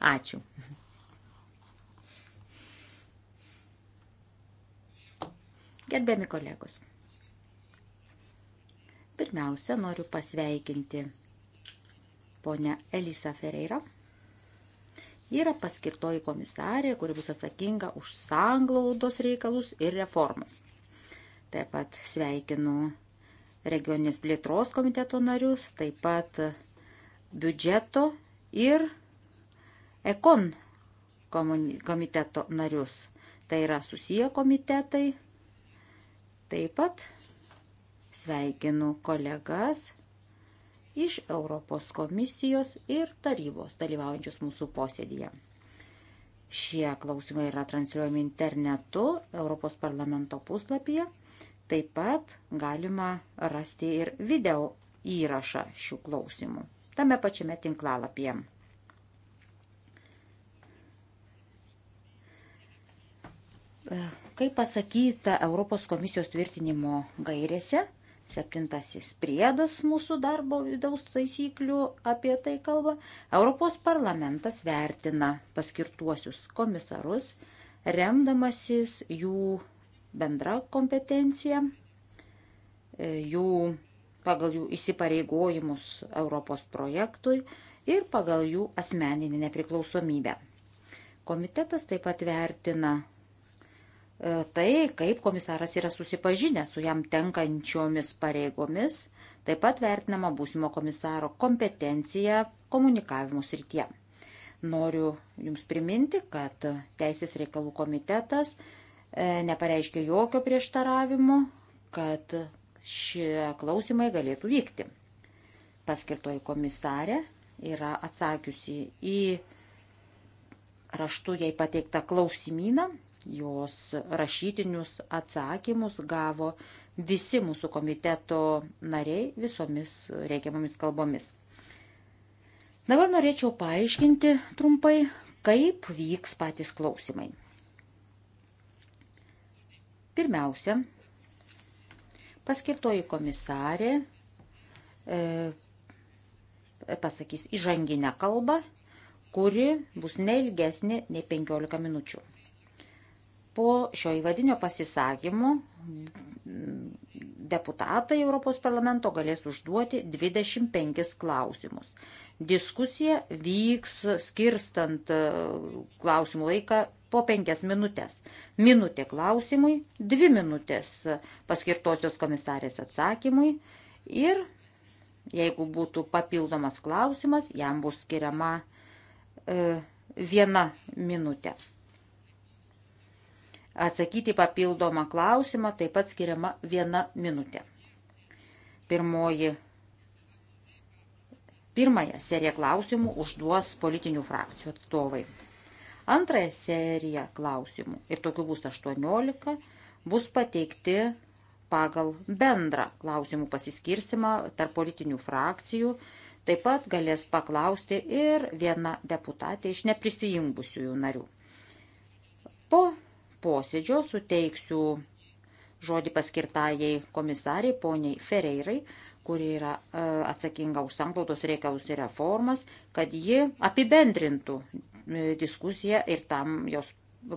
Ačiū. Gerbiami kolegos. Pirmiausia, noriu pasveikinti ponę Elisa Ferreira. Ji yra paskirtoji komisarė, kuri bus atsakinga už sanglaudos reikalus ir reformas. Taip pat sveikinu regioninės plėtros komiteto narius, taip pat biudžeto ir ekon komiteto narius. Tai yra susiję komitetai. Taip pat sveikinu kolegas iš Europos komisijos ir tarybos dalyvaujančius mūsų posėdėje. Šie klausimai yra transliuojami internetu Europos parlamento puslapyje. Taip pat galima rasti ir video įrašą šių klausimų tame pačiame tinklalapyje. E, kaip pasakyta Europos komisijos tvirtinimo gairėse, septintasis priedas mūsų darbo vidaus taisyklių apie tai kalba, Europos parlamentas vertina paskirtuosius komisarus, remdamasis jų bendra kompetencija, e, jų pagal jų įsipareigojimus Europos projektui ir pagal jų asmeninį nepriklausomybę. Komitetas taip pat vertina E, tai, kaip komisaras yra susipažinęs su jam tenkančiomis pareigomis, taip pat vertinama būsimo komisaro kompetencija komunikavimo srityje. Noriu Jums priminti, kad Teisės reikalų komitetas e, nepareiškė jokio prieštaravimo, kad šie klausimai galėtų vykti. Paskirtoji komisarė yra atsakiusi į raštu jai pateiktą klausimyną jos rašytinius atsakymus gavo visi mūsų komiteto nariai visomis reikiamomis kalbomis. Dabar norėčiau paaiškinti trumpai, kaip vyks patys klausimai. Pirmiausia, paskirtoji komisarė e, pasakys įžanginę kalbą, kuri bus neilgesnė nei 15 minučių. Po šio įvadinio pasisakymo deputatai Europos parlamento galės užduoti 25 klausimus. Diskusija vyks skirstant e, klausimų laiką po penkias minutės. Minutė klausimui, dvi minutės paskirtosios komisarės atsakymui ir jeigu būtų papildomas klausimas, jam bus skiriama e, viena minutė. Atsakyti papildomą klausimą taip pat skiriama viena minutė. Pirmoji. Pirmąją seriją klausimų užduos politinių frakcijų atstovai. Antrąją seriją klausimų, ir tokių bus 18, bus pateikti pagal bendrą klausimų pasiskirsimą tarp politinių frakcijų. Taip pat galės paklausti ir viena deputatė iš neprisijungusiųjų narių. Po posėdžio suteiksiu žodį paskirtajai komisariai poniai Ferreirai, kuri yra e, atsakinga už sanklaudos reikalus ir reformas, kad ji apibendrintų e, diskusiją ir tam jos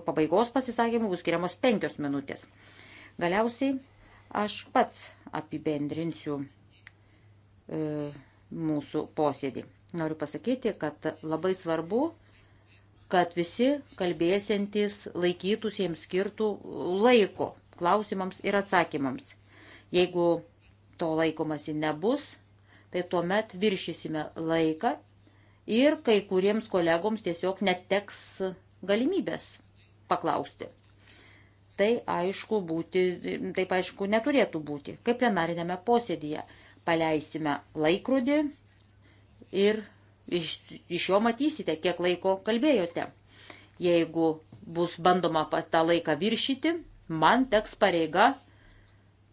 pabaigos pasisakymų bus skiriamos penkios minutės. Galiausiai aš pats apibendrinsiu e, mūsų posėdį. Noriu pasakyti, kad labai svarbu kad visi kalbėsiantys laikytųsi jiems skirtų laiko klausimams ir atsakymams. Jeigu to laikomasi nebus, tai tuomet viršysime laiką ir kai kuriems kolegoms tiesiog neteks galimybės paklausti. Tai aišku, būti, taip aišku neturėtų būti. Kaip plenarinėme posėdėje paleisime laikrodį ir Iš, iš jo matysite, kiek laiko kalbėjote. Jeigu bus bandoma tą laiką viršyti, man teks pareiga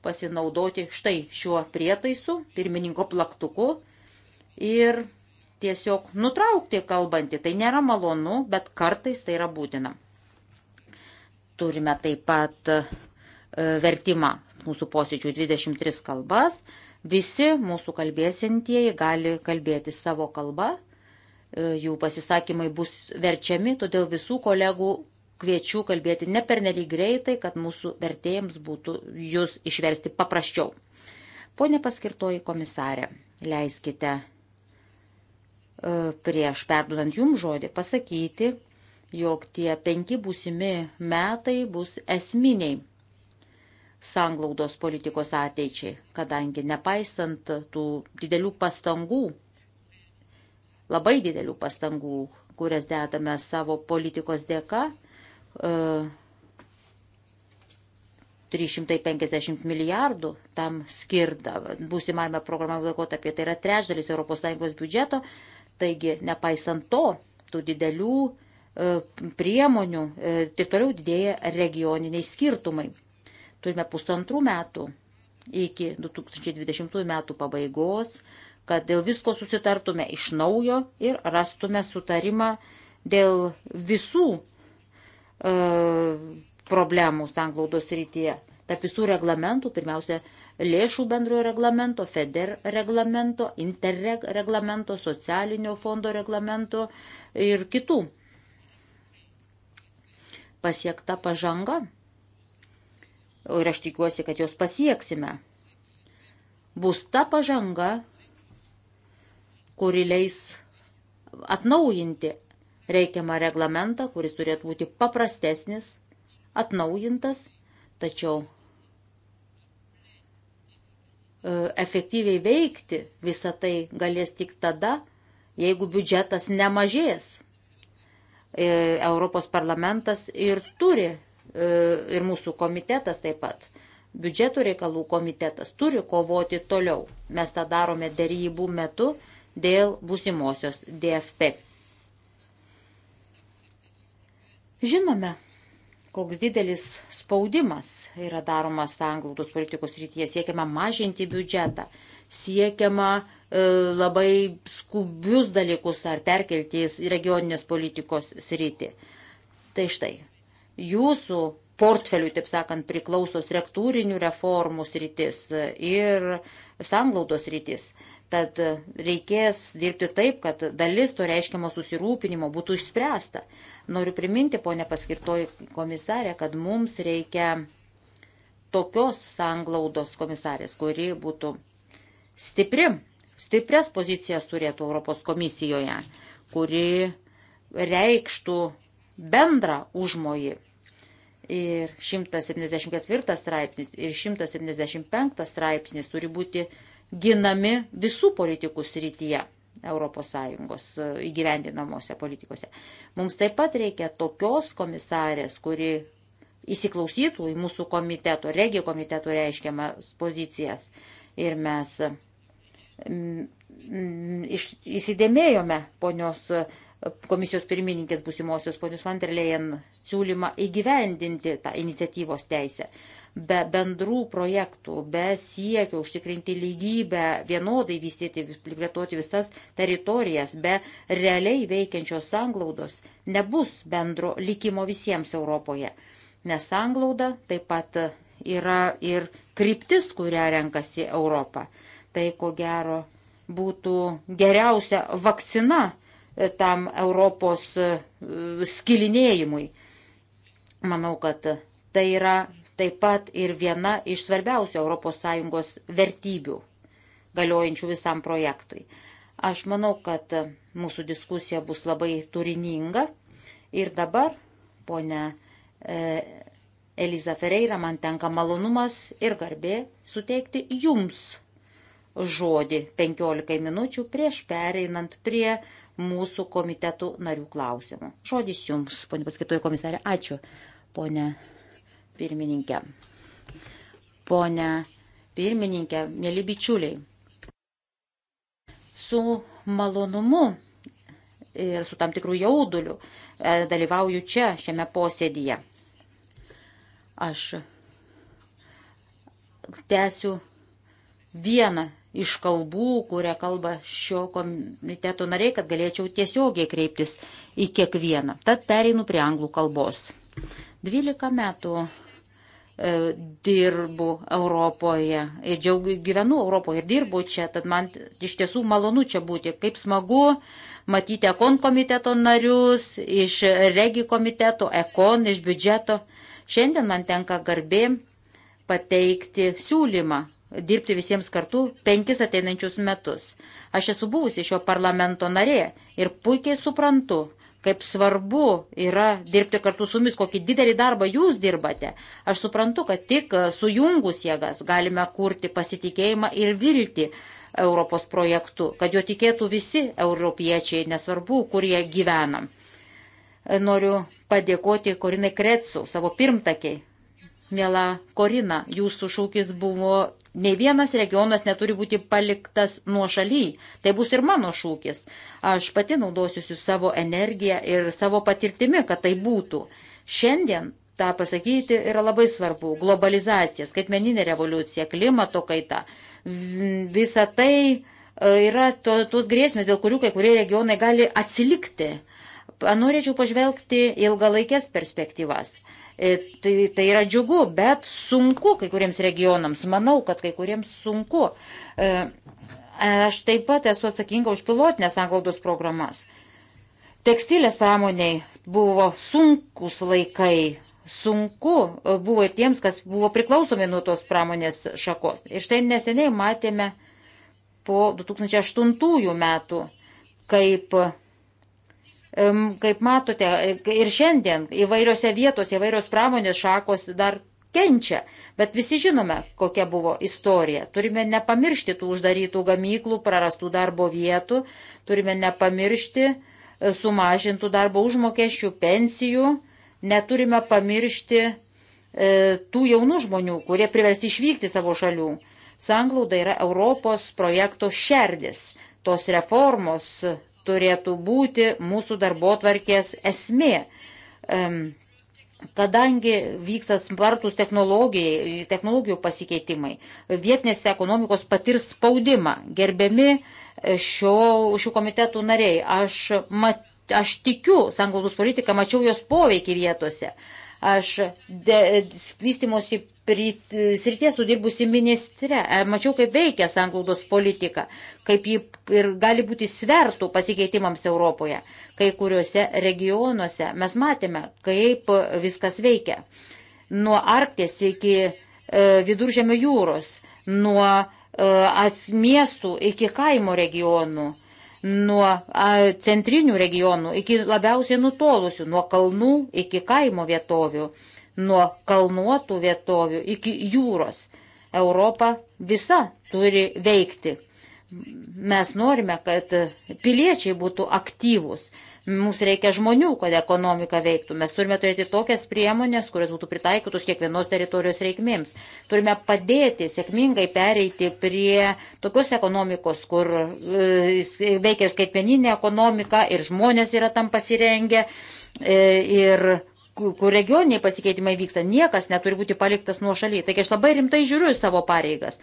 pasinaudoti štai šiuo prietaisu, pirmininko plaktuku ir tiesiog nutraukti kalbantį. Tai nėra malonu, bet kartais tai yra būtina. Turime taip pat e, vertimą mūsų posėdžių 23 kalbas. Visi mūsų kalbėsintieji gali kalbėti savo kalbą, e, jų pasisakymai bus verčiami, todėl visų kolegų kviečiu kalbėti ne pernelyg greitai, kad mūsų vertėjams būtų jūs išversti paprasčiau. Pone paskirtoji komisarė, leiskite e, prieš perdudant jum žodį pasakyti, jog tie penki būsimi metai bus esminiai sanglaudos politikos ateičiai, kadangi nepaisant tų didelių pastangų, labai didelių pastangų, kurias dedame savo politikos dėka, 350 e, milijardų tam skirta. Būsimame programavimo laikotarpyje tai yra trečdalis ES biudžeto, taigi nepaisant to, tų didelių e, priemonių, tik e, toliau didėja regioniniai skirtumai. Turime pusantrų metų iki 2020 metų pabaigos, kad dėl visko susitartume iš naujo ir rastume sutarimą dėl visų e, problemų sanglaudos rytyje. Tarp visų reglamentų, pirmiausia, lėšų bendrojo reglamento, FEDER reglamento, INTERREG reglamento, socialinio fondo reglamento ir kitų. Pasiekta pažanga ir aš tikiuosi, kad jos pasieksime, bus ta pažanga, kuri leis atnaujinti reikiamą reglamentą, kuris turėtų būti paprastesnis, atnaujintas, tačiau e, efektyviai veikti visą tai galės tik tada, jeigu biudžetas nemažės. E, Europos parlamentas ir turi E, ir mūsų komitetas taip pat, biudžeto reikalų komitetas turi kovoti toliau. Mes tą darome dėrybų metu dėl būsimosios DFP. Žinome, koks didelis spaudimas yra daromas sanglaudos politikos rytyje. Siekiama mažinti biudžetą, siekiama e, labai skubius dalykus ar perkelti į regioninės politikos sritį. Tai štai, jūsų portfeliui, taip sakant, priklauso struktūrinių reformų sritis ir sanglaudos sritis. Tad reikės dirbti taip, kad dalis to reiškiamo susirūpinimo būtų išspręsta. Noriu priminti, ponė paskirtoji komisarė, kad mums reikia tokios sanglaudos komisarės, kuri būtų stipri, stiprias pozicijas turėtų Europos komisijoje, kuri reikštų bendrą užmojį Ir 174 straipsnis ir 175 straipsnis turi būti ginami visų politikų srityje ES e, įgyvendinamuose politikose. Mums taip pat reikia tokios komisarės, kuri įsiklausytų į mūsų komiteto, regijų komiteto reiškiamas pozicijas. Ir mes mm, mm, iš, įsidėmėjome ponios komisijos pirmininkės būsimosios ponius van der Leyen siūlymą įgyvendinti tą iniciatyvos teisę. Be bendrų projektų, be siekio užtikrinti lygybę, vienodai vystyti, plėtoti visas teritorijas, be realiai veikiančios sanglaudos nebus bendro likimo visiems Europoje. Nes sanglauda taip pat yra ir kryptis, kurią renkasi Europą. Tai ko gero būtų geriausia vakcina tam Europos e, skilinėjimui. Manau, kad tai yra taip pat ir viena iš svarbiausių ES vertybių, galiojančių visam projektui. Aš manau, kad mūsų diskusija bus labai turininga. Ir dabar, ponia e, Eliza Ferreira, man tenka malonumas ir garbė suteikti jums žodį 15 minučių prieš pereinant prie mūsų komitetų narių klausimų. Žodis jums, ponė paskaitoja komisarė. Ačiū, ponė pirmininkė. Pone pirmininkė, mėly bičiuliai, su malonumu ir su tam tikrų jauduliu e, dalyvauju čia, šiame posėdyje. Aš tęsiu vieną iš kalbų, kurią kalba šio komiteto nariai, kad galėčiau tiesiogiai kreiptis į kiekvieną. Tad pereinu prie anglų kalbos. 12 metų e, dirbu Europoje ir džiaugiu, gyvenu Europoje ir dirbu čia, tad man iš tiesų malonu čia būti. Kaip smagu matyti ekon komiteto narius, iš regi komiteto, ekon, iš biudžeto. Šiandien man tenka garbė pateikti siūlymą dirbti visiems kartu penkis ateinančius metus. Aš esu buvusi šio parlamento narė ir puikiai suprantu, kaip svarbu yra dirbti kartu su jumis, kokį didelį darbą jūs dirbate. Aš suprantu, kad tik sujungus jėgas galime kurti pasitikėjimą ir viltį Europos projektu, kad jo tikėtų visi europiečiai, nesvarbu, kur jie gyvena. Noriu padėkoti Korinai Kretsu, savo pirmtakiai. Mėla Korina, jūsų šūkis buvo Nei vienas regionas neturi būti paliktas nuo šaly. Tai bus ir mano šūkis. Aš pati naudosiuosi savo energiją ir savo patirtimi, kad tai būtų. Šiandien tą pasakyti yra labai svarbu. Globalizacija, skaitmeninė revoliucija, klimato kaita. Visa tai e, yra to, tos grėsmės, dėl kurių kai kurie regionai gali atsilikti. Norėčiau pažvelgti ilgalaikės perspektyvas E, tai, tai yra džiugu, bet sunku kai kuriems regionams. Manau, kad kai kuriems sunku. E, e, aš taip pat esu atsakinga už pilotinės anglaudos programas. Tekstilės pramoniai buvo sunkus laikai, sunku buvo tiems, kas buvo priklausomi nuo tos pramonės šakos. Ir štai neseniai matėme po 2008 metų, kaip Kaip matote, ir šiandien įvairiose vietose, įvairios pramonės šakos dar kenčia, bet visi žinome, kokia buvo istorija. Turime nepamiršti tų uždarytų gamyklų, prarastų darbo vietų, turime nepamiršti e, sumažintų darbo užmokesčių, pensijų, neturime pamiršti e, tų jaunų žmonių, kurie priversti išvykti savo šalių. Sanglauda yra Europos projekto šerdis. Tos reformos turėtų būti mūsų darbo tvarkės esmė. Kadangi vyksta spartus technologijų pasikeitimai, vietinės ekonomikos patirs spaudimą. Gerbiami e, šio, šių komitetų nariai, aš, mat, aš tikiu sanglaudos politiką, mačiau jos poveikį vietose. Aš e, vystimosi srities sudirbusi ministre. E, mačiau, kaip veikia sanglaudos politika, kaip ji ir gali būti svertų pasikeitimams Europoje. Kai kuriuose regionuose mes matėme, kaip viskas veikia. Nuo Arkties iki e, Viduržėmio jūros, nuo e, miestų iki kaimo regionų, nuo e, centrinių regionų iki labiausiai nutolusių, nuo kalnų iki kaimo vietovių. E, nuo kalnuotų vietovių iki jūros. Europa visa turi veikti. Mes norime, kad piliečiai būtų aktyvūs. Mums reikia žmonių, kad ekonomika veiktų. Mes turime turėti tokias priemonės, kurios būtų pritaikytos kiekvienos teritorijos reikmėms. Turime padėti sėkmingai pereiti prie tokios ekonomikos, kur e, veikia ir skaitmeninė ekonomika, ir žmonės yra tam pasirengę. E, ir kur regioniniai pasikeitimai vyksta, niekas neturi būti paliktas nuo šalyje. Taigi aš labai rimtai žiūriu savo pareigas.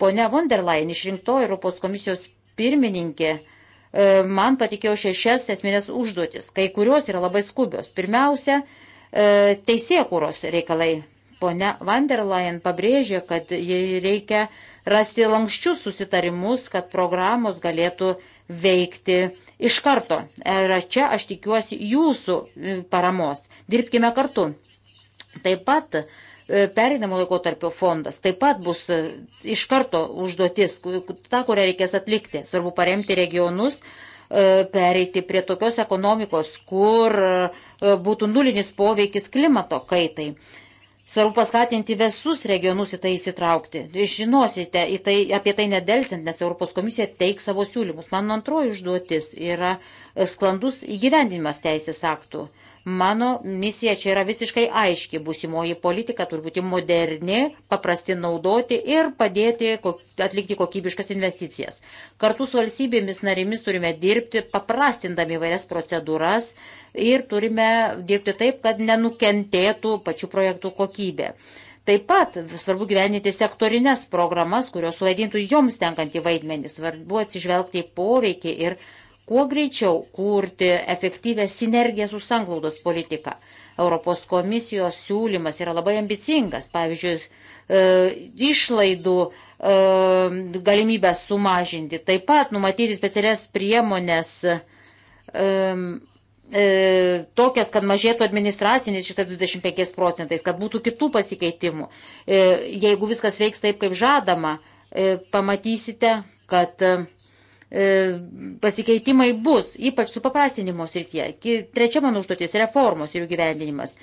Pone von der Leyen, išrinkto Europos komisijos pirmininkė, e, man patikėjo šešias esminės užduotis, kai kurios yra labai skubios. Pirmiausia, e, teisėkūros reikalai. Pone van der Leyen pabrėžė, kad reikia rasti lankščius susitarimus, kad programos galėtų veikti iš karto. Ir čia aš tikiuosi jūsų e, paramos. Dirbkime kartu. Taip pat e, pereinamo laiko tarpio fondas taip pat bus e, iš karto užduotis, ta, kurią reikės atlikti. Svarbu paremti regionus, pereiti prie tokios ekonomikos, kur būtų nulinis poveikis klimato kaitai. Svarbu paskatinti visus regionus į tai įsitraukti. Žinosite tai, apie tai nedelsint, nes Europos komisija teiks savo siūlymus. Mano antroji užduotis yra sklandus įgyvendinimas teisės aktų. Mano misija čia yra visiškai aiški. Būsimoji politika turi būti moderni, paprasti naudoti ir padėti atlikti kokybiškas investicijas. Kartu su valstybėmis narimis turime dirbti, paprastindami vairias procedūras ir turime dirbti taip, kad nenukentėtų pačių projektų kokybė. Taip pat svarbu gyveninti sektorinės programas, kurios suvaidintų joms tenkantį vaidmenį. Svarbu atsižvelgti į poveikį ir poveikį kuo greičiau kurti efektyvę sinergiją su sanglaudos politika. Europos komisijos siūlymas yra labai ambicingas, pavyzdžiui, e, išlaidų e, galimybę sumažinti, taip pat numatyti specialias priemonės. E, e, tokias, kad mažėtų administracinis šitą 25 procentais, kad būtų kitų pasikeitimų. E, jeigu viskas veiks taip, kaip žadama, e, pamatysite, kad e, E, pasikeitimai bus, ypač su paprastinimo srityje. Trečia mano užduotis - reformos ir jų gyvendinimas.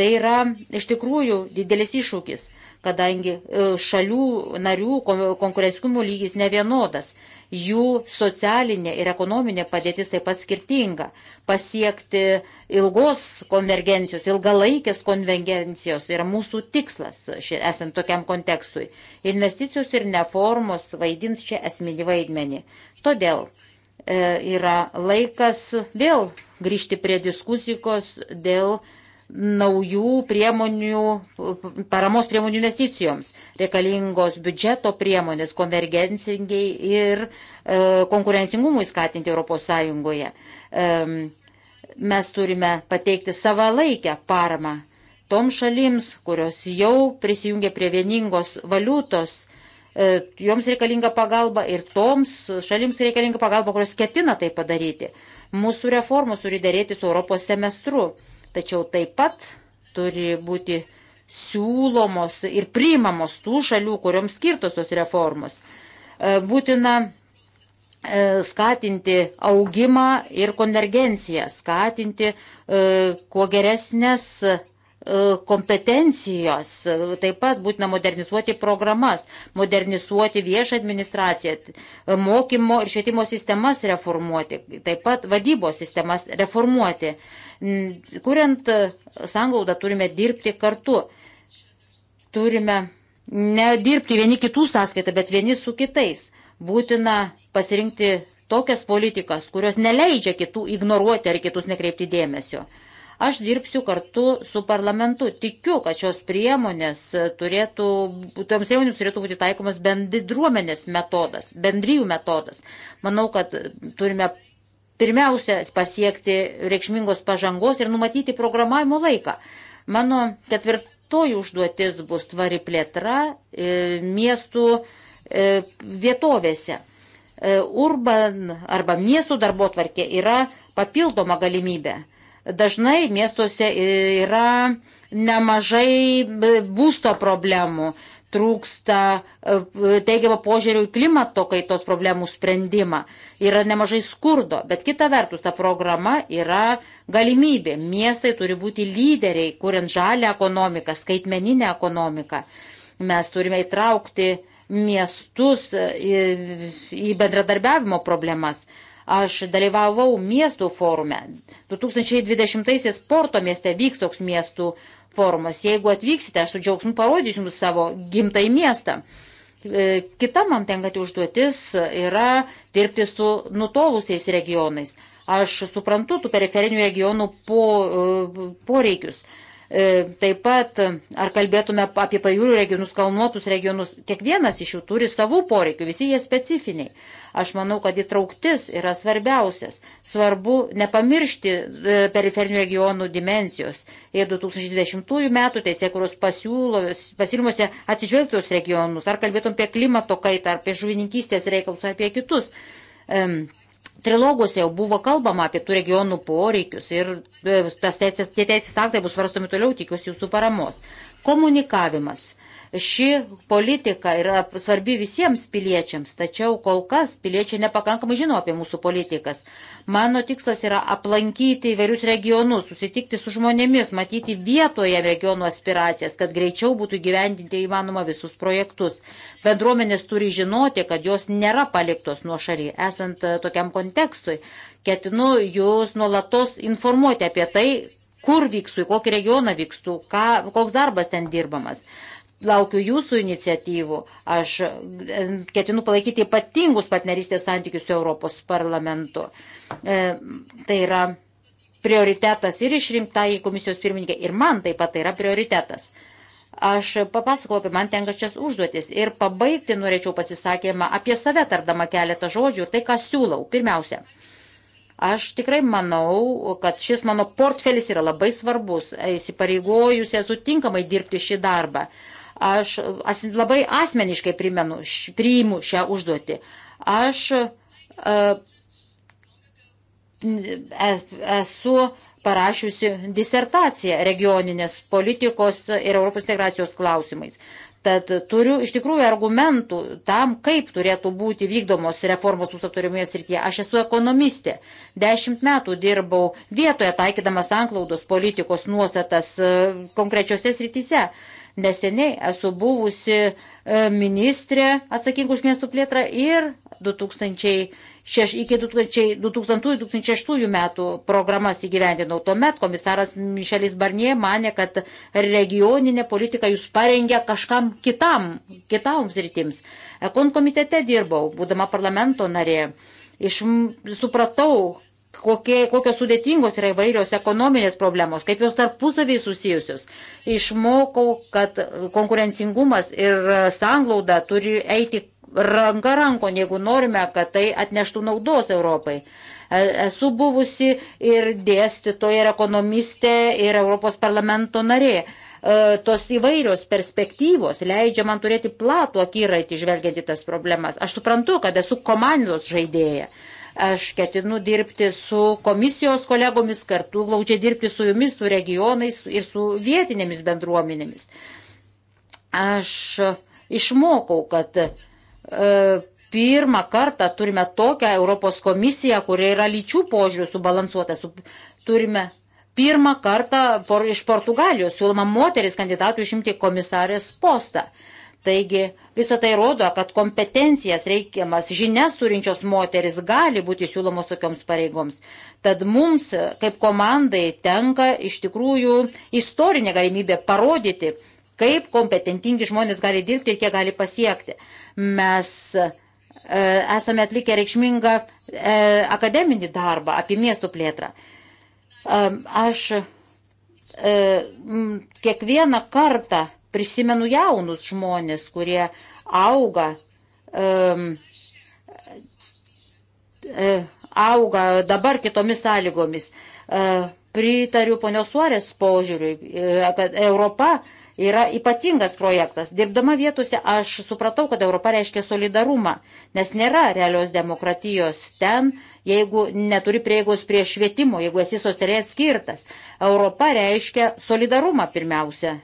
Tai yra iš tikrųjų didelis iššūkis kadangi e, šalių narių konkurencingumo lygis nevienodas, jų socialinė ir ekonominė padėtis taip pat skirtinga. Pasiekti ilgos konvergencijos, ilgalaikės konvergencijos yra mūsų tikslas, ši, esant tokiam kontekstui. Investicijos ir reformos vaidins čia esminį vaidmenį. Todėl e, yra laikas vėl grįžti prie diskusijos dėl e, naujų priemonių, paramos priemonių investicijoms, reikalingos biudžeto priemonės konvergencingai ir e, konkurencingumui skatinti ES. E, mes turime pateikti savalaikę paramą tom šalims, kurios jau prisijungia prie vieningos valiutos, e, joms reikalinga pagalba ir toms šalims reikalinga pagalba, kurios ketina tai padaryti. Mūsų reformos turi dėrėti su Europos semestru tačiau taip pat turi būti siūlomos ir priimamos tų šalių, kuriuoms skirtos tos reformos. E, būtina e, skatinti augimą ir konvergenciją, skatinti e, kuo geresnės E, kompetencijos, e, taip pat būtina modernizuoti programas, modernizuoti viešą administraciją, e, mokymo ir švietimo sistemas reformuoti, taip pat vadybos sistemas reformuoti. Kuriant sanglaudą turime dirbti kartu, turime nedirbti vieni kitų sąskaitą, bet vieni su kitais. Būtina pasirinkti tokias politikas, kurios neleidžia kitų ignoruoti ar kitus nekreipti dėmesio. Aš dirbsiu kartu su parlamentu. Tikiu, kad šios priemonės turėtų, toms priemonėms turėtų būti taikomas bendruomenės metodas, bendryjų metodas. Manau, kad turime pirmiausia pasiekti reikšmingos pažangos ir numatyti programavimo laiką. Mano ketvirtoji užduotis bus tvari plėtra e, miestų e, vietovėse. E, urban arba miestų darbo tvarkė yra papildoma galimybė. Dažnai miestuose yra nemažai e, būsto problemų, trūksta e, teigiamo požiūrių į klimato kaitos problemų sprendimą, yra nemažai skurdo, bet kita vertus ta programa yra galimybė. Miestai turi būti lyderiai, kuriant žalę ekonomiką, skaitmeninę ekonomiką. Mes turime įtraukti miestus e, į bendradarbiavimo problemas. Aš dalyvavau miestų forume. 2020-aisiais Porto mieste vyks toks miestų forumas. Jeigu atvyksite, aš su džiaugsmu parodysiu jums savo gimtai miestą. E, kita man tenkati užduotis yra dirbti su nutolusiais regionais. Aš suprantu tų periferinių regionų po, e, poreikius. Po E, taip pat, ar kalbėtume apie pajūrių regionus, kalnuotus regionus, kiekvienas iš jų turi savų poreikių, visi jie specifiniai. Aš manau, kad įtrauktis yra svarbiausias. Svarbu nepamiršti e, periferinių regionų dimensijos. Ir 2020 metų teisėkuros pasiūlymuose atsižvelgtos regionus, ar kalbėtum apie klimato kaitą, ar apie žuvininkystės reikalus, ar apie kitus. Um, Trilogose jau buvo kalbama apie tų regionų poreikius ir e, tas teisės, tie teisės aktai bus svarstomi toliau, tikiuosi jūsų paramos. Komunikavimas. Ši politika yra svarbi visiems piliečiams, tačiau kol kas piliečiai nepakankamai žino apie mūsų politikas. Mano tikslas yra aplankyti įvairius regionus, susitikti su žmonėmis, matyti vietoje regionų aspiracijas, kad greičiau būtų gyvendinti įmanoma visus projektus. Bendruomenės turi žinoti, kad jos nėra paliktos nuo šaly, esant e, tokiam kontekstui. Ketinu jūs nuolatos informuoti apie tai, kur vykstu, į kokį regioną vykstu, ką, koks darbas ten dirbamas laukiu jūsų iniciatyvų. Aš e, ketinu palaikyti ypatingus partnerystės santykius su Europos parlamentu. E, tai yra prioritetas ir išrimtai komisijos pirmininkė, ir man taip pat tai yra prioritetas. Aš papasakau apie man tenkačias užduotis ir pabaigti norėčiau pasisakymą apie save tardama keletą žodžių ir tai, ką siūlau. Pirmiausia, Aš tikrai manau, kad šis mano portfelis yra labai svarbus. Įsipareigojusi esu tinkamai dirbti šį darbą. Aš as, labai asmeniškai primenu, š, priimu šią užduotį. Aš uh, esu parašiusi disertaciją regioninės politikos ir Europos integracijos klausimais. Tad turiu iš tikrųjų argumentų tam, kaip turėtų būti vykdomos reformos mūsų turimoje srityje. Aš esu ekonomistė. Dešimt metų dirbau vietoje taikydamas anklaudos politikos nuostatas e, konkrečiose srityse. Neseniai esu buvusi e, ministrė atsakingų už miestų plėtrą ir 2006, iki 2000-2006 metų programas įgyvendinau. Tuomet komisaras Mišelis Barnie mane, kad regioninė politika jūs parengia kažkam kitam, kitoms rytims. Ekon komitete dirbau, būdama parlamento narė. Iš, supratau, kokie, kokios sudėtingos yra įvairios ekonominės problemos, kaip jos tarpusaviai susijusios. Išmokau, kad konkurencingumas ir sanglauda turi eiti ranka rankon, jeigu norime, kad tai atneštų naudos Europai. E, esu buvusi ir dėstytoja, ir ekonomistė, ir Europos parlamento narė. E, tos įvairios perspektyvos leidžia man turėti platų akiratį žvelgiant į tas problemas. Aš suprantu, kad esu komandos žaidėja. Aš ketinu dirbti su komisijos kolegomis, kartu glaudžiai dirbti su jumis, su regionais ir su vietinėmis bendruomenėmis. Aš išmokau, kad e, pirmą kartą turime tokią Europos komisiją, kuri yra lyčių požiūrių subalansuota. Su, turime pirmą kartą por, iš Portugalijos siūloma moteris kandidatų išimti komisarės postą. E, Taigi visą tai rodo, kad kompetencijas reikiamas žinias turinčios moteris gali būti siūlomos tokioms pareigoms. Tad mums kaip komandai tenka iš tikrųjų istorinė galimybė parodyti, kaip kompetentingi žmonės gali dirbti ir kiek gali pasiekti. Mes e, esame atlikę reikšmingą e, akademinį darbą apie miestų plėtrą. E, aš kiekvieną kartą Prisimenu jaunus žmonės, kurie auga, um, auga dabar kitomis sąlygomis. Uh, pritariu ponios Suarės požiūriui, e, kad Europa yra ypatingas projektas. Dirbdama vietose aš supratau, kad Europa reiškia solidarumą, nes nėra realios demokratijos ten, jeigu neturi prieigos prie švietimo, jeigu esi socialiai atskirtas. Europa reiškia solidarumą pirmiausia.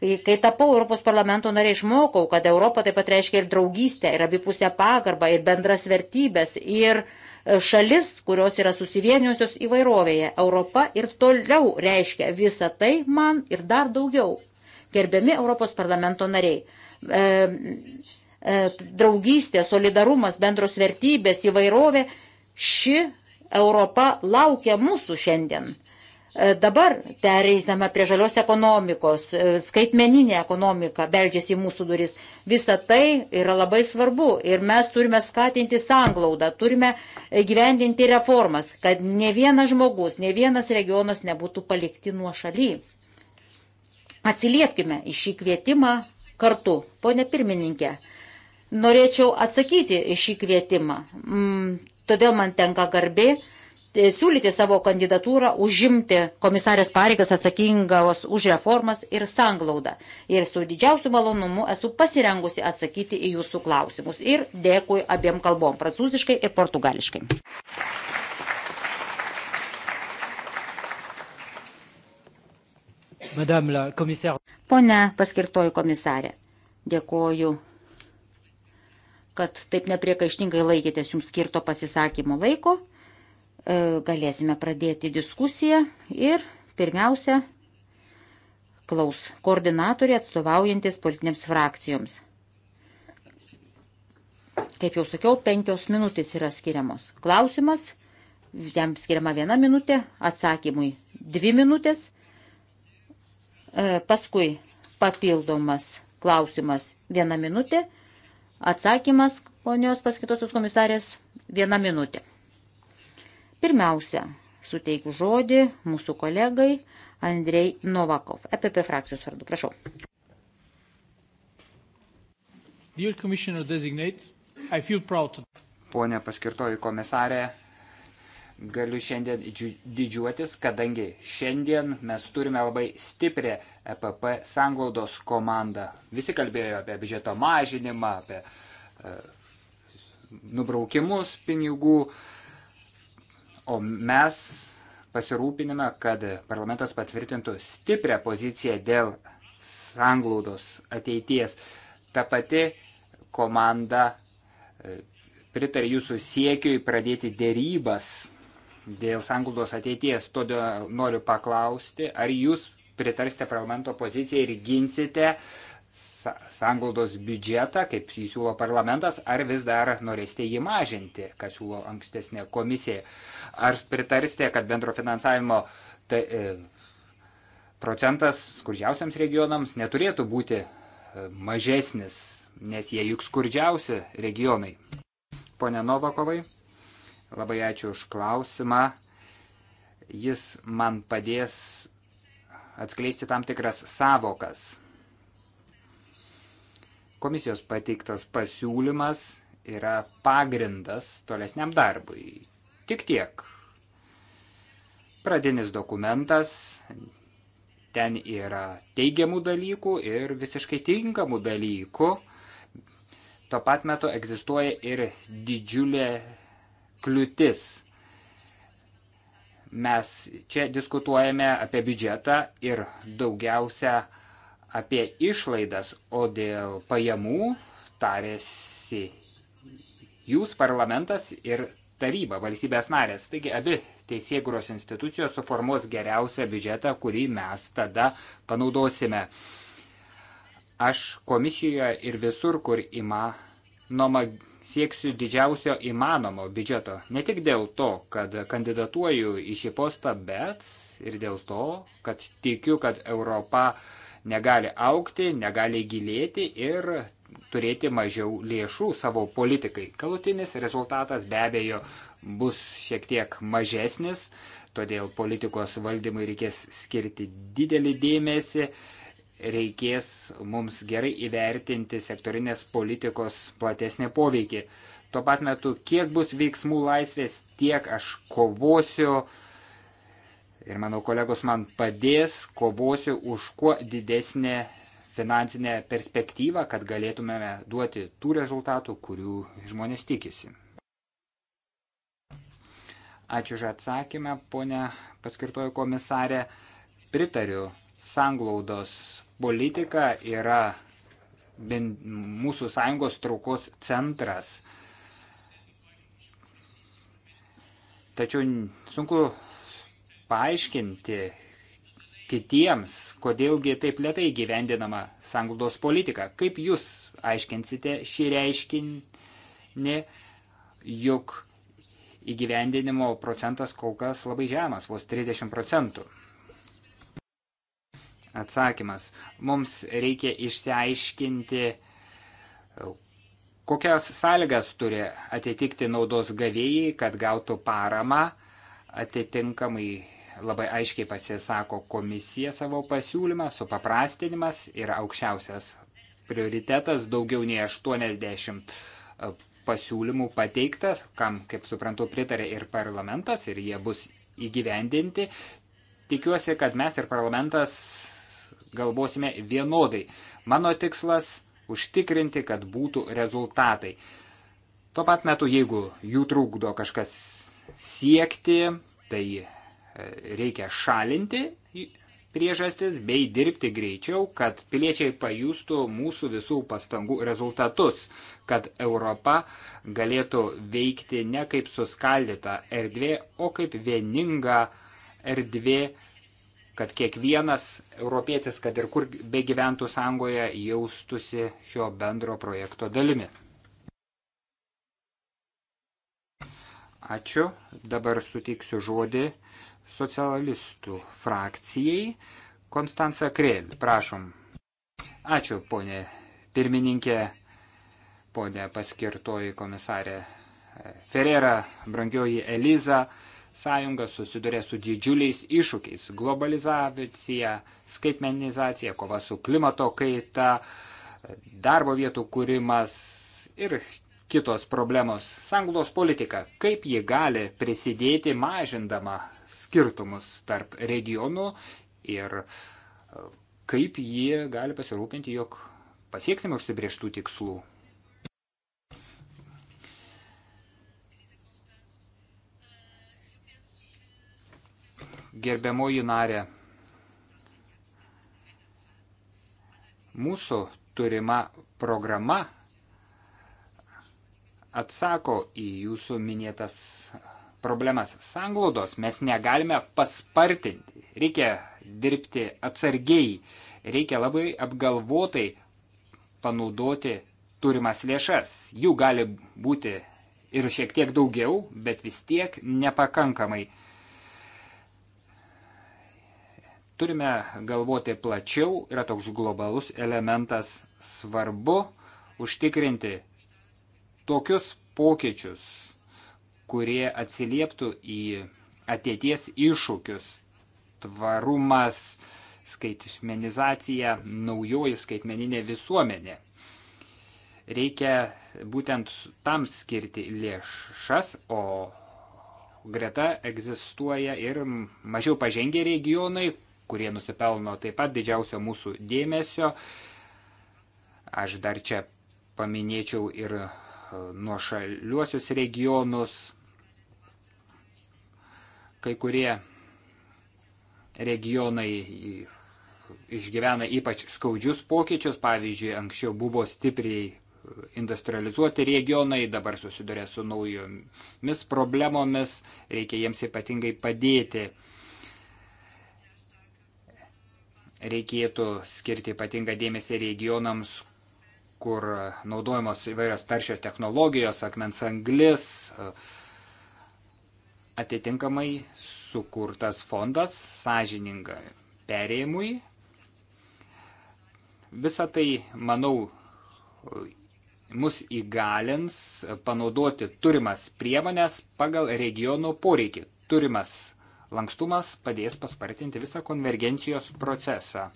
Kai tapau Europos parlamento nariai, išmokau, kad Europa taip pat reiškia ir draugystę, ir abipusę pagarbą, ir bendras vertybės, ir e, šalis, kurios yra susivienijusios įvairovėje. Europa ir toliau reiškia visą tai man ir dar daugiau. Gerbiami Europos parlamento nariai. E, e, draugystė, solidarumas, bendros vertybės, įvairovė. Ši Europa laukia mūsų šiandien. E, dabar pereisame prie žalios ekonomikos, e, skaitmeninė ekonomika beldžiasi į mūsų duris. Visa tai yra labai svarbu ir mes turime skatinti sanglaudą, turime gyvendinti reformas, kad ne vienas žmogus, ne vienas regionas nebūtų palikti nuo šaly. Atsiliepkime į šį kvietimą kartu, ponė pirmininkė. Norėčiau atsakyti į šį kvietimą. Mm, todėl man tenka garbė E, siūlyti savo kandidatūrą, užimti komisarės pareigas atsakingos už reformas ir sanglaudą. Ir su didžiausiu malonumu esu pasirengusi atsakyti į jūsų klausimus. Ir dėkui abiem kalbom - prancūziškai ir portugališkai. Pone paskirtoji komisarė, dėkoju kad taip nepriekaištingai laikėtės jums skirto pasisakymo laiko. E, galėsime pradėti diskusiją ir pirmiausia klaus koordinatoriai atstovaujantis politinėms frakcijoms. Kaip jau sakiau, penkios minutės yra skiriamos. Klausimas, jam skiriama viena minutė, atsakymui dvi minutės, e, paskui papildomas klausimas viena minutė, atsakymas ponios paskitosios komisarės viena minutė. Pirmiausia, suteikiu žodį mūsų kolegai Andrei Novakov, EPP frakcijos vardu. Prašau. Pone paskirtoji komisarė, galiu šiandien didžiuotis, kadangi šiandien mes turime labai stiprią EPP sanglaudos komandą. Visi kalbėjo apie biudžeto mažinimą, apie e, nubraukimus pinigų. E, O mes pasirūpinime, kad parlamentas patvirtintų stiprią poziciją dėl sanglaudos ateities. Ta pati komanda e, pritarė jūsų siekiui pradėti dėrybas dėl sanglaudos ateities. Todėl noriu paklausti, ar jūs pritarsite parlamento poziciją ir ginsite uh, sanglaudos biudžetą, kaip jį siūlo parlamentas, ar vis dar norėsite jį mažinti, ką siūlo ankstesnė komisija. Ar pritarsite, kad bendro finansavimo tai, e, procentas skurdžiausiams regionams neturėtų būti e, mažesnis, nes jie juk skurdžiausi regionai. Pone Novakovai, labai ačiū už klausimą. Jis man padės atskleisti tam tikras savokas Komisijos pateiktas pasiūlymas yra pagrindas tolesniam darbui. Tik tiek. Pradinis dokumentas, ten yra teigiamų dalykų ir visiškai tinkamų dalykų. Tuo pat metu egzistuoja ir didžiulė kliūtis. Mes čia diskutuojame apie biudžetą ir daugiausia apie išlaidas, o dėl pajamų tarėsi jūs parlamentas ir taryba, valstybės narės. Taigi abi teisėgūros institucijos suformuos geriausią biudžetą, kurį mes tada panaudosime. Aš komisijoje ir visur, kur įmanoma, sieksiu didžiausio įmanomo biudžeto. Ne tik dėl to, kad kandidatuoju į šį postą, bet ir dėl to, kad tikiu, kad Europa uh, negali aukti, negali gilėti ir turėti mažiau lėšų savo politikai. Galutinis rezultatas be abejo bus šiek tiek mažesnis, todėl politikos valdymui reikės skirti didelį dėmesį, reikės mums gerai įvertinti sektorinės politikos platesnį poveikį. Tuo pat metu, kiek bus veiksmų laisvės, tiek aš kovosiu uh, ir mano kolegos man padės, kovosiu už kuo didesnę finansinę perspektyvą, kad galėtumėme duoti tų rezultatų, kurių žmonės tikisi. Ačiū už atsakymą, ponė paskirtojo komisarė. Pritariu, sanglaudos politika yra mūsų sąjungos traukos centras. Tačiau sunku paaiškinti kitiems, kodėlgi taip lietai gyvendinama sanglaudos politika. Kaip jūs aiškinsite šį reiškinį, juk įgyvendinimo procentas kol kas labai žemas, vos 30 procentų. Atsakymas. Mums reikia išsiaiškinti, kokias sąlygas turi atitikti naudos gavėjai, kad gautų paramą atitinkamai labai aiškiai pasisako komisija savo pasiūlymą, supaprastinimas yra aukščiausias prioritetas, daugiau nei 80 e, pasiūlymų pateiktas, kam, kaip suprantu, pritarė ir parlamentas ir jie bus įgyvendinti. Tikiuosi, kad mes ir parlamentas galvosime vienodai. Mano tikslas - užtikrinti, kad būtų rezultatai. Tuo pat metu, jeigu jų trūkdo kažkas siekti, tai reikia šalinti priežastis bei dirbti greičiau, kad piliečiai pajustų mūsų visų pastangų rezultatus, kad Europa galėtų veikti ne kaip suskaldyta erdvė, o kaip vieninga erdvė, kad kiekvienas europietis, kad ir kur be gyventų sąjungoje, jaustusi šio bendro projekto dalimi. Ačiū. Dabar sutiksiu žodį socialistų frakcijai Konstanca Krėl. Prašom. Ačiū, ponė pirmininkė, ponė paskirtoji komisarė Ferrera, brangioji Eliza. Sąjunga susiduria su didžiuliais iššūkiais - globalizacija, skaitmenizacija, kova su klimato kaita, darbo vietų kūrimas ir kitos problemos. Sanglos politika, kaip ji gali prisidėti mažindama skirtumus tarp regionų ir e, kaip jie gali pasirūpinti, jog pasieksime užsibrieštų tikslų. Gerbiamoji narė, mūsų turima programa atsako į jūsų minėtas problemas sanglaudos mes negalime paspartinti. Reikia dirbti atsargiai, reikia labai apgalvotai panaudoti turimas lėšas. Jų gali būti ir šiek tiek daugiau, bet vis tiek nepakankamai. Turime galvoti plačiau, yra toks globalus elementas svarbu užtikrinti tokius pokyčius kurie atsilieptų į ateities iššūkius. Tvarumas, skaitmenizacija, naujoji skaitmeninė visuomenė. Reikia būtent tam skirti lėšas, o greta egzistuoja ir mažiau pažengę regionai, kurie nusipelno taip pat didžiausio mūsų dėmesio. Aš dar čia paminėčiau ir nuošaliuosius regionus, Kai kurie regionai išgyvena ypač skaudžius pokyčius, pavyzdžiui, anksčiau buvo stipriai industrializuoti regionai, dabar susiduria su naujomis problemomis, reikia jiems ypatingai padėti. Reikėtų skirti ypatingą dėmesį regionams, kur naudojamos įvairios taršios technologijos, akmens anglis, uh, atitinkamai sukurtas fondas sąžininga perėjimui. Visą tai, manau, mus įgalins panaudoti turimas priemonės pagal regionų poreikį. Turimas lankstumas padės paspartinti visą konvergencijos procesą.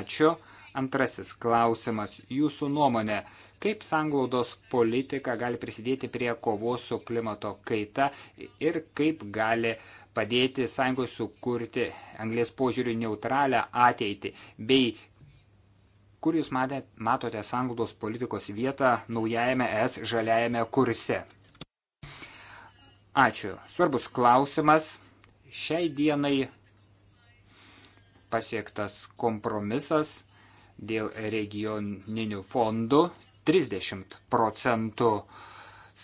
Ačiū. Antrasis klausimas. Jūsų nuomonė, kaip sanglaudos politika gali prisidėti prie kovos su klimato kaita ir kaip gali padėti sąjungai sukurti anglės požiūrių neutralią ateitį, bei kur jūs matė, matote sanglaudos politikos vietą naujajame S žaliajame kurse? Ačiū. Svarbus klausimas. Šiai dienai pasiektas kompromisas – dėl regioninių fondų 30 procentų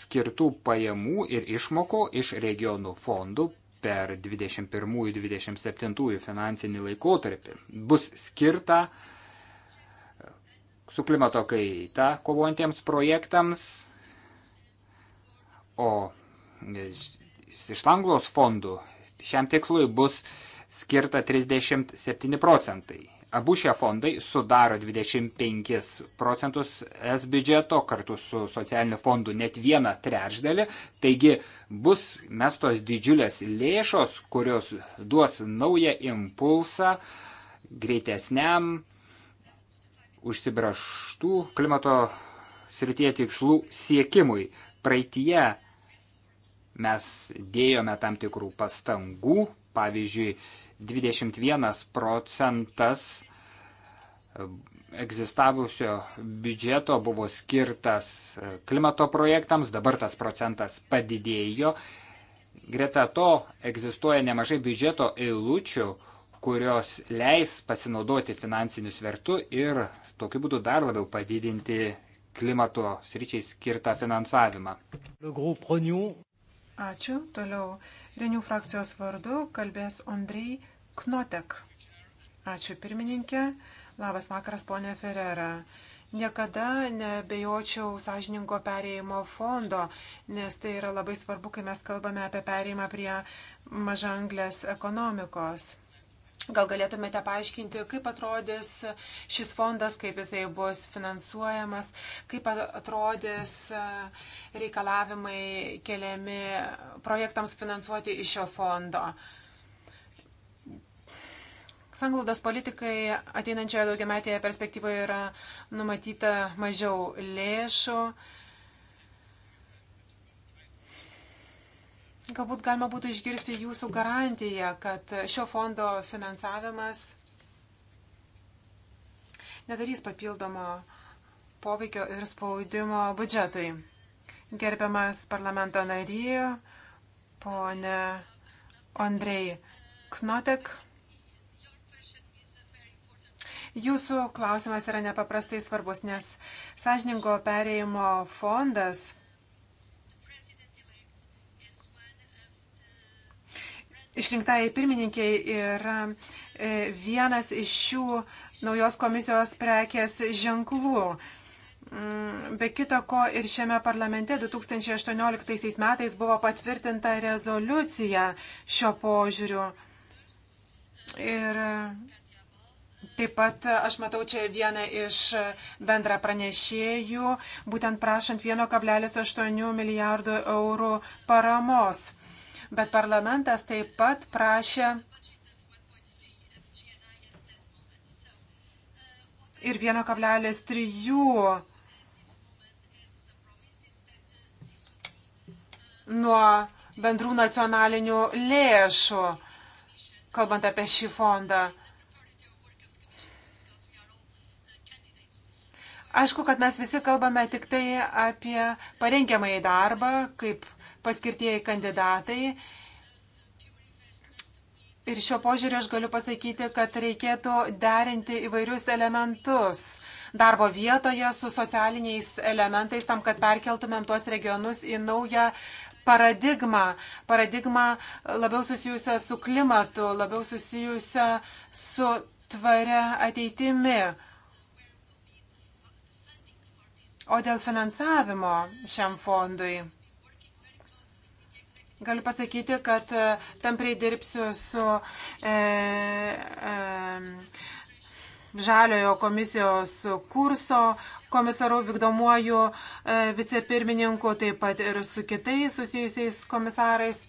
skirtų pajamų ir išmokų iš regionų fondų per 21-27 finansinį laikotarpį bus skirta su klimato kaita kovojantiems projektams, o iš Anglos fondų šiam tikslui bus skirta 37 procentai. Abu šie fondai sudaro 25 procentus S biudžeto kartu su socialiniu fondu net vieną trečdalį. Taigi bus mestos didžiulės lėšos, kurios duos naują impulsą greitesniam užsibraštų klimato srityje tikslų siekimui. Praeitie mes dėjome tam tikrų pastangų, pavyzdžiui, 21 procentas egzistavusio biudžeto buvo skirtas klimato projektams, dabar tas procentas padidėjo. Greta to egzistuoja nemažai biudžeto eilučių, kurios leis pasinaudoti finansiniu svertu ir tokiu būdu dar labiau padidinti klimato sričiai skirtą finansavimą. Ačiū. Toliau Renių frakcijos vardu kalbės Andrei Knotek. Ačiū pirmininkė. Labas vakaras, ponė Ferrera. Niekada nebejočiau sąžininko perėjimo fondo, nes tai yra labai svarbu, kai mes kalbame apie perėjimą prie mažanglės ekonomikos. Gal galėtumėte paaiškinti, kaip atrodys šis fondas, kaip jisai bus finansuojamas, kaip atrodys e, reikalavimai keliami projektams finansuoti iš šio fondo. Uh, sanglaudos politikai ateinančioje daugiametėje perspektyvoje yra numatyta mažiau lėšų. Galbūt galima būtų išgirsti jūsų garantiją, kad šio fondo finansavimas nedarys papildomo poveikio ir spaudimo biudžetui. Gerbiamas parlamento nary, ponė Andrei Knotek. Jūsų klausimas yra nepaprastai svarbus, nes sąžininko perėjimo fondas išrinktai pirmininkiai yra e, vienas iš šių naujos komisijos prekės ženklų. Mm, be kita ko ir šiame parlamente 2018 metais buvo patvirtinta rezoliucija šio požiūriu. Ir Taip pat aš matau čia vieną iš bendra pranešėjų, būtent prašant 1,8 milijardų eurų paramos. Bet parlamentas taip pat prašė ir 1,3 nuo bendrų nacionalinių lėšų, kalbant apie šį fondą. Aišku, kad mes visi kalbame tik tai apie parengiamąjį darbą, kaip paskirtieji kandidatai. Ir šio požiūrio aš galiu pasakyti, kad reikėtų derinti įvairius elementus darbo vietoje su socialiniais elementais, tam, kad perkeltumėm tuos regionus į naują paradigmą. Paradigmą labiau susijusią su klimatu, labiau susijusią su tvaria ateitimi. O dėl finansavimo šiam fondui. Galiu pasakyti, kad e, tampriai dirbsiu su e, e, Žaliojo komisijos kurso komisaru vykdomuoju e, vicepirmininku, taip pat ir su kitais susijusiais komisarais. E,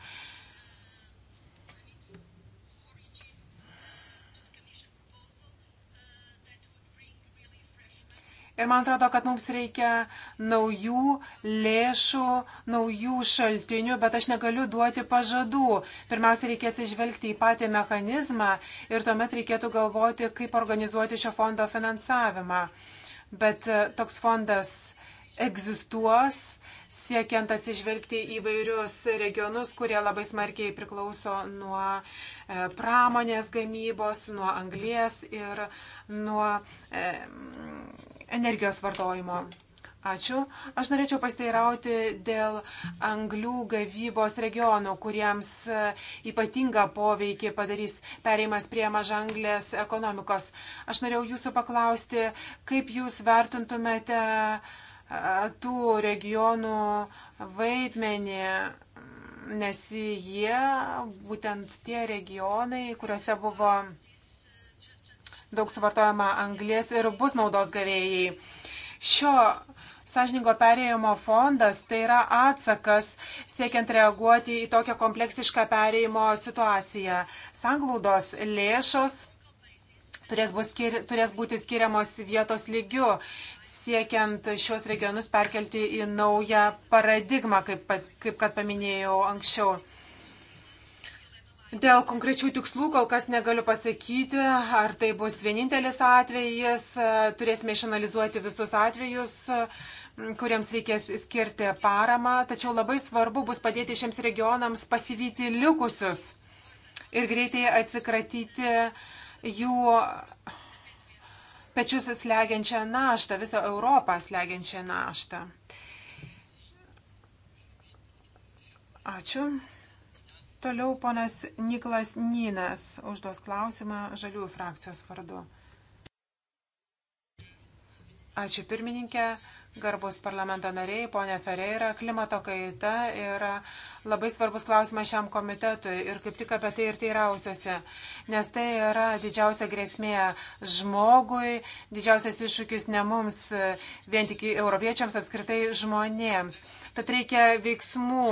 Ir man atrodo, kad mums reikia naujų lėšų, naujų šaltinių, bet aš negaliu duoti pažadų. Pirmiausia, reikia atsižvelgti į patį mechanizmą ir tuomet reikėtų galvoti, kaip organizuoti šio fondo finansavimą. Bet e, toks fondas egzistuos, siekiant atsižvelgti įvairius regionus, kurie labai smarkiai priklauso nuo e, pramonės gamybos, nuo anglės ir nuo e, energijos vartojimo. Ačiū. Aš norėčiau pasteirauti dėl anglių gavybos regionų, kuriems e, ypatinga poveikį padarys pereimas prie mažanglės ekonomikos. Aš norėjau jūsų paklausti, kaip jūs vertintumėte e, tų regionų vaidmenį, nes jie, būtent tie regionai, kuriuose buvo daug suvartojama anglės ir bus naudos gavėjai. Šio Sažininko perėjimo fondas tai yra atsakas siekiant reaguoti į tokią kompleksišką perėjimo situaciją. Sanglaudos lėšos turės, skir, turės būti skiriamos vietos lygių, siekiant šios regionus perkelti į naują paradigmą, kaip, kaip kad paminėjau anksčiau. Dėl konkrečių tikslų kol kas negaliu pasakyti, ar tai bus vienintelis atvejis. Turėsime išanalizuoti visus atvejus, kuriems reikės skirti paramą. Tačiau labai svarbu bus padėti šiems regionams pasivyti likusius ir greitai atsikratyti jų pečius slegiančią naštą, visą Europą slegiančią naštą. Ačiū. Toliau ponas Niklas Nynas užduos klausimą žaliųjų frakcijos vardu. Ačiū pirmininkė, garbus parlamento nariai, ponė Ferreira, klimato kaita yra labai svarbus klausimas šiam komitetui ir kaip tik apie tai ir teirausiuosi, nes tai yra didžiausia grėsmė žmogui, didžiausias iššūkis ne mums, vien tik europiečiams, apskritai žmonėms. Tad reikia veiksmų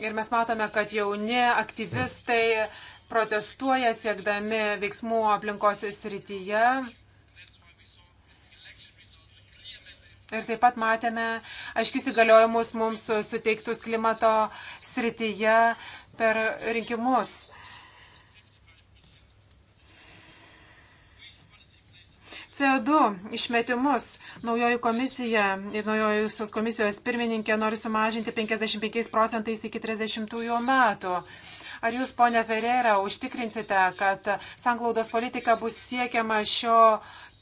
Ir mes matome, kad jauni aktyvistai protestuoja siekdami veiksmų aplinkos srityje. Ir taip pat matėme aiškius įgaliojimus mums suteiktus klimato srityje per rinkimus. CO2 išmetimus naujoji komisija ir naujojosios komisijos pirmininkė nori sumažinti 55 procentais iki 30 metų. Ar jūs, ponė Ferreira, užtikrinsite, kad sanglaudos politika bus siekiama šio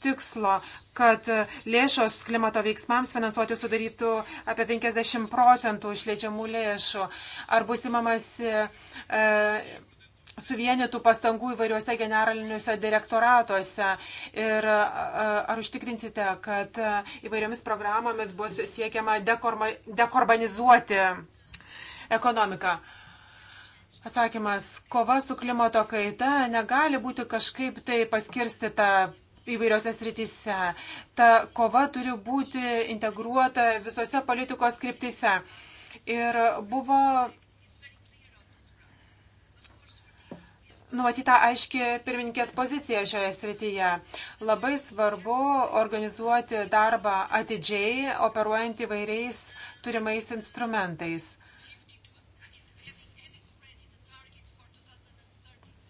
tikslo, kad lėšos klimato veiksmams finansuoti sudarytų apie 50 procentų išleidžiamų lėšų? Ar bus įmamas e, suvienytų pastangų įvairiuose generaliniuose direktoratuose ir ar užtikrinsite, kad įvairiomis programomis bus siekiama dekorma, dekorbanizuoti ekonomiką? Atsakymas - kova su klimato kaita negali būti kažkaip tai paskirstita įvairiose srityse. Ta kova turi būti integruota visose politikos kryptise. Ir buvo numatyta aiški pirmininkės pozicija šioje srityje. Labai svarbu organizuoti darbą atidžiai, operuojant įvairiais turimais instrumentais.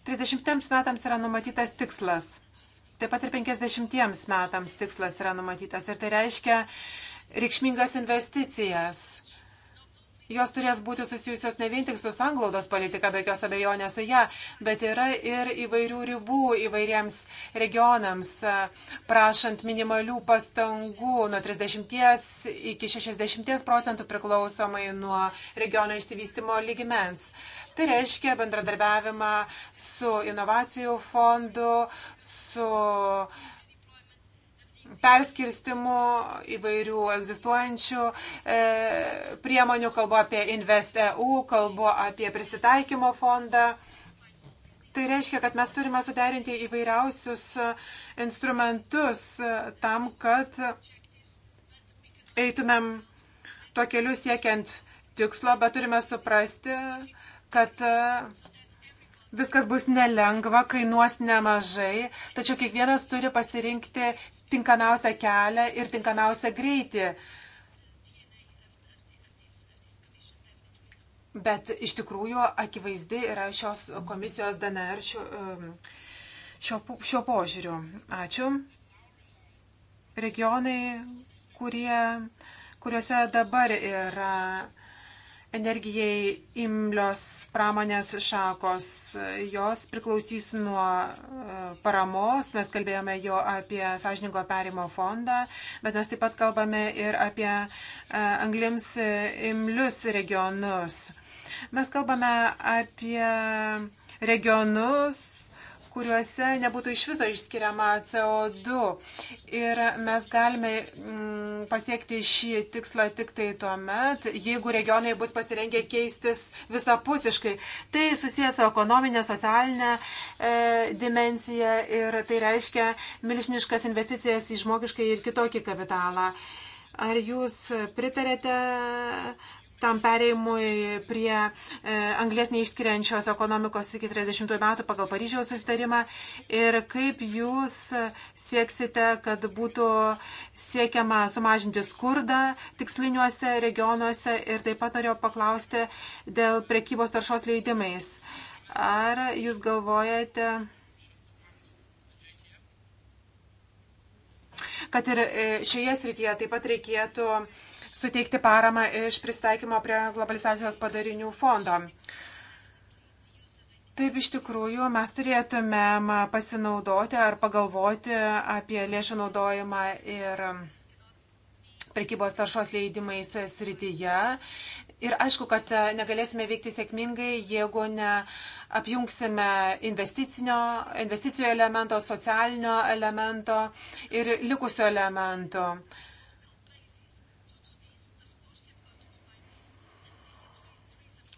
30 metams yra numatytas tikslas. Taip pat ir 50 metams tikslas yra numatytas. Ir tai reiškia reikšmingas investicijas jos turės būti susijusios ne vien tik su sanglaudos politika, be jokios abejonės su ją, bet yra ir įvairių ribų įvairiems regionams, prašant minimalių pastangų nuo 30 iki 60 procentų priklausomai nuo regiono išsivystimo lygmens. Tai reiškia bendradarbiavimą su inovacijų fondu, su uh, perskirstimų įvairių egzistuojančių e, priemonių, kalbu apie InvestEU, kalbu apie prisitaikymo fondą. Tai reiškia, kad mes turime suderinti įvairiausius e, instrumentus e, tam, kad eitumėm tuo keliu siekiant tikslo, bet turime suprasti, kad e, Viskas bus nelengva, kainuos nemažai, tačiau kiekvienas turi pasirinkti tinkamiausią kelią ir tinkamiausią greitį. Bet iš tikrųjų akivaizdi yra šios komisijos DNR šio, um, šio, šio požiūriu. Ačiū. Regionai, kurie, kuriuose dabar yra energijai imlios pramonės šakos. Jos priklausys nuo e, paramos. Mes kalbėjome jo apie sąžininko perimo fondą, bet mes taip pat kalbame ir apie e, anglims imlius regionus. Mes kalbame apie regionus, kuriuose nebūtų iš viso išskiriama CO2. Ir mes galime mm, pasiekti šį tikslą tik tai tuo met, jeigu regionai bus pasirengę keistis visapusiškai. Tai susijęs su ekonominė, socialinė e, dimencija ir tai reiškia milžiniškas investicijas į žmogiškai ir kitokį kapitalą. Ar jūs pritarėte tam pereimui prie e, anglės neišskiriančios ekonomikos iki 30 metų pagal Paryžiaus sustarimą ir kaip jūs sieksite, kad būtų siekiama sumažinti skurdą tiksliniuose regionuose ir taip pat norėjau paklausti dėl prekybos taršos leidimais. Ar jūs galvojate... kad ir e, šioje srityje taip pat reikėtų uh, suteikti paramą iš pristaikymo prie globalizacijos padarinių fondo. Taip iš tikrųjų mes turėtumėm pasinaudoti ar pagalvoti apie lėšų naudojimą ir prekybos taršos leidimais srityje. Ir aišku, kad negalėsime veikti sėkmingai, jeigu neapjungsime investicijų elemento, socialinio elemento ir likusio elemento. Uh,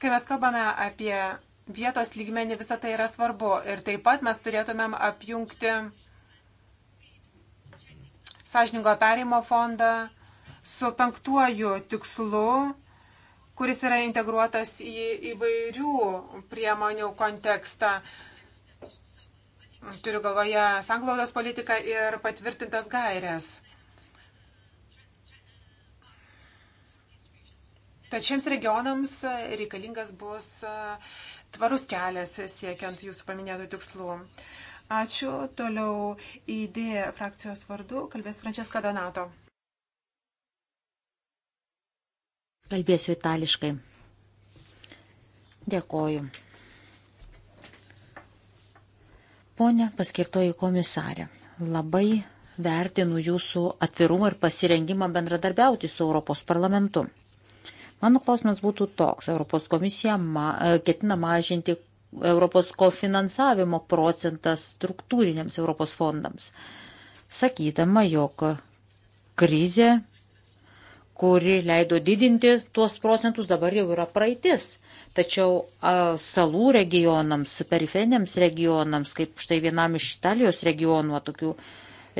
Kai mes kalbame apie vietos lygmenį, visą tai yra svarbu. Ir taip pat mes turėtumėm apjungti sąžininko perimo fondą su penktuoju tikslu, kuris yra integruotas į įvairių priemonių kontekstą. Turiu galvoje sanglaudos politiką ir patvirtintas gairias. Tad šiems regionams e, reikalingas bus e, tvarus kelias siekiant jūsų paminėtų tikslų. Ačiū. Toliau ID frakcijos vardu kalbės Frančiska Donato. Kalbėsiu itališkai. Dėkoju. Pone paskirtoji komisarė, labai vertinu jūsų atvirumą ir pasirengimą bendradarbiauti su Europos parlamentu. Mano klausimas būtų toks. Europos komisija ma, e, ketina mažinti Europos kofinansavimo procentą struktūriniams Europos fondams, sakydama, jog krizė, kuri leido didinti tuos procentus, dabar jau yra praeitis. Tačiau a, salų regionams, periferiniams regionams, kaip štai vienam iš Italijos regionų, tokių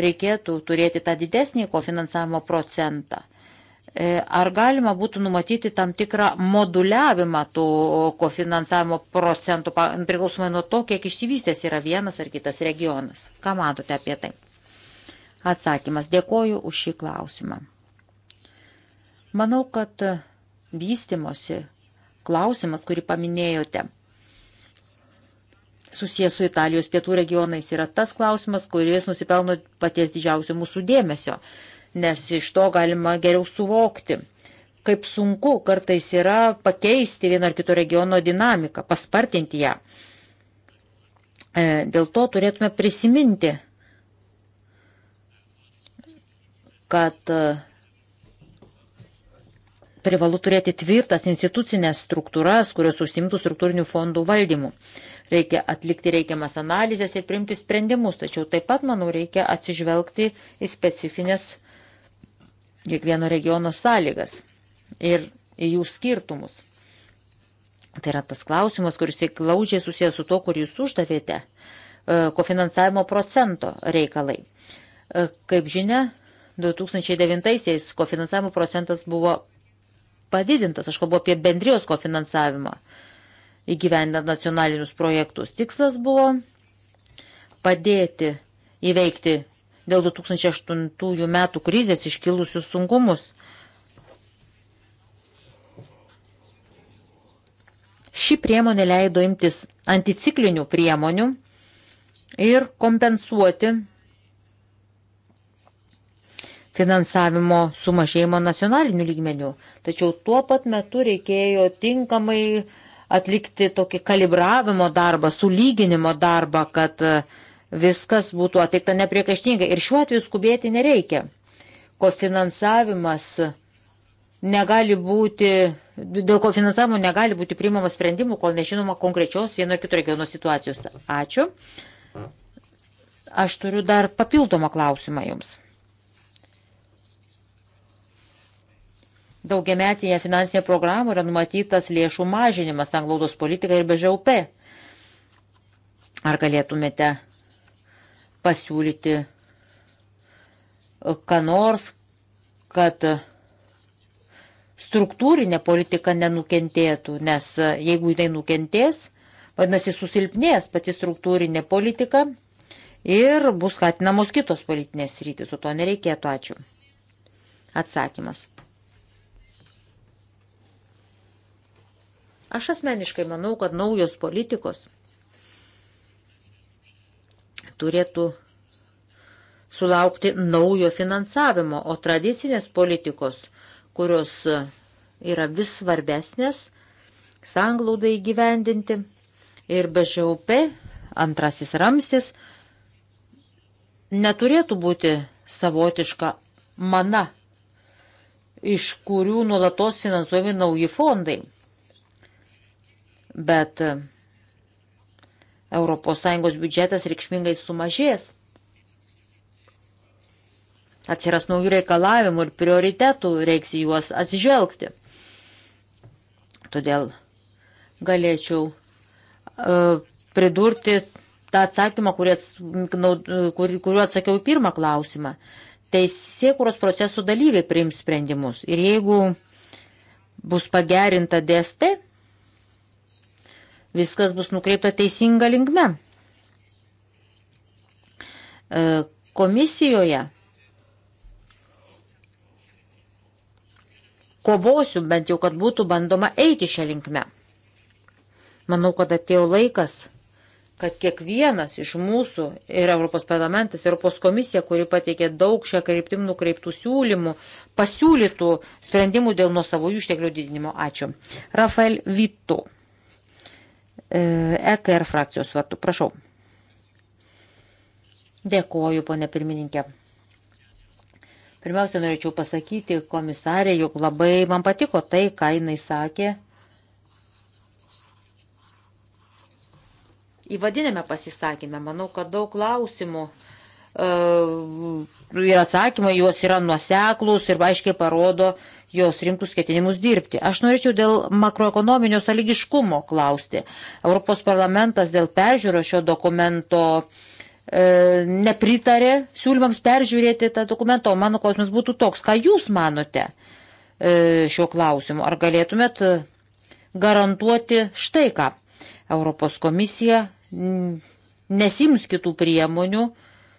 reikėtų turėti tą didesnį kofinansavimo procentą. E, ar galima būtų numatyti tam tikrą moduliavimą tų kofinansavimo procentų, priklausomai nuo to, kiek išsivystęs yra vienas ar kitas regionas? Ką matote apie tai? Atsakymas. Dėkoju už šį klausimą. Manau, kad vystimosi klausimas, kurį paminėjote, susijęs su Italijos pietų regionais yra tas klausimas, kuris nusipelno paties didžiausio mūsų dėmesio nes iš to galima geriau suvokti, kaip sunku kartais yra pakeisti vieno ar kito regiono dinamiką, paspartinti ją. E, dėl to turėtume prisiminti, kad e, privalu turėti tvirtas institucinės struktūras, kurios užsimtų struktūrinių fondų valdymu. Reikia atlikti reikiamas analizės ir priimti sprendimus, tačiau taip pat, manau, reikia atsižvelgti į specifines kiekvieno regiono sąlygas ir jų skirtumus. Tai yra tas klausimas, kuris įklaužiai susijęs su to, kur jūs uždavėte, e, kofinansavimo procento reikalai. E, kaip žinia, 2009-aisiais kofinansavimo procentas buvo padidintas, aš kalbu apie bendrijos kofinansavimą įgyvendant nacionalinius projektus. Tikslas buvo padėti įveikti dėl 2008 metų krizės iškilusius sunkumus. Ši priemonė leido imtis anticiklinių priemonių ir kompensuoti finansavimo sumažėjimo nacionaliniu lygmeniu. Tačiau tuo pat metu reikėjo tinkamai atlikti tokį kalibravimo darbą, sulyginimo darbą, kad uh, viskas būtų atlikta nepriekaištingai. Ir šiuo atveju skubėti nereikia. Kofinansavimas negali būti, dėl kofinansavimo negali būti priimamas sprendimų, kol nežinoma konkrečios vieno ar kito regiono situacijos. Ačiū. Aš turiu dar papildomą klausimą jums. Daugiametinėje finansinėje programoje yra numatytas lėšų mažinimas anglaudos politikai ir BŽUP. Ar galėtumėte pasiūlyti ką nors, kad struktūrinė politika nenukentėtų, nes jeigu jinai nukentės, vadinasi, susilpnės pati struktūrinė politika ir bus skatinamos kitos politinės rytis, o to nereikėtų. Ačiū. Atsakymas. Aš asmeniškai manau, kad naujos politikos turėtų sulaukti naujo finansavimo, o tradicinės politikos, kurios yra vis svarbesnės, sanglaudai gyvendinti ir be ŽUP antrasis ramstis neturėtų būti savotiška mana, iš kurių nuolatos finansuojami nauji fondai. Bet ES biudžetas reikšmingai sumažės. Atsiras naujų reikalavimų ir prioritetų, reiks juos atsižvelgti. Todėl galėčiau uh, pridurti tą atsakymą, kurį atsakiau į pirmą klausimą. Teisėkuros procesų dalyviai priims sprendimus. Ir jeigu bus pagerinta DFP, viskas bus nukreipta teisinga linkme. E, komisijoje kovosiu bent jau, kad būtų bandoma eiti šią linkmę. Manau, kad atėjo laikas, kad kiekvienas iš mūsų ir Europos parlamentas, Europos komisija, kuri pateikė daug šią kryptim nukreiptų siūlymų, pasiūlytų sprendimų dėl nuosavų išteklių didinimo. Ačiū. Rafael Vito. EKR e frakcijos vartų. Prašau. Dėkuoju, ponė pirmininkė. Pirmiausia, norėčiau pasakyti komisarė, jog labai man patiko tai, ką jinai sakė. Įvadinėme pasisakymę, manau, kad daug klausimų e, ir atsakymai juos yra nuoseklus ir aiškiai parodo jos rimtus ketinimus dirbti. Aš norėčiau dėl makroekonominio sąlygiškumo klausti. Europos parlamentas dėl peržiūro šio dokumento e, nepritarė siūlymams peržiūrėti tą dokumentą, o mano klausimas būtų toks, ką jūs manote e, šiuo klausimu. Ar galėtumėt e, garantuoti štai ką? Europos komisija nesims kitų priemonių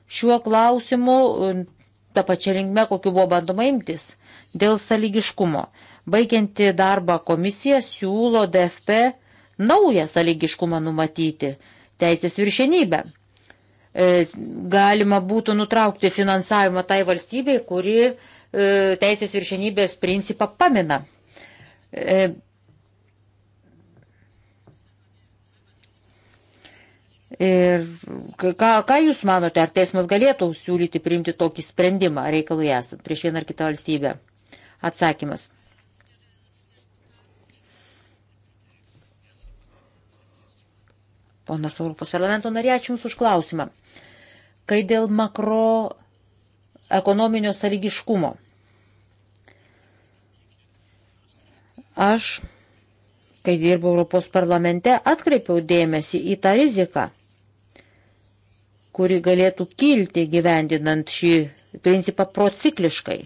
šiuo klausimu, ta pačia linkme, kokiu buvo bandoma imtis. Dėl saligiškumo. Baigianti darbą komisija siūlo DFP naują saligiškumą numatyti - teisės viršenybę. E, galima būtų nutraukti finansavimą tai valstybei, kuri e, teisės viršenybės principą pamina. E, ir ką, ką Jūs manote, ar teismas galėtų siūlyti priimti tokį sprendimą reikalui esant prieš vieną ar kitą valstybę? Atsakymas. Ponas Europos parlamento narė, ačiū Jums už klausimą. Kai dėl makroekonominio sąlygiškumo aš, kai dirbau Europos parlamente, atkreipiau dėmesį į tą riziką, kuri galėtų kilti gyvendinant šį principą procikliškai.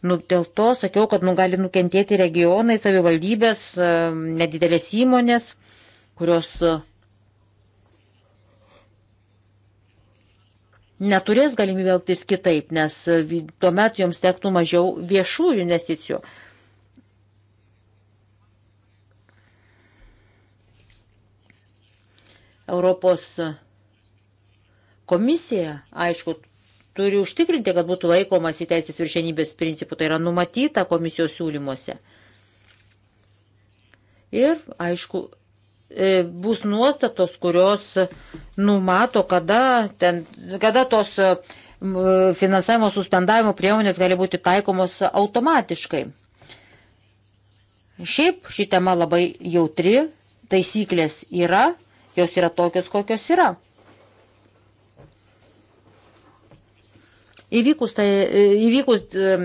Nu, dėl to sakiau, kad nu, gali nukentėti regionai, savivaldybės, e, nedidelės įmonės, kurios e, neturės galimybę elgtis kitaip, nes e, tuomet joms tektų mažiau viešųjų investicijų. Europos komisija, aišku, turi užtikrinti, kad būtų laikomasi teisės viršenybės principų, tai yra numatyta komisijos siūlymuose. Ir, aišku, e, bus nuostatos, kurios numato, kada, ten, kada tos e, finansavimo suspendavimo priemonės gali būti taikomos automatiškai. Šiaip ši tema labai jautri, taisyklės yra, jos yra tokios, kokios yra. Įvykus, tai, e, įvykus e,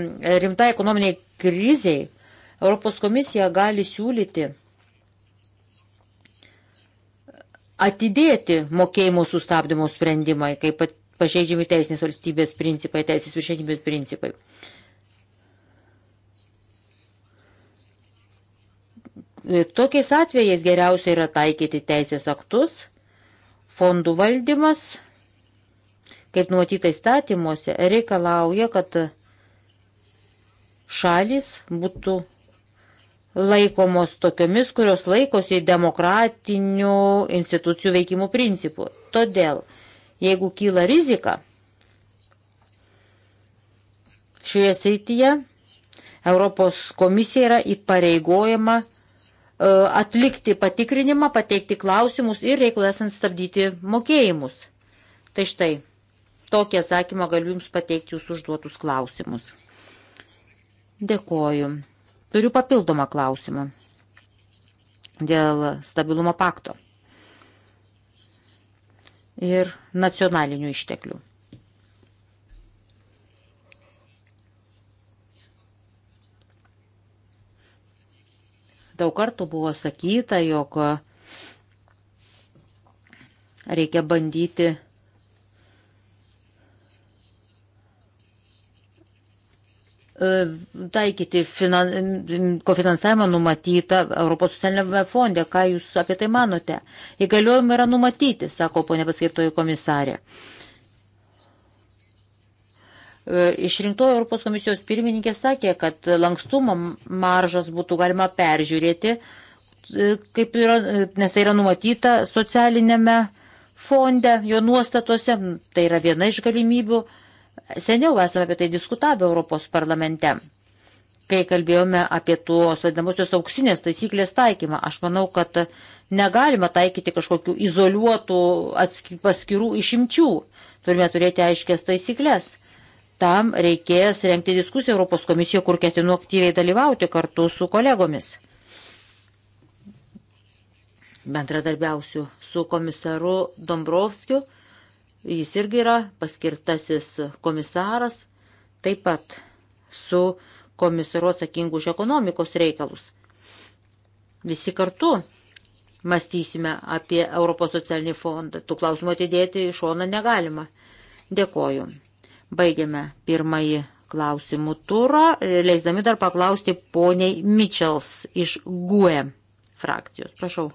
rimtai ekonominiai kriziai, Europos komisija gali siūlyti atidėti mokėjimų sustabdymo sprendimai, kaip pažeidžiami teisinės valstybės principai, teisės viršenybės principai. E, tokiais atvejais geriausia yra taikyti teisės aktus, fondų valdymas kaip numatyta įstatymuose, reikalauja, kad šalis būtų laikomos tokiomis, kurios laikosi demokratinių institucijų veikimų principų. Todėl, jeigu kyla rizika šioje srityje, Europos komisija yra įpareigojama e, atlikti patikrinimą, pateikti klausimus ir reikalų esant stabdyti mokėjimus. Tai štai tokį atsakymą galiu Jums pateikti Jūsų užduotus klausimus. Dėkoju. Turiu papildomą klausimą dėl stabilumo pakto ir nacionalinių išteklių. Daug kartų buvo sakyta, jog reikia bandyti E, taikyti finan, kofinansavimą numatytą Europos socialinėme fonde. Ką Jūs apie tai manote? Įgaliojimai yra numatyti, sako ponė paskirtoji komisarė. E, išrinktoji Europos komisijos pirmininkė sakė, kad lankstumo maržas būtų galima peržiūrėti, e, kaip yra, nes tai yra numatyta socialinėme fonde, jo nuostatose, tai yra viena iš galimybių Seniau esame apie tai diskutavę Europos parlamente, kai kalbėjome apie tuos vadinamosios auksinės taisyklės taikymą. Aš manau, kad negalima taikyti kažkokių izoliuotų paskirų išimčių. Turime turėti aiškias taisyklės. Tam reikės renkti diskusiją Europos komisijoje, kur ketinu aktyviai dalyvauti kartu su kolegomis. Bendradarbiausiu su komisaru Dombrovskiu Jis irgi yra paskirtasis komisaras, taip pat su komisaru atsakingu už ekonomikos reikalus. Visi kartu mąstysime apie Europos socialinį fondą. Tų klausimų atidėti iš šoną negalima. Dėkoju. Baigiame pirmąjį klausimų turą, leisdami dar paklausti poniai Mitchells iš GUE frakcijos. Prašau.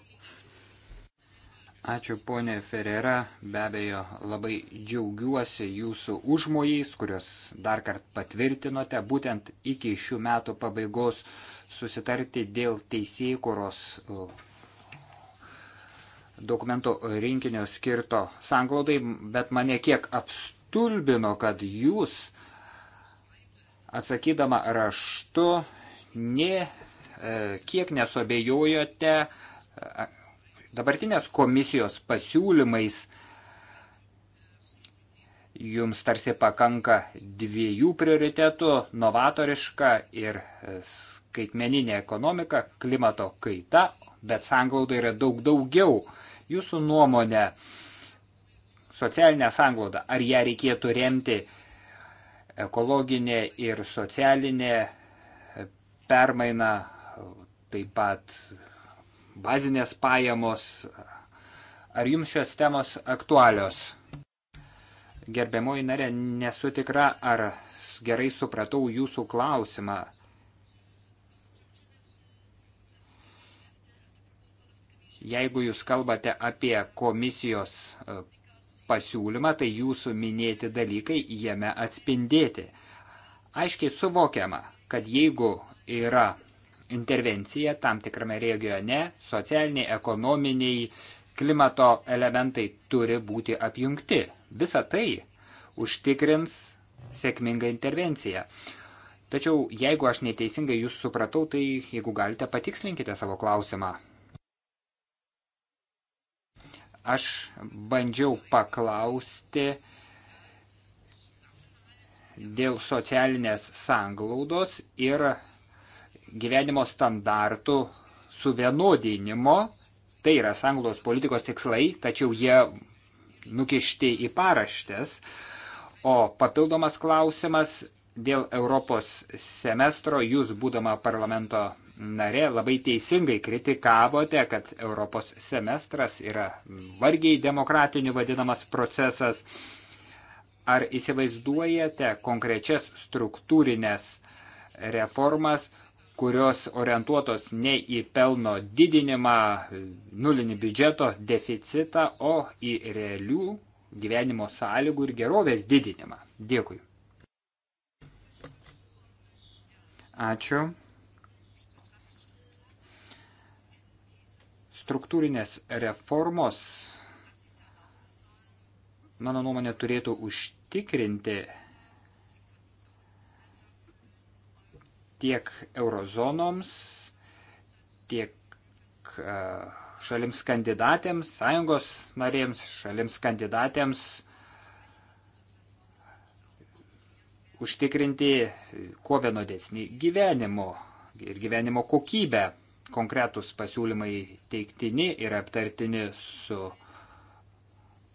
Ačiū ponė Ferrera, be abejo labai džiaugiuosi jūsų užmojais, kuriuos dar kart patvirtinote, būtent iki šių metų pabaigos susitarti dėl teisėkuros uh, dokumento rinkinio skirto sanglaudai, bet mane kiek apstulbino, kad jūs atsakydama raštu, ne, uh, kiek nesobėjojote uh, dabartinės komisijos pasiūlymais jums tarsi pakanka dviejų prioritetų - novatoriška ir e, skaitmeninė ekonomika, klimato kaita, bet sanglauda yra daug daugiau. Jūsų nuomonė, socialinė sanglauda, ar ją reikėtų remti ekologinė ir socialinė e, permaina, taip pat bazinės pajamos. Ar jums šios temos aktualios? Gerbiamoji narė, nesu tikra, ar gerai supratau jūsų klausimą. Jeigu jūs kalbate apie komisijos e, pasiūlymą, tai jūsų minėti dalykai jame atspindėti. Aiškiai suvokiama, kad jeigu yra intervencija tam tikrame regione, socialiniai, ekonominiai, klimato elementai turi būti apjungti. Visa tai užtikrins sėkmingą intervenciją. Tačiau jeigu aš neteisingai jūs supratau, tai jeigu galite patikslinkite savo klausimą. Aš bandžiau paklausti dėl socialinės sanglaudos ir gyvenimo standartų suvienodinimo. Tai yra sanglos politikos tikslai, tačiau jie nukišti į paraštės. O papildomas klausimas dėl Europos semestro, jūs būdama parlamento narė labai teisingai kritikavote, kad Europos semestras yra vargiai demokratiniu vadinamas procesas. Ar įsivaizduojate konkrečias struktūrinės reformas, kurios orientuotos ne į pelno didinimą, nulinį biudžeto deficitą, o į realių gyvenimo sąlygų ir gerovės didinimą. Dėkui. Ačiū. Struktūrinės reformos, mano nuomonė, turėtų užtikrinti tiek eurozonoms, tiek e, šalims kandidatėms, sąjungos narėms, šalims kandidatėms užtikrinti kuo vienodesnį gyvenimo ir gyvenimo kokybę. Konkretus pasiūlymai teiktini ir aptartini su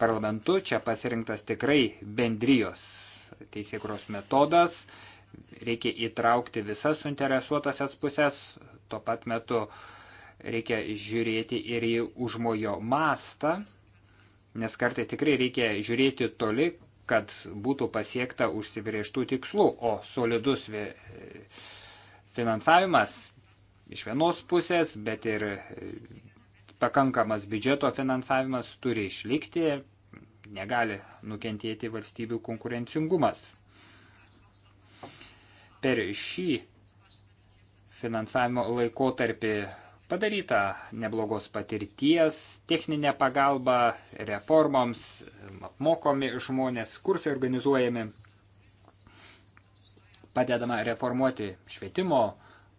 parlamentu. Čia pasirinktas tikrai bendrijos teisėkros metodas reikia įtraukti visas suinteresuotasias pusės, tuo pat metu reikia žiūrėti ir į užmojo mastą, nes kartais tikrai reikia žiūrėti toli, kad būtų pasiekta užsibrieštų tikslų, o solidus finansavimas iš vienos pusės, bet ir pakankamas biudžeto finansavimas turi išlikti, negali nukentėti valstybių konkurencingumas per šį finansavimo laikotarpį padaryta neblogos patirties, techninė pagalba reformoms, apmokomi žmonės, kursai organizuojami, padedama reformuoti švietimo,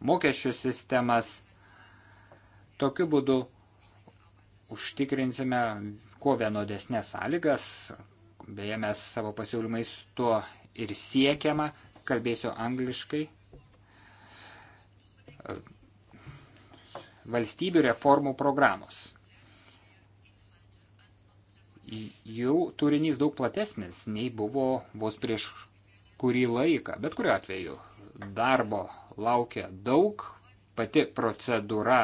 mokesčių sistemas. Tokiu būdu užtikrinsime kuo vienodesnės sąlygas, beje mes savo pasiūlymais tuo ir siekiama – kalbėsiu angliškai. Valstybių reformų programos. Jų turinys daug platesnis nei buvo vos prieš kurį laiką. Bet kuriuo atveju darbo laukia daug, pati procedūra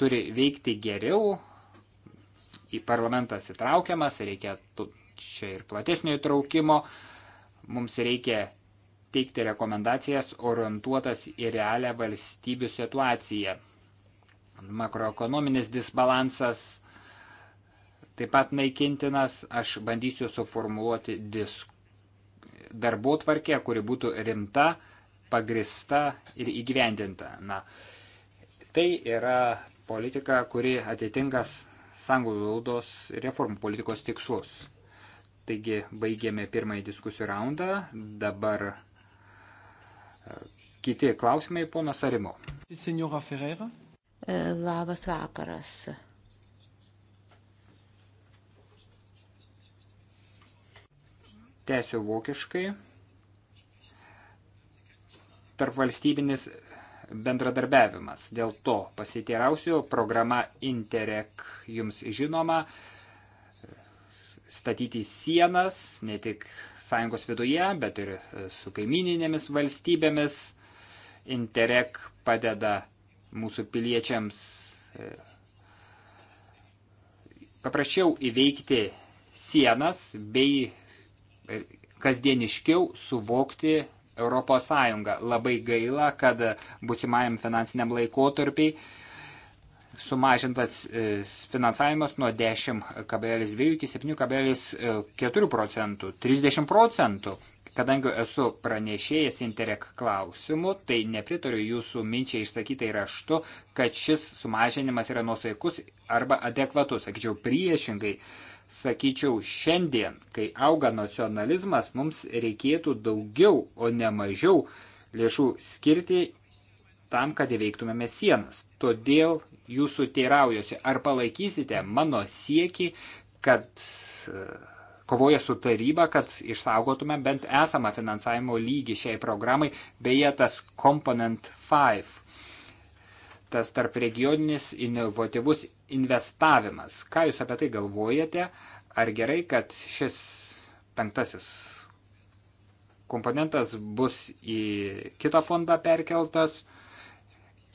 turi veikti geriau, į parlamentas įtraukiamas, reikia čia ir platesnio įtraukimo, mums reikia teikti rekomendacijas orientuotas į realią valstybių situaciją. Makroekonominis disbalansas taip pat naikintinas, aš bandysiu suformuoluoti darbų tvarkę, kuri būtų rimta, pagrista ir įgyvendinta. Na, tai yra politika, kuri atitinkas sanglaudos reformų politikos tikslus. Taigi baigėme pirmąjį diskusijų raundą, dabar Kiti klausimai, ponas Arimo. Senora Ferreira. E, labas vakaras. Tęsiu vokiškai. Tarpvalstybinis bendradarbiavimas. Dėl to pasiteirausiu, programa Interreg jums žinoma, statyti sienas, ne tik sąjungos viduje, bet ir e, su kaimininėmis valstybėmis. Interreg padeda mūsų piliečiams e, paprasčiau įveikti sienas bei e, kasdieniškiau suvokti ES. Labai gaila, kad busimajam finansiniam laikotarpiai sumažintas e, finansavimas nuo 10,2 iki 7,4 e, procentų, 30 procentų. Kadangi esu pranešėjęs Interreg klausimų, tai nepritariu jūsų minčiai išsakytai raštu, kad šis sumažinimas yra nusaikus arba adekvatus. Sakyčiau, priešingai, sakyčiau, šiandien, kai auga nacionalizmas, mums reikėtų daugiau, o ne mažiau lėšų skirti tam, kad įveiktumėme sienas. Todėl jūsų teiraujuosi, ar palaikysite mano siekį, kad e, kovoja su taryba, kad išsaugotume bent esamą finansavimo lygį šiai programai, beje, tas Component 5, tas tarp regioninis inovatyvus investavimas. Ką Jūs apie tai galvojate? Ar gerai, kad šis penktasis komponentas bus į kitą fondą perkeltas?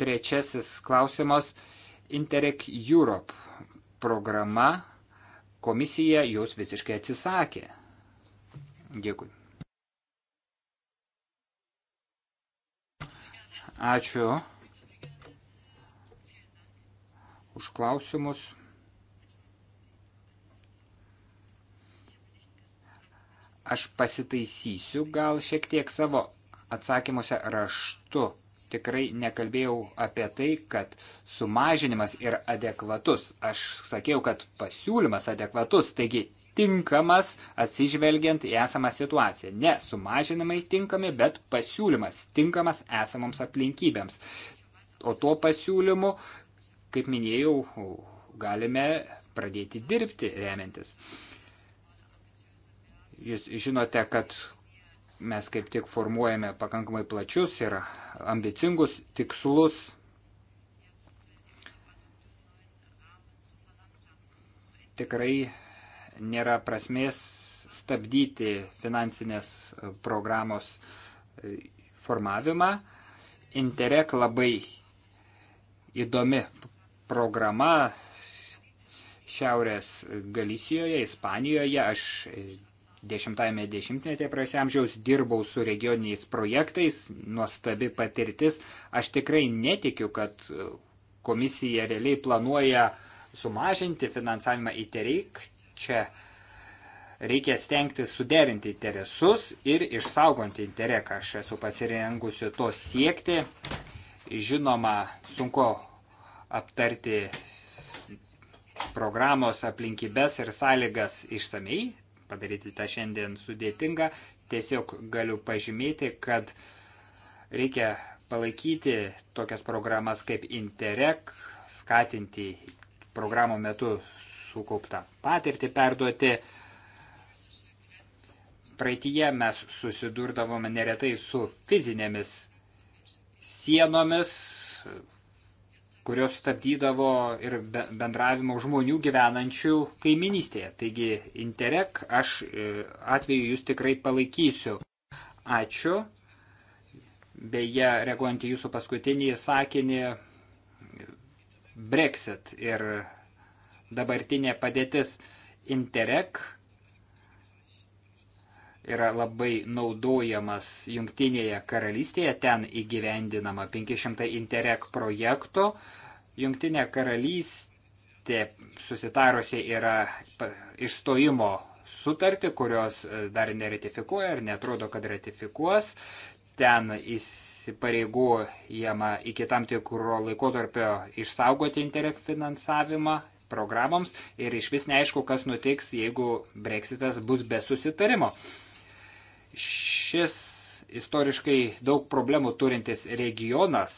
Trečiasis klausimas – Interreg Europe programa komisija jos visiškai atsisakė. Dėkui. Ačiū už klausimus. Aš pasitaisysiu gal šiek tiek savo atsakymuose raštu tikrai nekalbėjau apie tai, kad sumažinimas ir adekvatus. Aš sakiau, kad pasiūlymas adekvatus, taigi tinkamas atsižvelgiant į esamą situaciją. Ne sumažinimai tinkami, bet pasiūlymas tinkamas esamoms aplinkybėms. O tuo pasiūlymu, kaip minėjau, galime pradėti dirbti remiantis. Jūs žinote, kad Mes kaip tik formuojame pakankamai plačius ir ambicingus tikslus. Tikrai nėra prasmės stabdyti finansinės programos e, formavimą. Interek labai įdomi programa Šiaurės Galisijoje, Ispanijoje. Aš dešimtajame dešimtmetyje praėjusio amžiaus dirbau su regioniniais projektais, nuostabi patirtis. Aš tikrai netikiu, kad komisija realiai planuoja sumažinti finansavimą į tereik. Čia reikia stengtis suderinti interesus ir išsaugoti interesą. Aš esu pasirengusi to siekti. Žinoma, sunku aptarti programos aplinkybės ir sąlygas išsamei, padaryti tą šiandien sudėtingą. Tiesiog galiu pažymėti, kad reikia palaikyti tokias programas kaip Interreg, skatinti programų metu sukauptą patirtį perduoti. Praeitie mes susidurdavome neretai su fizinėmis sienomis, kurios stabdydavo ir bendravimo žmonių gyvenančių kaiminystėje. Taigi, Interreg, aš e, atveju jūs tikrai palaikysiu. Ačiū. Beje, reaguojant į jūsų paskutinį sakinį, Brexit ir dabartinė padėtis Interreg yra labai naudojamas Jungtinėje karalystėje, ten įgyvendinama 500 Interreg projekto. Jungtinė karalystė susitarusi yra išstojimo sutartį, kurios e, dar neratifikuoja ir netrodo, kad ratifikuos. Ten įsipareigojama iki tam tikro laikotarpio išsaugoti Interreg finansavimą programoms ir iš vis neaišku, kas nutiks, jeigu breksitas bus be susitarimo. Šis istoriškai daug problemų turintis regionas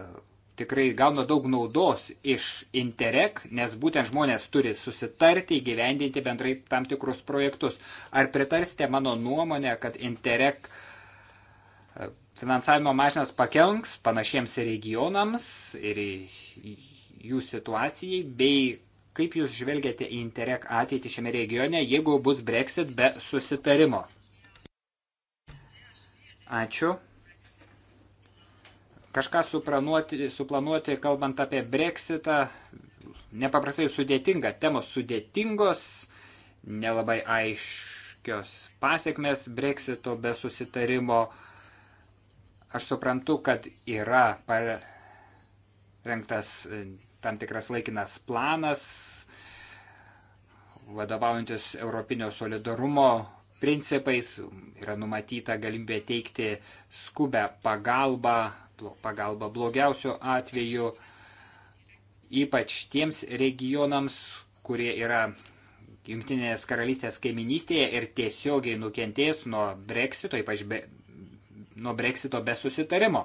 e, tikrai gauna daug naudos iš Interreg, nes būtent žmonės turi susitarti, įgyvendinti bendrai tam tikrus projektus. Ar pritarsite mano nuomonę, kad Interreg e, finansavimo mašinas pakenks panašiems regionams ir jų situacijai, bei kaip jūs žvelgiate į Interreg ateitį šiame regione, jeigu bus Brexit be susitarimo? Ačiū. Kažką suplanuoti, suplanuoti, kalbant apie breksitą, nepaprastai sudėtinga, temos sudėtingos, nelabai aiškios pasiekmes breksito be susitarimo. Aš suprantu, kad yra parengtas e, tam tikras laikinas planas, vadovaujantis Europinio solidarumo principais yra numatyta galimybė teikti skubę pagalbą, pagalbą blogiausių atveju, ypač tiems regionams, kurie yra Junktinės karalystės kaiminystėje ir tiesiogiai nukentės nuo breksito, ypač be, nuo breksito be susitarimo.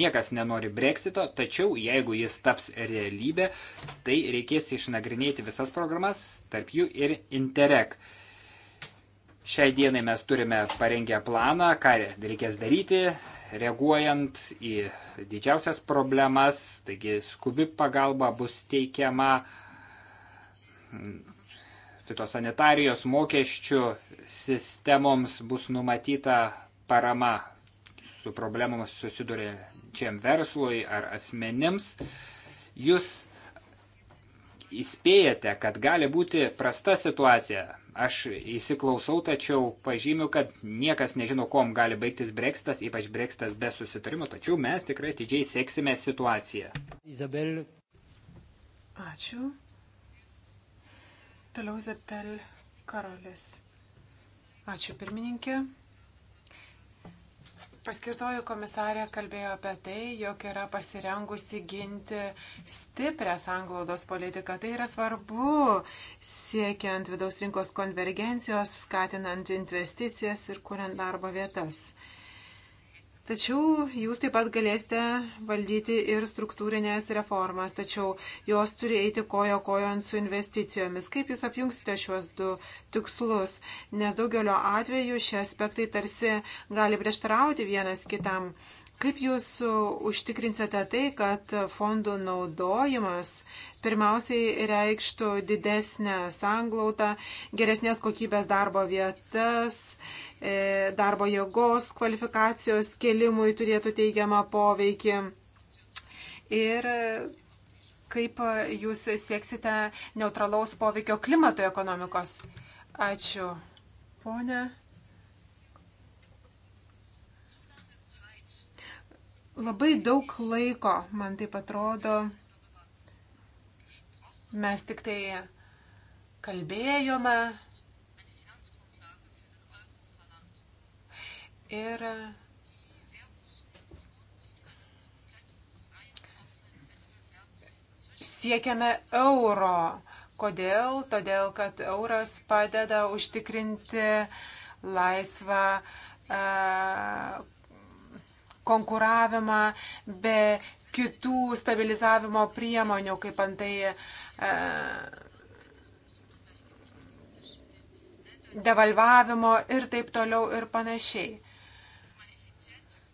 Niekas nenori breksito, tačiau jeigu jis taps realybė, tai reikės išnagrinėti visas programas, tarp jų ir Interreg. Šiai dienai mes turime parengę planą, ką reikės daryti, reaguojant į didžiausias problemas, taigi skubi pagalba bus teikiama fitosanitarijos mokesčių sistemoms bus numatyta parama su problemomis susidurėčiam verslui ar asmenims. Jūs įspėjate, kad gali būti prasta situacija, Aš įsiklausau, tačiau pažymiu, kad niekas nežino, kom gali baigtis breksitas, ypač breksitas be susitarimo, tačiau mes tikrai didžiai seksime situaciją. Izabel. Ačiū. Toliau Izabel Karolės. Ačiū pirmininkė. Paskirtoji komisarė kalbėjo apie tai, jog yra pasirengusi ginti stiprią sanglaudos politiką. Tai yra svarbu siekiant vidaus rinkos konvergencijos, skatinant investicijas ir kuriant darbo vietas. Tačiau jūs taip pat galėsite valdyti ir struktūrinės reformas, tačiau jos turi eiti kojo kojant su investicijomis. Kaip jūs apjungsite šiuos du tikslus? Nes daugelio atveju šie aspektai tarsi gali prieštarauti vienas kitam. Kaip jūs užtikrinsite tai, kad fondų naudojimas pirmiausiai reikštų didesnę sanglautą, geresnės kokybės darbo vietas? E, darbo jėgos kvalifikacijos kelimui turėtų teigiamą poveikį. Ir kaip jūs sieksite neutralaus poveikio klimato ekonomikos? Ačiū, ponė. Labai daug laiko, man taip atrodo, mes tik tai kalbėjome, Ir siekiame euro. Kodėl? Todėl, kad euras padeda užtikrinti laisvą e, konkuravimą be kitų stabilizavimo priemonių, kaip antai e, devalvavimo ir taip toliau ir panašiai.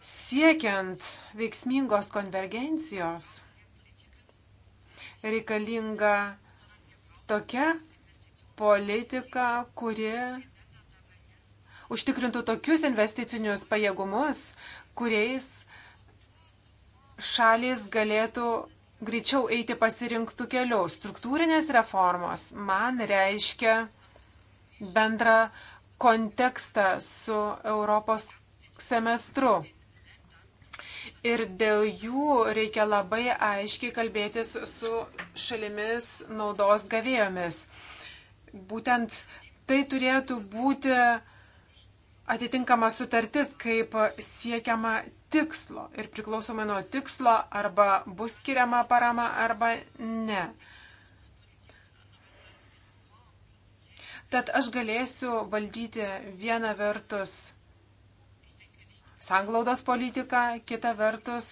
Siekiant veiksmingos konvergencijos reikalinga tokia politika, kuri užtikrintų tokius investicinius pajėgumus, kuriais šalis galėtų greičiau eiti pasirinktų kelių. Struktūrinės reformos man reiškia bendrą kontekstą su Europos semestru ir dėl jų reikia labai aiškiai kalbėtis su šalimis naudos gavėjomis. Būtent tai turėtų būti atitinkama sutartis, kaip siekiama tikslo ir priklausomai nuo tikslo arba bus skiriama parama arba ne. Tad aš galėsiu valdyti vieną vertus sanglaudos politiką, kita vertus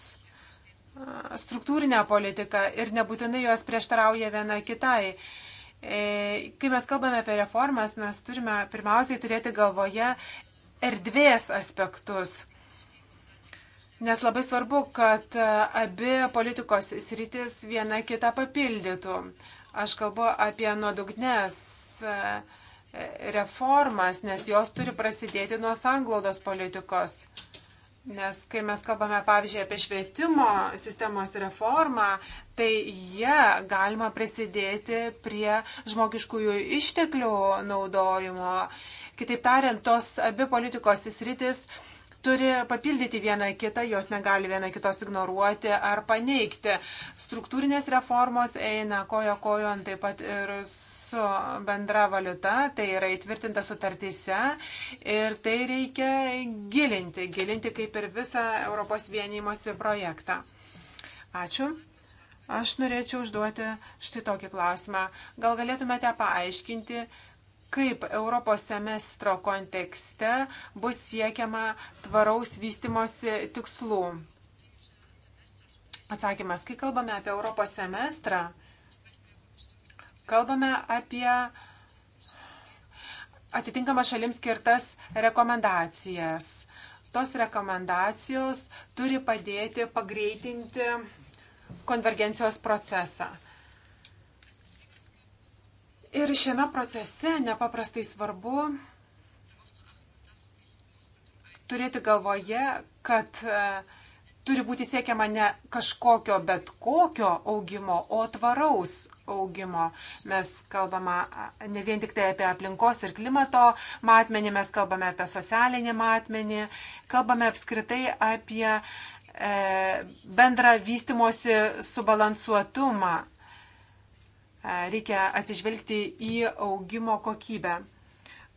struktūrinę politiką ir nebūtinai jos prieštarauja viena kitai. E, kai mes kalbame apie reformas, mes turime pirmiausiai turėti galvoje erdvės aspektus. Nes labai svarbu, kad abi politikos sritis viena kitą papildytų. Aš kalbu apie nuodugnes e, reformas, nes jos turi prasidėti nuo sanglaudos politikos. Nes kai mes kalbame, pavyzdžiui, apie švietimo sistemos reformą, tai jie galima prisidėti prie žmogiškųjų išteklių naudojimo. Kitaip tariant, tos abi politikos įsritis turi papildyti vieną kitą, jos negali viena kitos ignoruoti ar paneigti. Struktūrinės reformos eina kojo kojon taip pat ir su mūsų bendra valiuta, tai yra įtvirtinta sutartyse ir tai reikia gilinti, gilinti kaip ir visą Europos vienymosi projektą. Ačiū. Aš norėčiau užduoti štai tokį klausimą. Gal galėtumėte paaiškinti, kaip Europos semestro kontekste bus siekiama tvaraus vystimosi tikslų? Atsakymas, kai kalbame apie Europos semestrą, Kalbame apie atitinkamas šalims skirtas rekomendacijas. Tos rekomendacijos turi padėti pagreitinti konvergencijos procesą. Ir šiame procese nepaprastai svarbu turėti galvoje, kad uh, turi būti siekiama ne kažkokio bet kokio augimo, o tvaraus augimo. Mes kalbame ne vien tik tai apie aplinkos ir klimato matmenį, mes kalbame apie socialinį matmenį, kalbame apskritai apie e, bendrą vystimosi subalansuotumą. E, reikia atsižvelgti į augimo kokybę.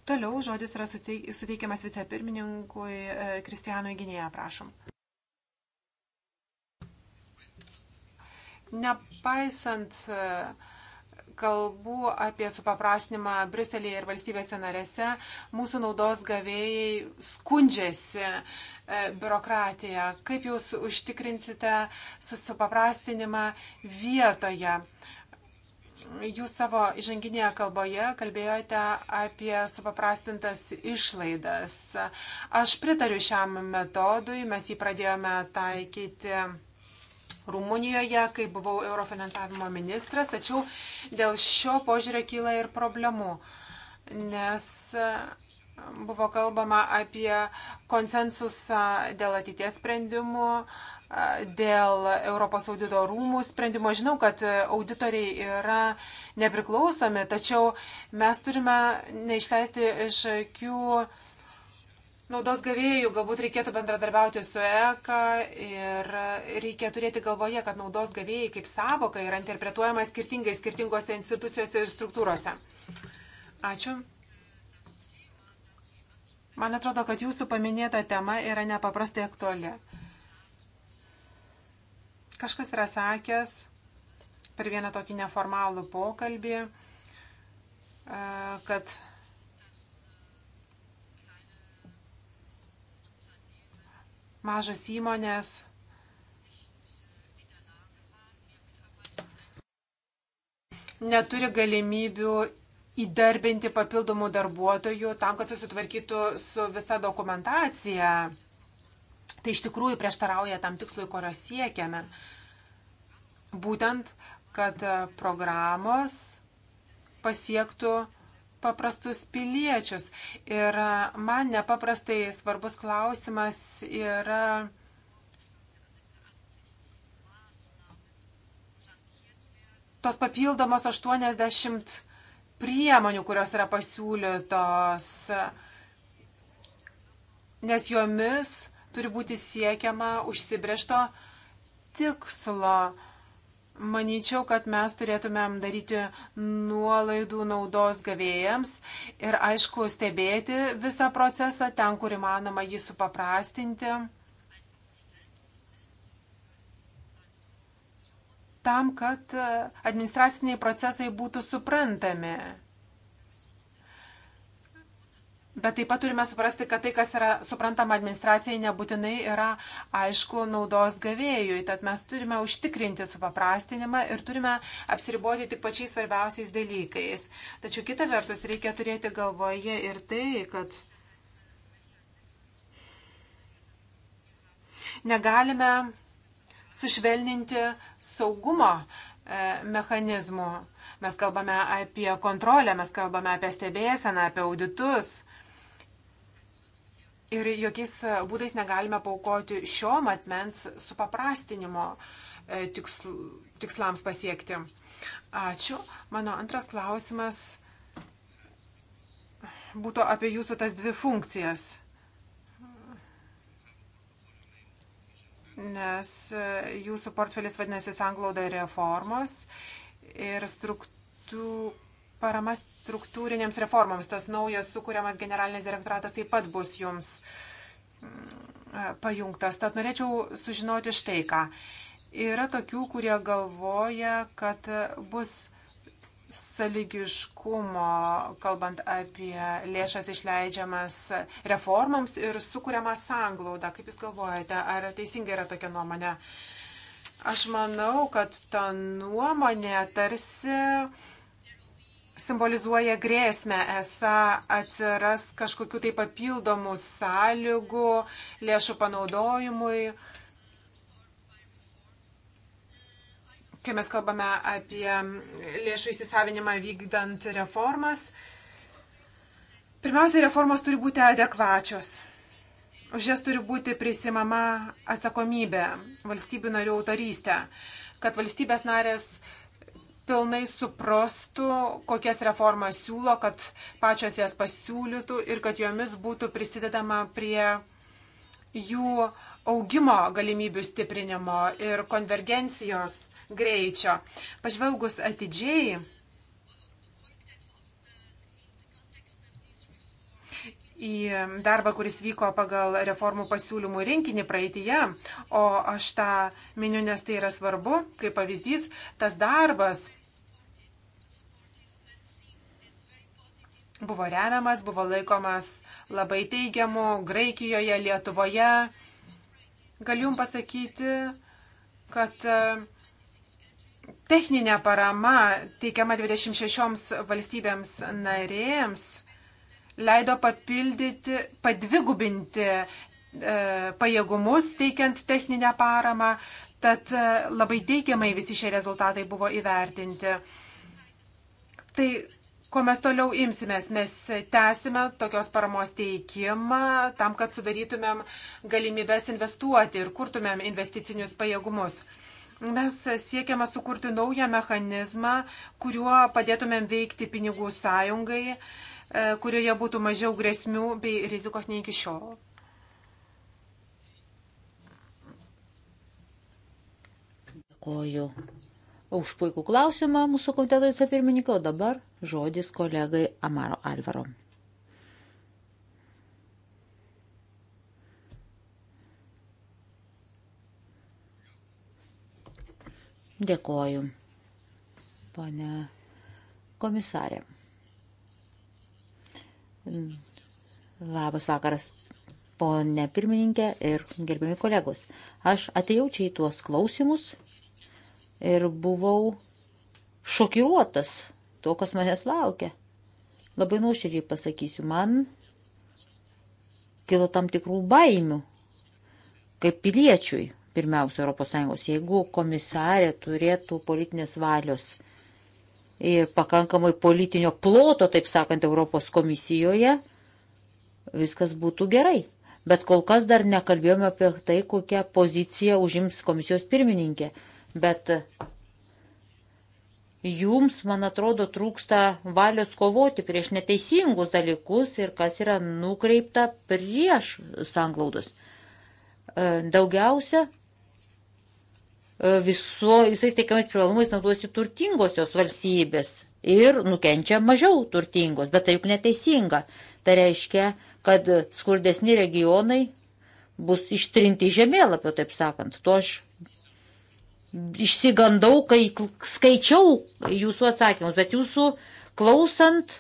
Toliau žodis yra suteikiamas vicepirmininkui e, Kristijanui Gynėja, prašom. Nepaisant e, kalbų apie supaprastinimą Briuselėje ir valstybėse narėse, mūsų naudos gavėjai skundžiasi e, biurokratiją. Kaip jūs užtikrinsite supaprastinimą vietoje? Jūs savo žanginėje kalboje kalbėjote apie supaprastintas išlaidas. Aš pritariu šiam metodui, mes jį pradėjome taikyti Rumunijoje, kai buvau eurofinansavimo ministras, tačiau dėl šio požiūrio kyla ir problemų, nes e, buvo kalbama apie konsensusą dėl ateities sprendimų, e, dėl Europos audito rūmų sprendimo. Žinau, kad auditoriai yra nepriklausomi, tačiau mes turime neišleisti iš akių. Kių naudos gavėjų, galbūt reikėtų bendradarbiauti su ECA ir reikia turėti galvoje, kad naudos gavėjai kaip savoka yra interpretuojama skirtingai skirtingose institucijose ir struktūrose. Ačiū. Man atrodo, kad jūsų paminėta tema yra nepaprastai aktuali. Kažkas yra sakęs per vieną tokį neformalų pokalbį, e, kad mažas įmonės. neturi galimybių įdarbinti papildomų darbuotojų tam, kad susitvarkytų su visa dokumentacija. Tai iš tikrųjų prieštarauja tam tikslui, kurio siekiame. Būtent, kad programos pasiektų paprastus piliečius. Ir man nepaprastai svarbus klausimas yra. Tos papildomos 80 priemonių, kurios yra pasiūlytos, nes jomis turi būti siekiama užsibriešto tikslo. Manyčiau, kad mes turėtumėm daryti nuolaidų naudos gavėjams ir aišku stebėti visą procesą ten, kur įmanoma jį supaprastinti. Tam, kad administraciniai procesai būtų suprantami. Bet taip pat turime suprasti, kad tai, kas yra suprantama administracijai, nebūtinai yra aišku naudos gavėjui. Tad mes turime užtikrinti supaprastinimą ir turime apsiriboti tik pačiais svarbiausiais dalykais. Tačiau kita vertus reikia turėti galvoje ir tai, kad negalime sušvelninti saugumo e, mechanizmų. Mes kalbame apie kontrolę, mes kalbame apie stebėseną, apie auditus. Ir jokiais e, būdais negalime paukoti šio matmens supaprastinimo e, tiksl, tikslams pasiekti. Ačiū. Mano antras klausimas būtų apie jūsų tas dvi funkcijas. Nes e, jūsų portfelis vadinasi sanglauda reformos ir struktūra parama struktūrinėms reformoms. Tas naujas sukūriamas generalinis direktoratas taip pat bus jums mm, pajungtas. Tad norėčiau sužinoti štai ką. Yra tokių, kurie galvoja, kad bus saligiškumo, kalbant apie lėšas išleidžiamas reformoms ir sukūriamą sanglaudą. Kaip Jūs galvojate, ar teisinga yra tokia nuomonė? Aš manau, kad ta nuomonė tarsi uh, simbolizuoja grėsmę, esą atsiras kažkokių tai papildomų sąlygų lėšų panaudojimui. Kai mes kalbame apie lėšų įsisavinimą vykdant reformas, pirmiausia, reformos turi būti adekvačios. Už jas turi būti prisimama atsakomybė, valstybių narių autorystė, kad valstybės narės uh, pilnai suprastų, kokias reformas siūlo, kad pačios jas pasiūlytų ir kad jomis būtų prisidedama prie jų augimo galimybių stiprinimo ir konvergencijos greičio. Pažvelgus atidžiai, į darbą, kuris vyko pagal reformų pasiūlymų rinkinį praeitįje, o aš tą miniu, nes tai yra svarbu, kaip pavyzdys, tas darbas buvo remiamas, buvo laikomas labai teigiamu Graikijoje, Lietuvoje. Galiu Jums pasakyti, kad e, techninė parama teikiama 26 valstybėms narėms leido papildyti, padvigubinti e, pajėgumus teikiant techninę paramą, tad e, labai teigiamai visi šie rezultatai buvo įvertinti. Tai Ko mes toliau imsimės? Mes tęsime tokios paramos teikimą tam, kad sudarytumėm galimybės investuoti ir kurtumėm investicinius pajėgumus. Mes siekiame sukurti naują mechanizmą, kuriuo padėtumėm veikti pinigų sąjungai, e, kurioje būtų mažiau grėsmių bei rizikos nei iki šiol. Dėkoju už puikų klausimą mūsų komiteto vicepirmininko dabar žodis kolegai Amaro Alvaro. Dėkoju, pane komisarė. Labas vakaras, ponė pirmininkė ir gerbiami kolegos. Aš atėjau čia į tuos klausimus ir buvau šokiruotas to, kas manęs laukia. Labai nuoširdžiai pasakysiu, man kilo tam tikrų baimių, kaip piliečiui, pirmiausia, ES, jeigu komisarė turėtų politinės valios ir pakankamai politinio ploto, taip sakant, Europos komisijoje, viskas būtų gerai. Bet kol kas dar nekalbėjome apie tai, kokią poziciją užims komisijos pirmininkė. Bet jums, man atrodo, trūksta valios kovoti prieš neteisingus dalykus ir kas yra nukreipta prieš sanglaudus. E, daugiausia e, viso, visais teikiamais privalumais naudojasi turtingosios valstybės ir nukenčia mažiau turtingos, bet tai juk neteisinga. Tai reiškia, kad skurdesni regionai bus ištrinti žemėlapio, taip sakant. To aš išsigandau, kai skaičiau jūsų atsakymus, bet jūsų klausant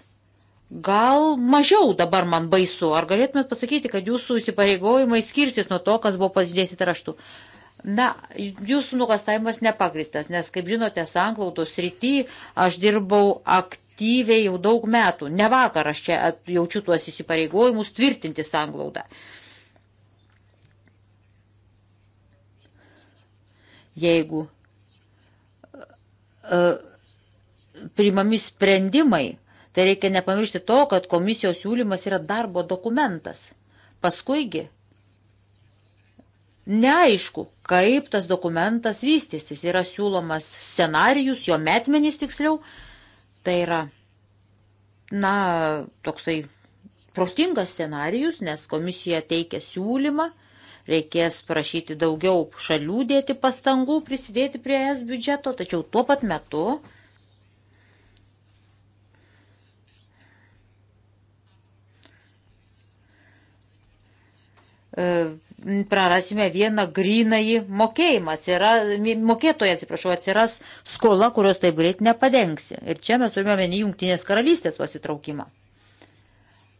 gal mažiau dabar man baisu. Ar galėtumėt pasakyti, kad jūsų įsipareigojimai skirsis nuo to, kas buvo pasidėsit raštu? Na, jūsų nukastavimas nepagristas, nes, kaip žinote, sanklautos rytį aš dirbau aktyviai jau daug metų. Ne vakar aš čia jaučiu tuos įsipareigojimus tvirtinti sanklaudą. Uh, jeigu e, priimami sprendimai, tai reikia nepamiršti to, kad komisijos siūlymas yra darbo dokumentas. Paskuigi neaišku, kaip tas dokumentas vystysis. Yra siūlomas scenarius, jo metmenys tiksliau. Tai yra, na, toksai protingas scenarijus, nes komisija teikia siūlymą reikės prašyti daugiau šalių dėti pastangų, prisidėti prie es biudžeto, tačiau tuo pat metu e, prarasime vieną grynąjį mokėjimą, atsira, mokėtoje, atsiprašau, atsiras skola, kurios taip greit nepadengsi. Ir čia mes turime vieni jungtinės karalystės pasitraukimą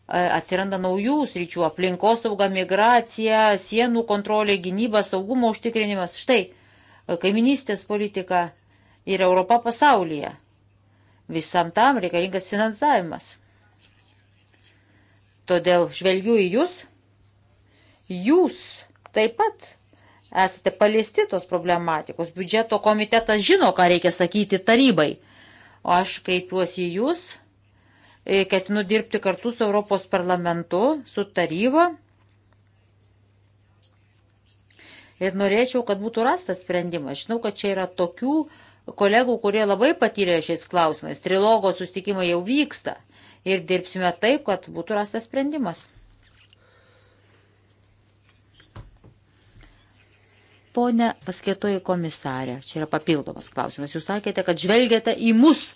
atsiranda naujų sričių - aplinkosauga, migracija, sienų kontrolė, gynyba, saugumo užtikrinimas. Štai kaiminystės politika ir Europa pasaulyje. Visam tam reikalingas finansavimas. Todėl žvelgiu į jūs. Jūs taip pat esate paliesti tos problematikos. Biudžeto komitetas žino, ką reikia sakyti tarybai. O aš kreipiuosi į jūs E, ketinu dirbti kartu su Europos parlamentu, su taryba. Ir norėčiau, kad būtų rastas sprendimas. Žinau, kad čia yra tokių kolegų, kurie labai patyrė šiais klausimais. Trilogo sustikimai jau vyksta. Ir dirbsime taip, kad būtų rastas sprendimas. Pone paskėtoji komisarė, čia yra papildomas klausimas. Jūs sakėte, kad žvelgiate į mus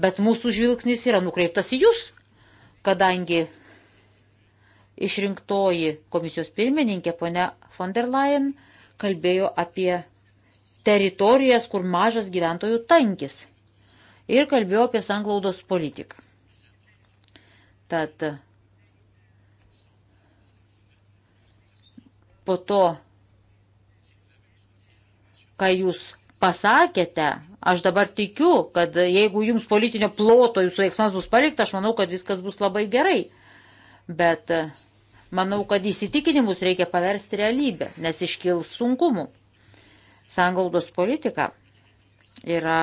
bet mūsų žvilgsnis yra nukreiptas į jūs, kadangi išrinktoji komisijos pirmininkė ponia von der Leyen kalbėjo apie teritorijas, kur mažas gyventojų tankis ir kalbėjo apie sanglaudos politiką. Tad po to, ką jūs pasakėte, aš dabar tikiu, kad jeigu jums politinio ploto jūsų veiksmas bus palikta, aš manau, kad viskas bus labai gerai. Bet e, manau, kad įsitikinimus reikia paversti realybę, nes iškils sunkumų. Sangaudos politika yra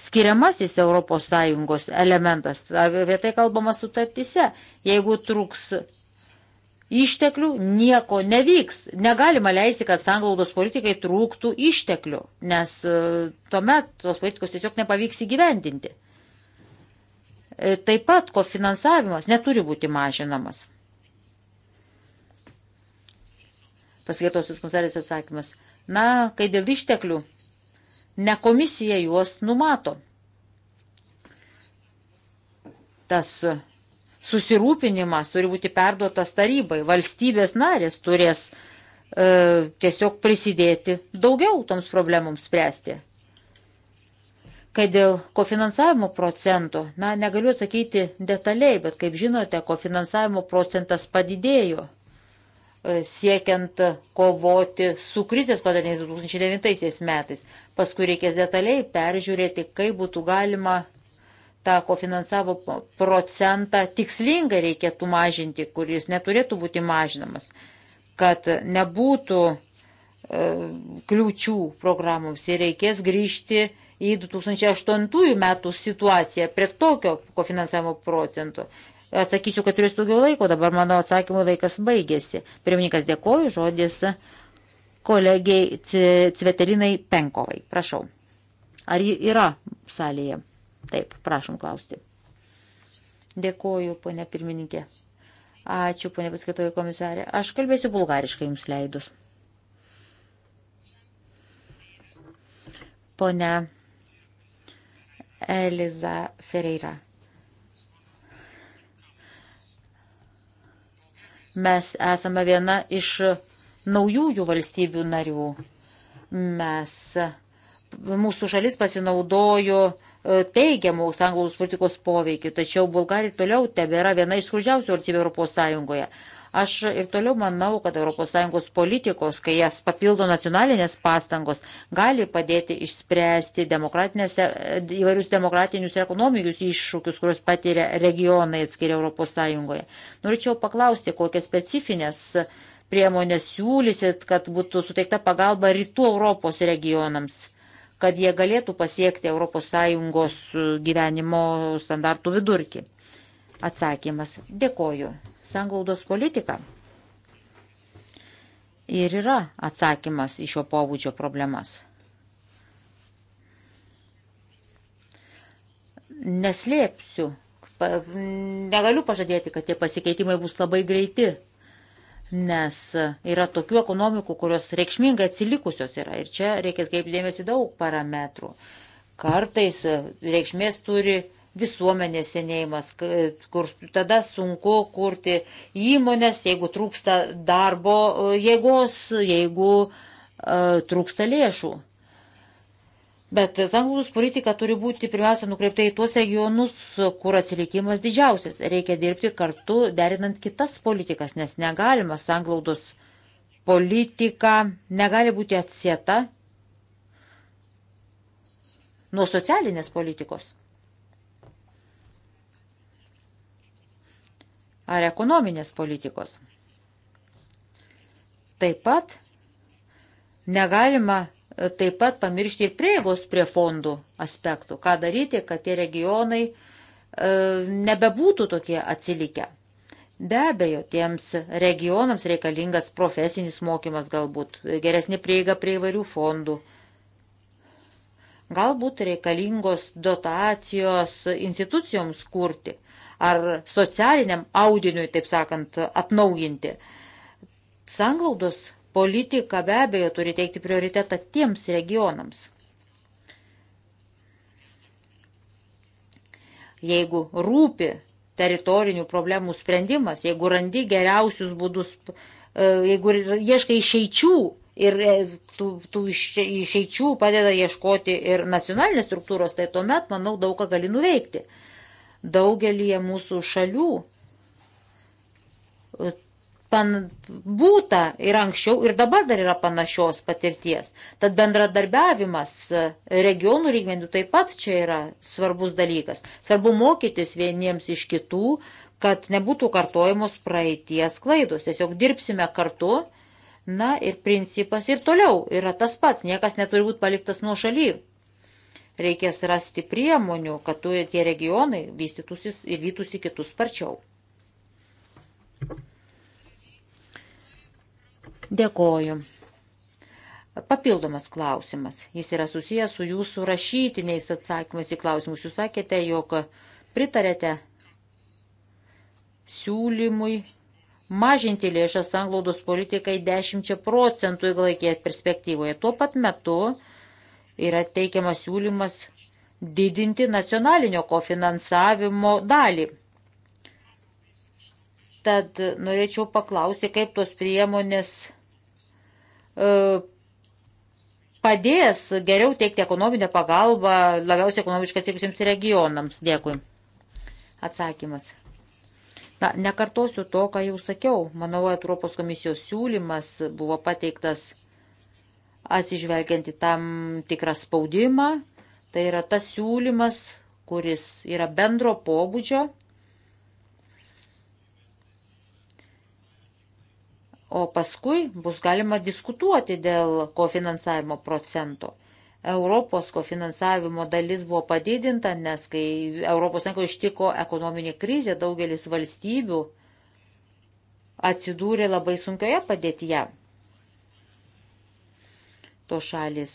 skiriamasis ES elementas, apie tai kalbama sutartise. Jeigu truks išteklių nieko nevyks. Negalima leisti, kad sanglaudos politikai trūktų išteklių, nes e, tuomet tos politikos tiesiog nepavyks įgyvendinti. E, taip pat kofinansavimas neturi būti mažinamas. Paskirtosios komisarės atsakymas. Na, kai dėl išteklių, ne komisija juos numato. Tas susirūpinimas turi būti perduotas tarybai. Valstybės narės turės e, tiesiog prisidėti daugiau toms problemoms spręsti. Kai dėl kofinansavimo procento, na, negaliu atsakyti detaliai, bet kaip žinote, kofinansavimo procentas padidėjo e, siekiant kovoti su krizės padariniais 2009 metais. Paskui reikės detaliai peržiūrėti, kaip būtų galima tą kofinansavo procentą tikslingai reikėtų mažinti, kuris neturėtų būti mažinamas, kad nebūtų e, kliūčių programoms ir reikės grįžti į 2008 metų situaciją prie tokio kofinansavimo procento. Atsakysiu, kad turės daugiau laiko, dabar mano atsakymų laikas baigėsi. Pirmininkas dėkoju, žodis kolegiai Cveterinai Penkovai. Prašau. Ar ji yra salėje? Taip, prašom klausti. Dėkoju, ponė pirmininkė. Ačiū, ponė paskaitoji komisarė. Aš kalbėsiu bulgariškai jums leidus. Pone Eliza Ferreira. Mes esame viena iš naujųjų valstybių narių. Mes, mūsų šalis pasinaudojo uh, E, teigiamų sanglaudos politikos poveikių, tačiau Bulgarija toliau tebėra viena iš skurdžiausių valstybių Europos Sąjungoje. Aš ir toliau manau, kad ES politikos, kai jas papildo nacionalinės pastangos, gali padėti išspręsti e, įvairius demokratinius ir ekonominius iššūkius, kuriuos patiria regionai atskiri ES. Norėčiau paklausti, kokias specifines priemonės siūlysit, kad būtų suteikta pagalba rytų Europos regionams kad jie galėtų pasiekti ES e, gyvenimo standartų vidurkį. Atsakymas - dėkoju. Sanglaudos politika. Ir yra atsakymas į šio pobūdžio problemas. Neslėpsiu, negaliu pažadėti, kad tie pasikeitimai bus labai greiti nes yra tokių ekonomikų, kurios reikšmingai atsilikusios yra ir čia reikia atkreipti dėmesį daug parametrų. Kartais reikšmės turi visuomenės senėjimas, kur tada sunku kurti įmonės, jeigu trūksta darbo jėgos, jeigu uh, trūksta lėšų. Bet sanglūdus politika turi būti pirmiausia nukreipta į tuos regionus, kur atsilikimas didžiausias. Reikia dirbti kartu, derinant kitas politikas, nes negalima sanglaudos politika negali būti atsieta nuo socialinės politikos ar ekonominės politikos. Taip pat negalima taip pat pamiršti ir prieigos prie fondų aspektų. Ką daryti, kad tie regionai e, nebebūtų tokie atsilikę. Be abejo, tiems regionams reikalingas profesinis mokymas galbūt, geresnė prieiga prie įvairių fondų. Galbūt reikalingos dotacijos institucijoms kurti ar socialiniam audiniui, taip sakant, atnaujinti. Sanglaudos politika be abejo turi teikti prioritetą tiems regionams. Jeigu rūpi teritorinių problemų sprendimas, jeigu randi geriausius būdus, e, jeigu ieškai išeičių ir e, tų, tų išeičių padeda ieškoti ir nacionalinės struktūros, tai tuomet, manau, daug ką gali nuveikti. Daugelį mūsų šalių pan, būta ir anksčiau, ir dabar dar yra panašios patirties. Tad bendradarbiavimas e, regionų lygmenių taip pat čia yra svarbus dalykas. Svarbu mokytis vieniems iš kitų, kad nebūtų kartojamos praeities klaidos. Tiesiog dirbsime kartu. Na ir principas ir toliau yra tas pats, niekas neturi būti paliktas nuo šaly. Reikės rasti priemonių, kad tie regionai vystytųsi ir vytųsi kitus sparčiau. Dėkoju. Papildomas klausimas. Jis yra susijęs su jūsų rašytiniais atsakymais į klausimus. Jūs sakėte, jog pritarėte siūlymui mažinti lėšas anglaudos politikai 10 procentų ilgalaikėje perspektyvoje. Tuo pat metu yra teikiamas siūlymas didinti nacionalinio kofinansavimo dalį. Tad norėčiau paklausti, kaip tos priemonės E, padės geriau teikti ekonominę pagalbą labiausiai ekonomiškai atsilikusiems regionams. Dėkui. Atsakymas. Na, nekartosiu to, ką jau sakiau. Manau, Europos komisijos siūlymas buvo pateiktas atsižvelgiant į tam tikrą spaudimą. Tai yra tas siūlymas, kuris yra bendro pobūdžio o paskui bus galima diskutuoti dėl kofinansavimo procento. Europos kofinansavimo dalis buvo padidinta, nes kai ES ištiko ekonominė krizė, daugelis valstybių atsidūrė labai sunkioje padėtyje. To šalis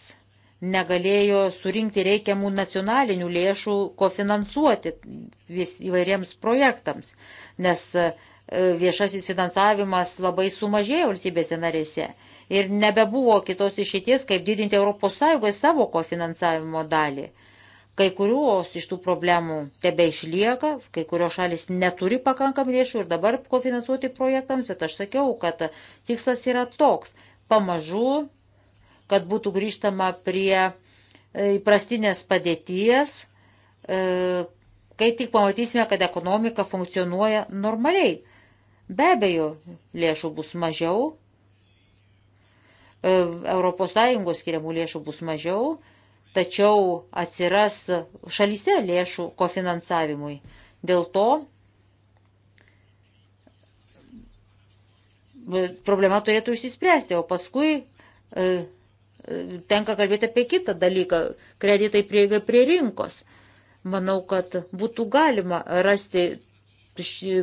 negalėjo surinkti reikiamų nacionalinių lėšų kofinansuoti vis įvairiems projektams, nes E, viešasis finansavimas labai sumažėjo valstybėse narėse ir nebebuvo kitos išeities, kaip didinti ES savo kofinansavimo dalį. Kai kurios iš tų problemų tebe išlieka, kai kurios šalis neturi pakankam lėšų ir dabar kofinansuoti projektams, bet aš sakiau, kad tikslas yra toks - pamažu, kad būtų grįžtama prie e, įprastinės padėties, e, kai tik pamatysime, kad ekonomika funkcionuoja normaliai. Be abejo, lėšų bus mažiau, ES skiriamų lėšų bus mažiau, tačiau atsiras šalyse lėšų kofinansavimui. Dėl to e, problema turėtų išsispręsti, o paskui e, tenka kalbėti apie kitą dalyką - kreditai prieiga prie rinkos. Manau, kad būtų galima rasti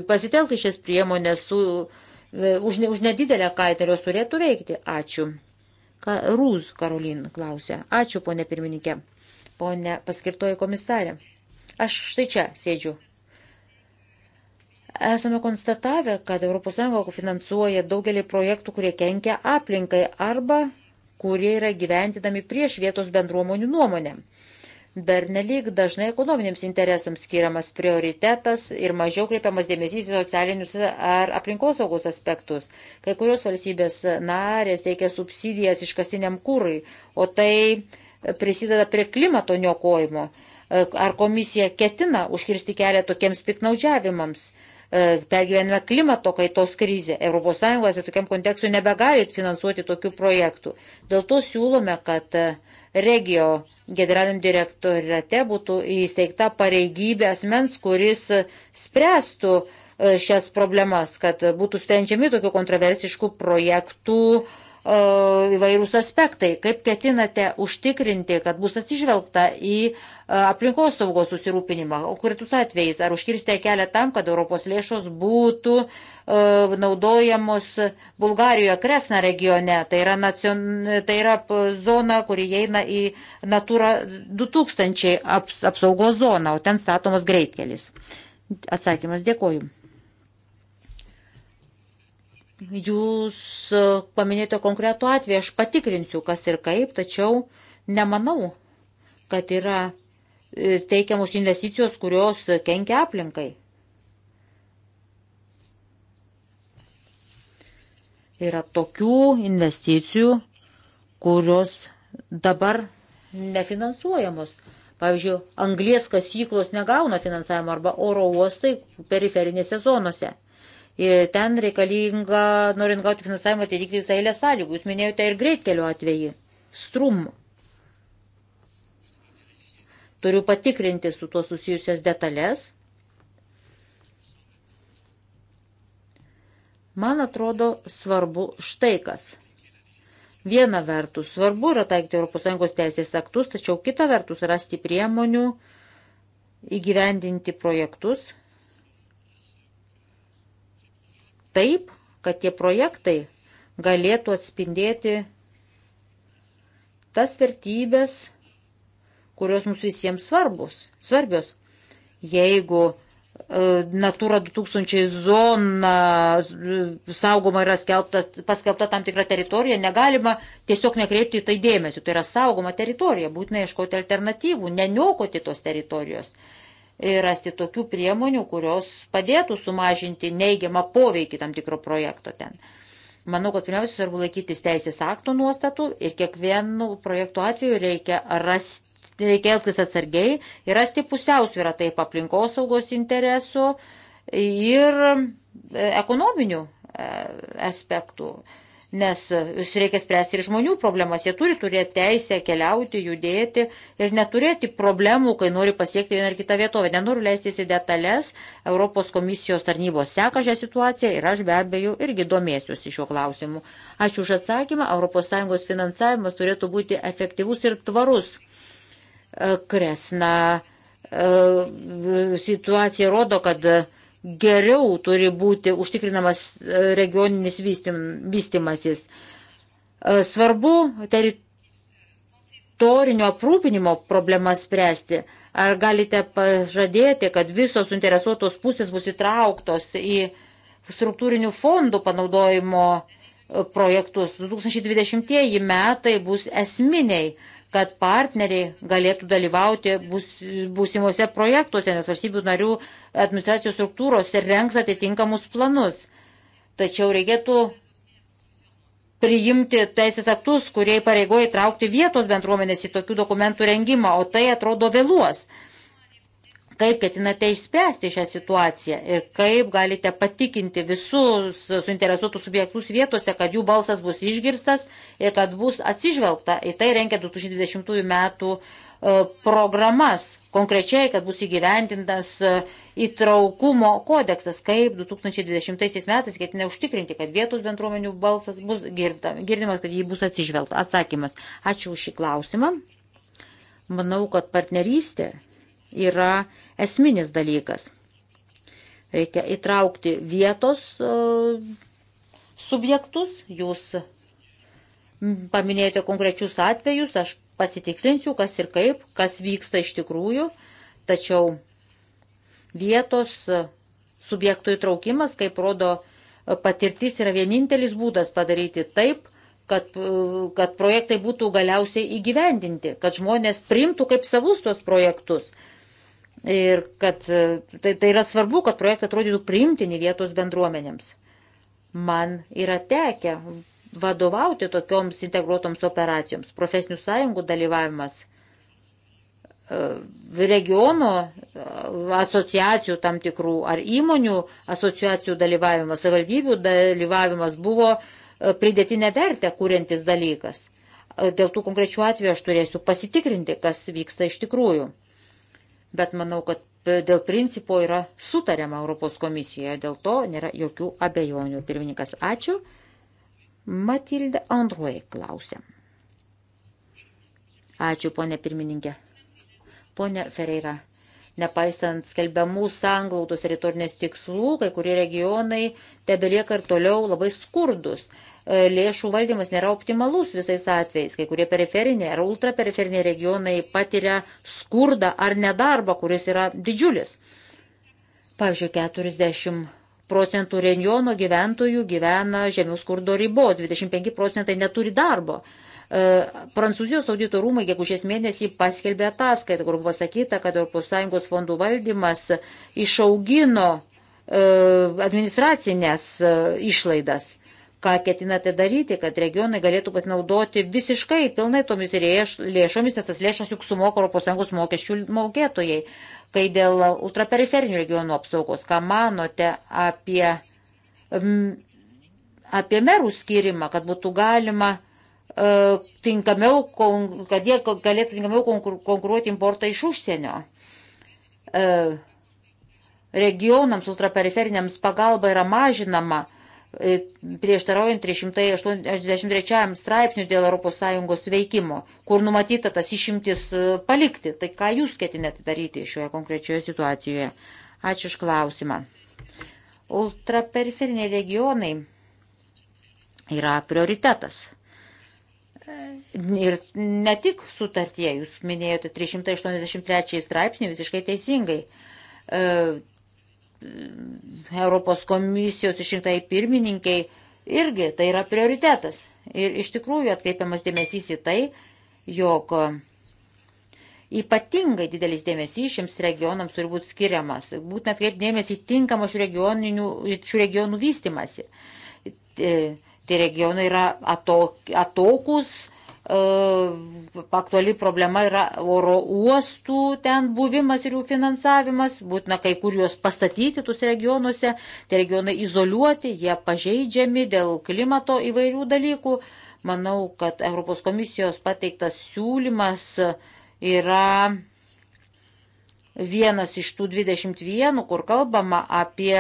pasitelkai šias priemonės su, e, už, ne, už nedidelę kaitą ir jos turėtų veikti. Ačiū. Ka, Rūz Karolin klausė. Ačiū, ponė pirmininkė. Pone paskirtoji komisarė. Aš štai čia sėdžiu. Esame konstatavę, kad ES finansuoja daugelį projektų, kurie kenkia aplinkai arba kurie yra gyventydami prieš vietos bendruomonių nuomonę. Bernelyg dažnai ekonominiams interesams skiriamas prioritetas ir mažiau kreipiamas dėmesys į socialinius ar aplinkosaugos aspektus. Kai kurios valstybės narės teikia subsidijas iškastiniam kūrui, o tai prisideda prie klimato niokojimo. Ar komisija ketina užkirsti kelią tokiems piknaudžiavimams? pergyvenime klimato kaitos krizę. ES tokiam kontekstui nebegali finansuoti tokių projektų. Dėl to siūlome, kad regio generaliniam direktorate būtų įsteigta pareigybė asmens, kuris spręstų e, šias problemas, kad būtų sprendžiami tokių kontroversiškų projektų įvairūs aspektai. Kaip ketinate užtikrinti, kad bus atsižvelgta į e, aplinkos saugos susirūpinimą, konkretus atvejais, ar užkirstė kelią tam, kad Europos lėšos būtų e, naudojamos Bulgarijoje, Kresna regione, tai yra, nacion... tai yra zona, kuri įeina į Natūra 2000 apsaugos zoną, o ten statomas greitkelis. Atsakymas dėkoju. Jūs e, paminėjote konkretų atvejį, aš patikrinsiu, kas ir kaip, tačiau nemanau, kad yra e, teikiamos investicijos, kurios kenkia aplinkai. Yra tokių investicijų, kurios dabar nefinansuojamos. Pavyzdžiui, anglies kasyklos negauna finansavimo arba oro uostai periferinėse zonose ten reikalinga, norint gauti finansavimą, atitikti visą eilę sąlygų. Jūs minėjote ir greitkelio atvejį, strum. Turiu patikrinti su tuo susijusias detalės. Man atrodo svarbu štai kas. Viena vertus svarbu yra taikyti ES teisės aktus, tačiau kita vertus rasti priemonių įgyvendinti projektus, taip, kad tie projektai galėtų atspindėti tas vertybės, kurios mums visiems svarbus, svarbios. Jeigu e, Natura 2000 zona saugoma yra skelbta, paskelbta tam tikra teritorija, negalima tiesiog nekreipti į tai dėmesio. Tai yra saugoma teritorija, būtina ieškoti alternatyvų, neniokoti tos teritorijos rasti tokių priemonių, kurios padėtų sumažinti neigiamą poveikį tam tikro projekto ten. Manau, kad pirmiausia svarbu laikytis teisės aktų nuostatų ir kiekvienų projektų atveju reikia rasti. Reikia elgtis atsargiai ir rasti pusiausvyrą taip aplinkosaugos interesų ir e, ekonominių e, aspektų. E, nes e, reikia spręsti ir žmonių problemas. Jie turi turėti teisę keliauti, judėti ir neturėti problemų, kai nori pasiekti vieną ar kitą vietovę. Nenoriu leistis į detalės. Europos komisijos tarnybos seka šią situaciją ir aš be abejo irgi domėsiuosi šiuo klausimu. Ačiū už atsakymą. ES finansavimas turėtų būti efektyvus ir tvarus. E, Kresna e, situacija rodo, kad geriau turi būti užtikrinamas e, regioninis vystimasis. E, svarbu teritorinio aprūpinimo problemas spręsti. Ar galite pažadėti, kad visos suinteresuotos pusės bus įtrauktos į struktūrinių fondų panaudojimo e, projektus? 2020 metai bus esminiai kad partneriai galėtų dalyvauti bus, būsimuose projektuose, nes valstybių narių administracijos struktūros renks atitinkamus planus. Tačiau reikėtų priimti teisės aktus, kurie pareigoja traukti vietos bendruomenės į tokių dokumentų rengimą, o tai atrodo vėluos kaip ketinate išspręsti šią situaciją ir kaip galite patikinti visus suinteresuotus subjektus vietose, kad jų balsas bus išgirstas ir kad bus atsižvelgta į tai renkia 2020 metų e, programas, konkrečiai, kad bus įgyvendintas e, įtraukumo kodeksas, kaip 2020 metais ketina užtikrinti, kad vietos bendruomenių balsas bus girdimas, kad jį bus atsižvelgta. Atsakymas. Ačiū už šį klausimą. Manau, kad partnerystė yra esminis dalykas. Reikia įtraukti vietos e, subjektus, jūs paminėjote konkrečius atvejus, aš pasitikslinsiu, kas ir kaip, kas vyksta iš tikrųjų, tačiau vietos e, subjektų įtraukimas, kaip rodo e, patirtis, yra vienintelis būdas padaryti taip, kad, kad projektai būtų galiausiai įgyvendinti, kad žmonės primtų kaip savus tos projektus ir kad e, tai, tai yra svarbu, kad projektai atrodytų priimtini vietos bendruomenėms. Man yra tekę vadovauti tokioms integruotoms operacijoms. Profesinių sąjungų dalyvavimas e, regiono e, asociacijų tam tikrų ar įmonių asociacijų dalyvavimas, savaldybių dalyvavimas buvo pridėtinė vertė kūrintis dalykas. Dėl tų konkrečių atvejų aš turėsiu pasitikrinti, kas vyksta iš tikrųjų bet manau, kad dėl principo yra sutariama Europos komisijoje, dėl to nėra jokių abejonių. Pirmininkas, ačiū. Matilde Andruai klausė. Ačiū, ponė pirmininkė. Pone Ferreira, Nepaisant skelbiamų sanglaudos teritorinės tikslų, kai kurie regionai tebelieka ir toliau labai skurdus. E, lėšų valdymas nėra optimalus visais atvejais. Kai kurie periferiniai ar ultraperiferiniai regionai patiria skurdą ar nedarbą, kuris yra didžiulis. Pavyzdžiui, 40 procentų regiono gyventojų gyvena žemiau skurdo ribos, 25 procentai neturi darbo. E, Prancūzijos audito rūmai gegužės mėnesį paskelbė ataskaitą, kur buvo pasakyta, kad ES fondų valdymas išaugino e, administracinės e, išlaidas. Ką ketinate daryti, kad regionai galėtų pasinaudoti visiškai pilnai tomis lėšomis, nes tas lėšas juk sumoka ES mokesčių mokėtojai. Kai dėl ultraperiferinių regionų apsaugos, ką manote apie, apie merų skirimą, kad būtų galima uh, E, tinkamiau, kad jie galėtų tinkamiau konkuruoti importą iš užsienio. E, regionams ultraperiferiniams pagalba yra mažinama e, prieštaraujant 383 straipsnių dėl ES veikimo, kur numatyta tas išimtis palikti. Tai ką jūs ketinate daryti šioje konkrečioje situacijoje? Ačiū iš klausimą. Ultraperiferiniai regionai yra prioritetas Ir ne tik sutartie, jūs minėjote 383 straipsnį visiškai teisingai. E, Europos komisijos išrinktai pirmininkiai irgi tai yra prioritetas. Ir iš tikrųjų atkreipiamas dėmesys į tai, jog ypatingai didelis dėmesys šiems regionams turi būti skiriamas. Būtent atkreipti dėmesį į tinkamą šių regionų, šių regionų vystimasi. E, Tie regionai yra atokus, e, aktuali problema yra oro uostų ten buvimas ir jų finansavimas, būtina kai kur juos pastatyti tuose regionuose, tie regionai izoliuoti, jie pažeidžiami dėl klimato įvairių dalykų. Manau, kad Europos komisijos pateiktas siūlymas yra vienas iš tų 21, kur kalbama apie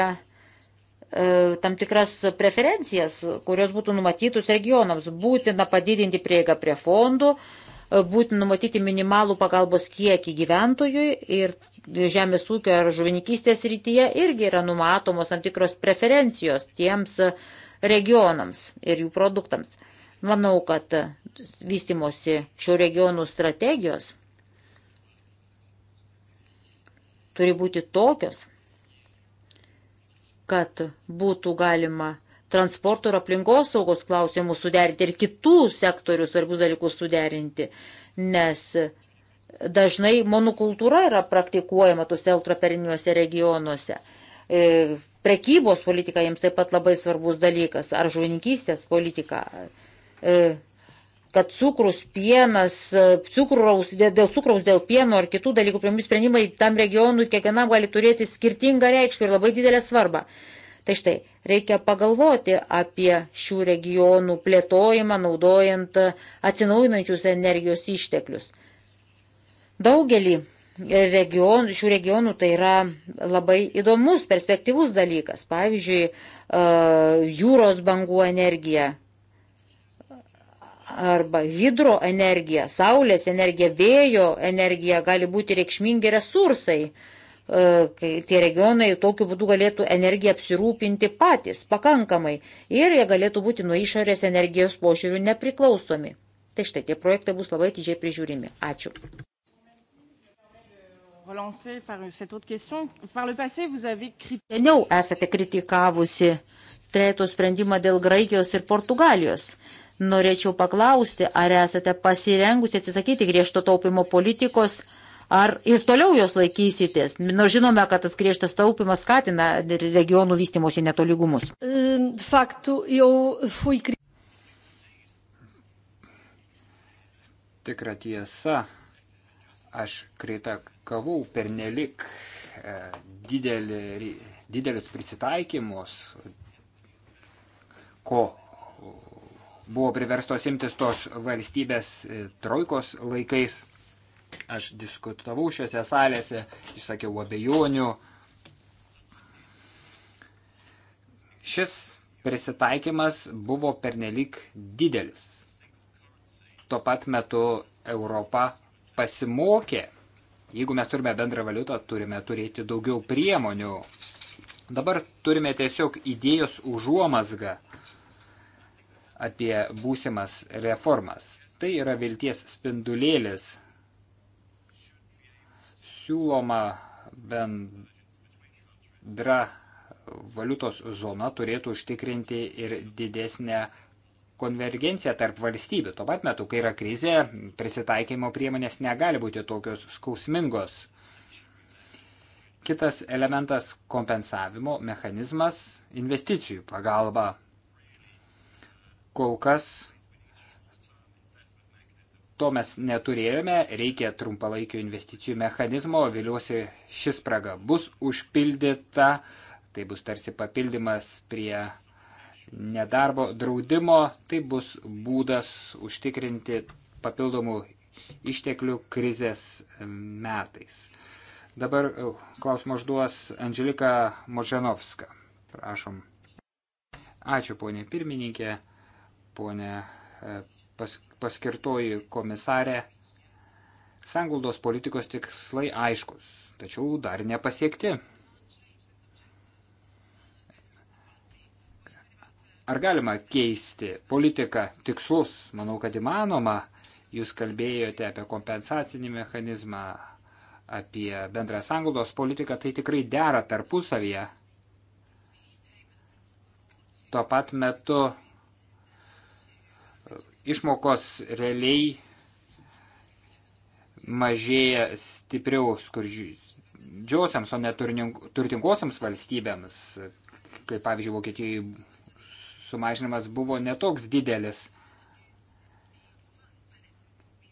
E, tam tikras preferencijas, kurios būtų numatytus regionams. Būtina padidinti prieigą prie fondų, e, būtina numatyti minimalų pagalbos kiekį gyventojui ir žemės ūkio ar žuvininkystės rytyje irgi yra numatomos tam tikros preferencijos tiems regionams ir jų produktams. Manau, kad vystimosi šių regionų strategijos turi būti tokios, kad būtų galima transporto ir aplinkos saugos klausimus suderinti ir kitų sektorių svarbus dalykus suderinti, nes dažnai monokultūra yra praktikuojama tuose ultraperiniuose regionuose. E, prekybos politika jiems taip pat labai svarbus dalykas, ar žuvininkystės politika. E, kad cukrus, pienas, e, cukraus, dėl cukraus, dėl pieno ar kitų dalykų priimami sprendimai tam regionui kiekvienam gali turėti skirtingą reikšmę ir labai didelę svarbą. Tai štai, reikia pagalvoti apie šių regionų plėtojimą, naudojant atsinaujinančius energijos išteklius. Daugelį region, šių regionų tai yra labai įdomus, perspektyvus dalykas. Pavyzdžiui, e, jūros bangų energija, arba hidroenergija, saulės energija, vėjo energija gali būti reikšmingi resursai. E, kai tie regionai tokiu būdu galėtų energiją apsirūpinti patys pakankamai ir jie galėtų būti nuo išorės energijos požiūrių nepriklausomi. Tai štai tie projektai bus labai atidžiai prižiūrimi. Ačiū. Seniau esate kritikavusi trejato sprendimą dėl Graikijos ir Portugalijos. Norėčiau paklausti, ar esate pasirengusi atsisakyti griežto taupimo politikos, ar ir toliau jos laikysitės, nors žinome, kad tas griežtas taupimas skatina regionų vystimosi netolygumus. Faktų jau fui. Tikra tiesa, aš kritikavau pernelik e, didelį, didelius prisitaikymus, ko buvo priverstos imtis tos valstybės e, trojkos laikais. Aš diskutavau šiuose salėse, išsakiau abejonių. Šis prisitaikymas buvo pernelik didelis. Tuo pat metu Europa pasimokė. Jeigu mes turime bendrą valiutą, turime turėti daugiau priemonių. Dabar turime tiesiog idėjos užuomasgą. Už apie būsimas reformas. Tai yra vilties spindulėlis. Siūloma bendra valiutos zona turėtų užtikrinti ir didesnę konvergenciją tarp valstybių. Tuo pat metu, kai yra krizė, prisitaikymo priemonės negali būti tokios skausmingos. Kitas elementas - kompensavimo mechanizmas investicijų pagalba. Kol kas to mes neturėjome, reikia trumpalaikio investicijų mechanizmo, viliuosi šis spraga bus užpildyta, tai bus tarsi papildymas prie nedarbo draudimo, tai bus būdas užtikrinti papildomų išteklių krizės metais. Dabar e, klausimą užduos Angelika Moženovska. Prašom. Ačiū, ponė pirmininkė ponė e, pas, paskirtoji komisarė. Sanglaudos politikos tikslai aiškus, tačiau dar nepasiekti. Ar galima keisti politiką, tikslus? Manau, kad įmanoma. Jūs kalbėjote apie kompensacinį mechanizmą, apie bendrą sanglaudos politiką, tai tikrai dera tarpusavyje. Tuo pat metu Išmokos realiai mažėja stipriau skurdžiosiams, o ne turtingosiams valstybėms. Kaip pavyzdžiui, Vokietijai sumažinimas buvo netoks didelis.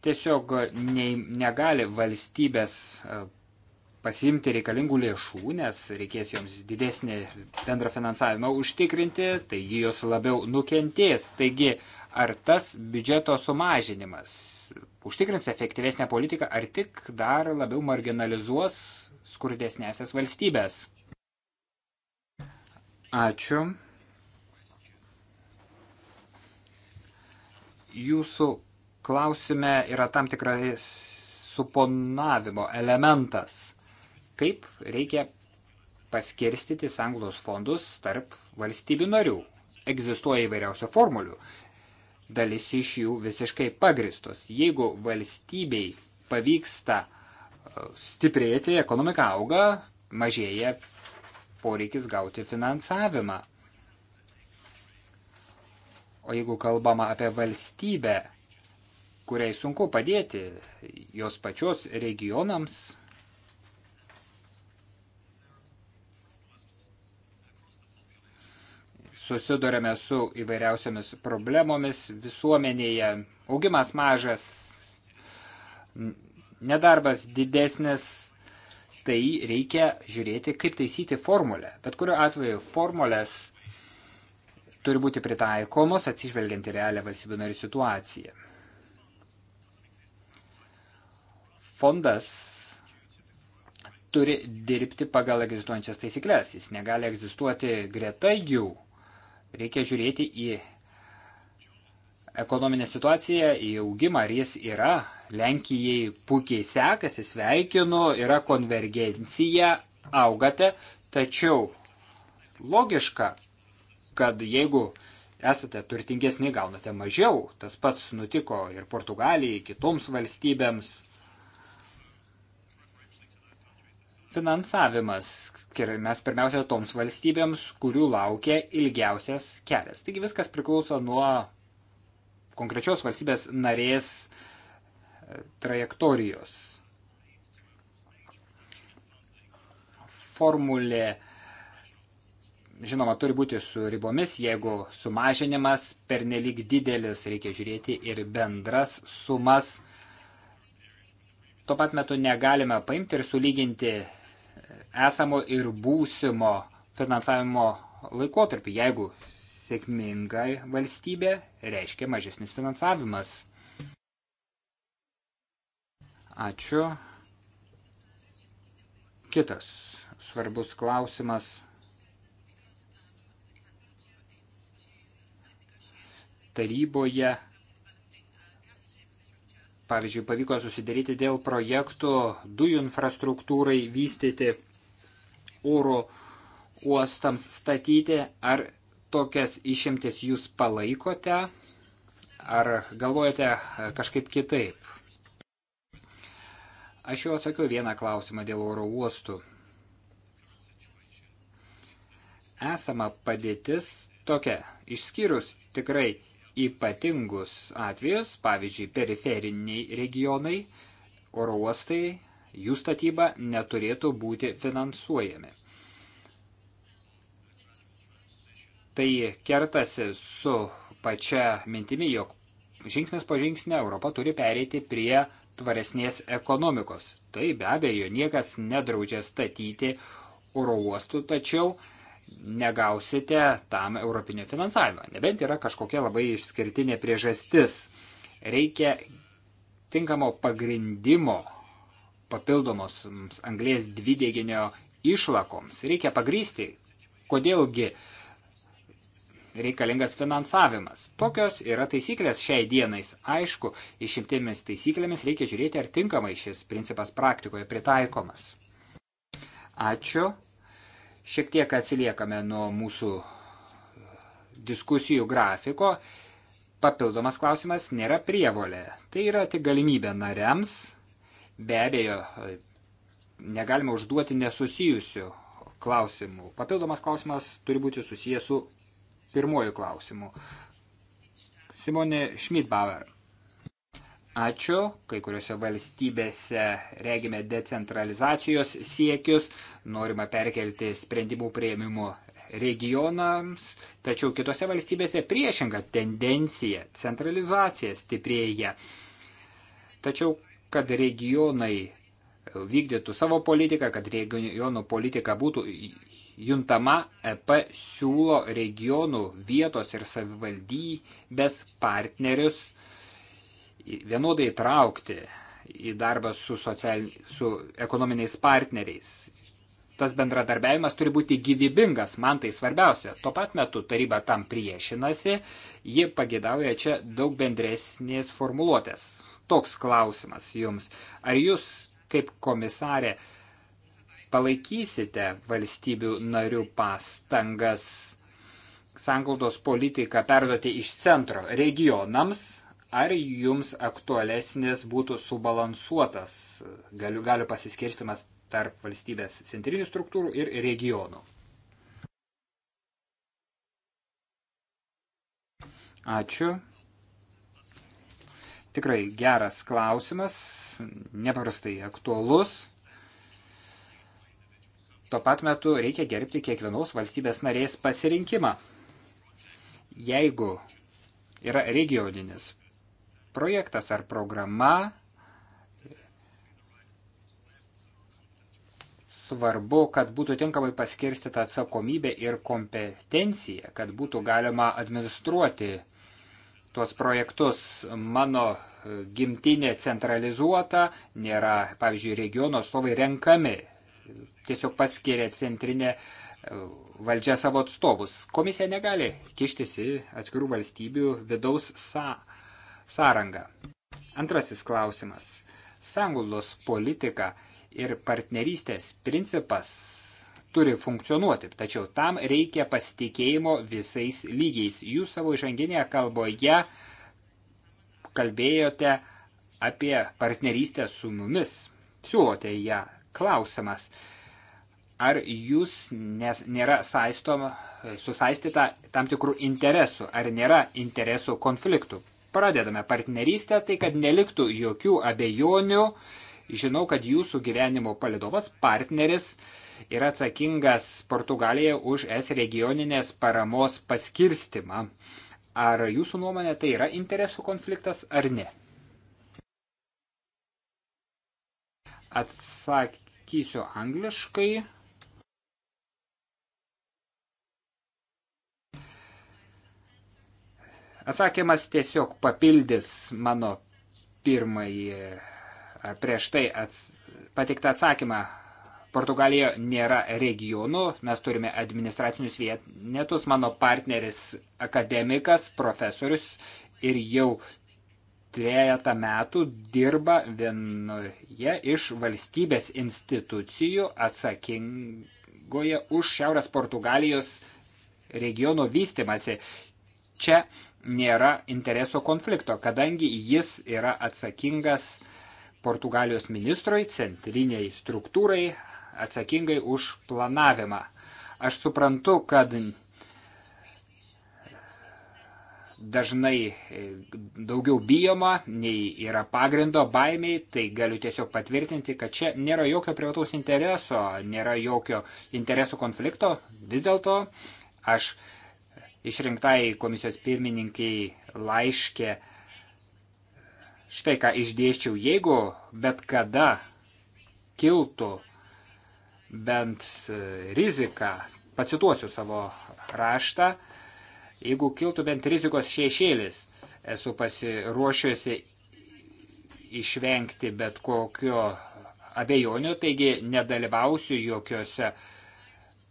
Tiesiog ne, negali valstybės pasiimti reikalingų lėšų, nes reikės joms didesnį bendrą finansavimą užtikrinti, taigi jos labiau nukentės. Taigi, ar tas biudžeto sumažinimas užtikrins efektyvesnę politiką, ar tik dar labiau marginalizuos skurdesnėsias valstybės? Ačiū. Jūsų klausime yra tam tikras suponavimo elementas kaip reikia paskirstyti sanglos fondus tarp valstybių narių. Egzistuoja įvairiausių formulių. Dalis iš jų visiškai pagristos. Jeigu valstybei pavyksta e, stiprėti, ekonomika auga, mažėja poreikis gauti finansavimą. O jeigu kalbama apie valstybę, kuriai sunku padėti jos pačios regionams, susidurėme su įvairiausiamis problemomis visuomenėje. Augimas mažas, nedarbas didesnis, tai reikia žiūrėti, kaip taisyti formulę. Bet kuriuo atveju formulės turi būti pritaikomos atsižvelgiant į realią valstybių narių situaciją. Fondas turi dirbti pagal egzistuojančias taisyklės, jis negali egzistuoti greta jų. Reikia žiūrėti į ekonominę situaciją, į augimą, ar jis yra. Lenkijai puikiai sekasi, sveikinu, yra konvergencija, augate, tačiau logiška, kad jeigu esate turtingesni, gaunate mažiau. Tas pats nutiko ir Portugalijai, kitoms valstybėms. finansavimas. Mes pirmiausia toms valstybėms, kurių laukia ilgiausias kelias. Taigi viskas priklauso nuo konkrečios valstybės narės e, trajektorijos. Formulė žinoma, turi būti su ribomis, jeigu sumažinimas pernelyg didelis, reikia žiūrėti ir bendras sumas. Tuo pat metu negalime paimti ir sulyginti esamo ir būsimo finansavimo laikotarpį. Jeigu sėkmingai valstybė, reiškia mažesnis finansavimas. Ačiū. Kitas svarbus klausimas. Taryboje, pavyzdžiui, pavyko susidaryti dėl projektų dujų infrastruktūrai vystyti oro uostams statyti, ar tokias išimtis jūs palaikote, ar galvojate kažkaip kitaip? Aš jau atsakiau vieną klausimą dėl oro uostų. Esama padėtis tokia, išskyrus tikrai ypatingus atvejus, pavyzdžiui, periferiniai regionai, oro uostai jų statyba neturėtų būti finansuojami. Tai kertasi su pačia mintimi, jog žingsnis po žingsnio Europa turi pereiti prie tvaresnės ekonomikos. Tai be abejo niekas nedraudžia statyti oro uostų, tačiau negausite tam europinio finansavimo. Nebent yra kažkokia labai išskirtinė priežastis. Reikia tinkamo pagrindimo papildomos mm, anglės dvideginio išlakoms. Reikia pagrysti, kodėlgi reikalingas finansavimas. Tokios yra taisyklės šiai dienais. Aišku, išimtėmis taisyklėmis reikia žiūrėti, ar tinkamai šis principas praktikoje pritaikomas. Ačiū. Šiek tiek atsiliekame nuo mūsų diskusijų grafiko. Papildomas klausimas nėra prievolė. Tai yra tik galimybė nariams Be abejo, negalima užduoti nesusijusių klausimų. Papildomas klausimas turi būti susijęs su pirmoju klausimu. Simonė Schmidbauer. Ačiū. Kai kuriuose valstybėse regime decentralizacijos siekius, norima perkelti sprendimų prieimimo regionams, tačiau kitose valstybėse priešinga tendencija, centralizacija stiprėja. Tačiau kad regionai vykdytų savo politiką, kad regionų politika būtų juntama, EP siūlo regionų vietos ir savivaldybės partnerius vienodai traukti į darbą su, socialin, su ekonominiais partneriais. Tas bendradarbiavimas turi būti gyvybingas, man tai svarbiausia. Tuo pat metu taryba tam priešinasi, ji pagėdauja čia daug bendresnės formuluotės. Toks klausimas jums. Ar jūs kaip komisarė palaikysite valstybių narių pastangas sanglaudos politiką perduoti iš centro regionams, ar jums aktualesnis būtų subalansuotas galių, galių pasiskirstimas tarp valstybės centrinių struktūrų ir regionų? Ačiū. Tikrai geras klausimas, nepaprastai aktuolus. Tuo pat metu reikia gerbti kiekvienos valstybės narės pasirinkimą. Jeigu yra regioninis projektas ar programa, svarbu, kad būtų tinkamai paskirstyta atsakomybė ir kompetencija, kad būtų galima administruoti tuos projektus mano gimtinė centralizuota, nėra, pavyzdžiui, regiono atstovai renkami, tiesiog paskiria centrinė e, valdžia savo atstovus. Komisija negali kištis į atskirų valstybių vidaus sa sąrangą. Antrasis klausimas. Sangulos politika ir partnerystės principas turi funkcionuoti, tačiau tam reikia pasitikėjimo visais lygiais. Jūs savo žanginėje kalboje kalbėjote apie partnerystę su mumis, siūlote ją. Klausimas, ar jūs nes, nėra saistoma, susaistyta tam tikrų interesų, ar nėra interesų konfliktų? Pradedame partnerystę, tai kad neliktų jokių abejonių, uh, Žinau, kad jūsų gyvenimo palidovas partneris yra atsakingas Portugalija už es regioninės paramos paskirstimą. Ar jūsų nuomonė tai yra interesų konfliktas ar ne? Atsakysiu angliškai. Atsakymas tiesiog papildys mano pirmąjį prieš tai ats, pateiktą atsakymą. Portugalija nėra regionų, mes turime administracinius vienetus, mano partneris akademikas, profesorius ir jau trejata metų dirba vienoje iš valstybės institucijų atsakingoje už Šiaurės Portugalijos regiono vystimasi. Čia nėra intereso konflikto, kadangi jis yra atsakingas uh, Portugalijos ministrui, centriniai struktūrai atsakingai už planavimą. Aš suprantu, kad dažnai e, daugiau bijoma, nei yra pagrindo baimiai, tai galiu tiesiog patvirtinti, kad čia nėra jokio privataus intereso, nėra jokio interesų konflikto. Vis dėlto aš išrinktai komisijos pirmininkiai laiškė uh, štai ką išdėščiau, jeigu bet kada kiltų bent e, rizika, pacituosiu savo raštą, jeigu kiltų bent rizikos šešėlis, esu pasiruošiusi išvengti bet kokio abejonių, taigi nedalyvausiu jokiuose uh,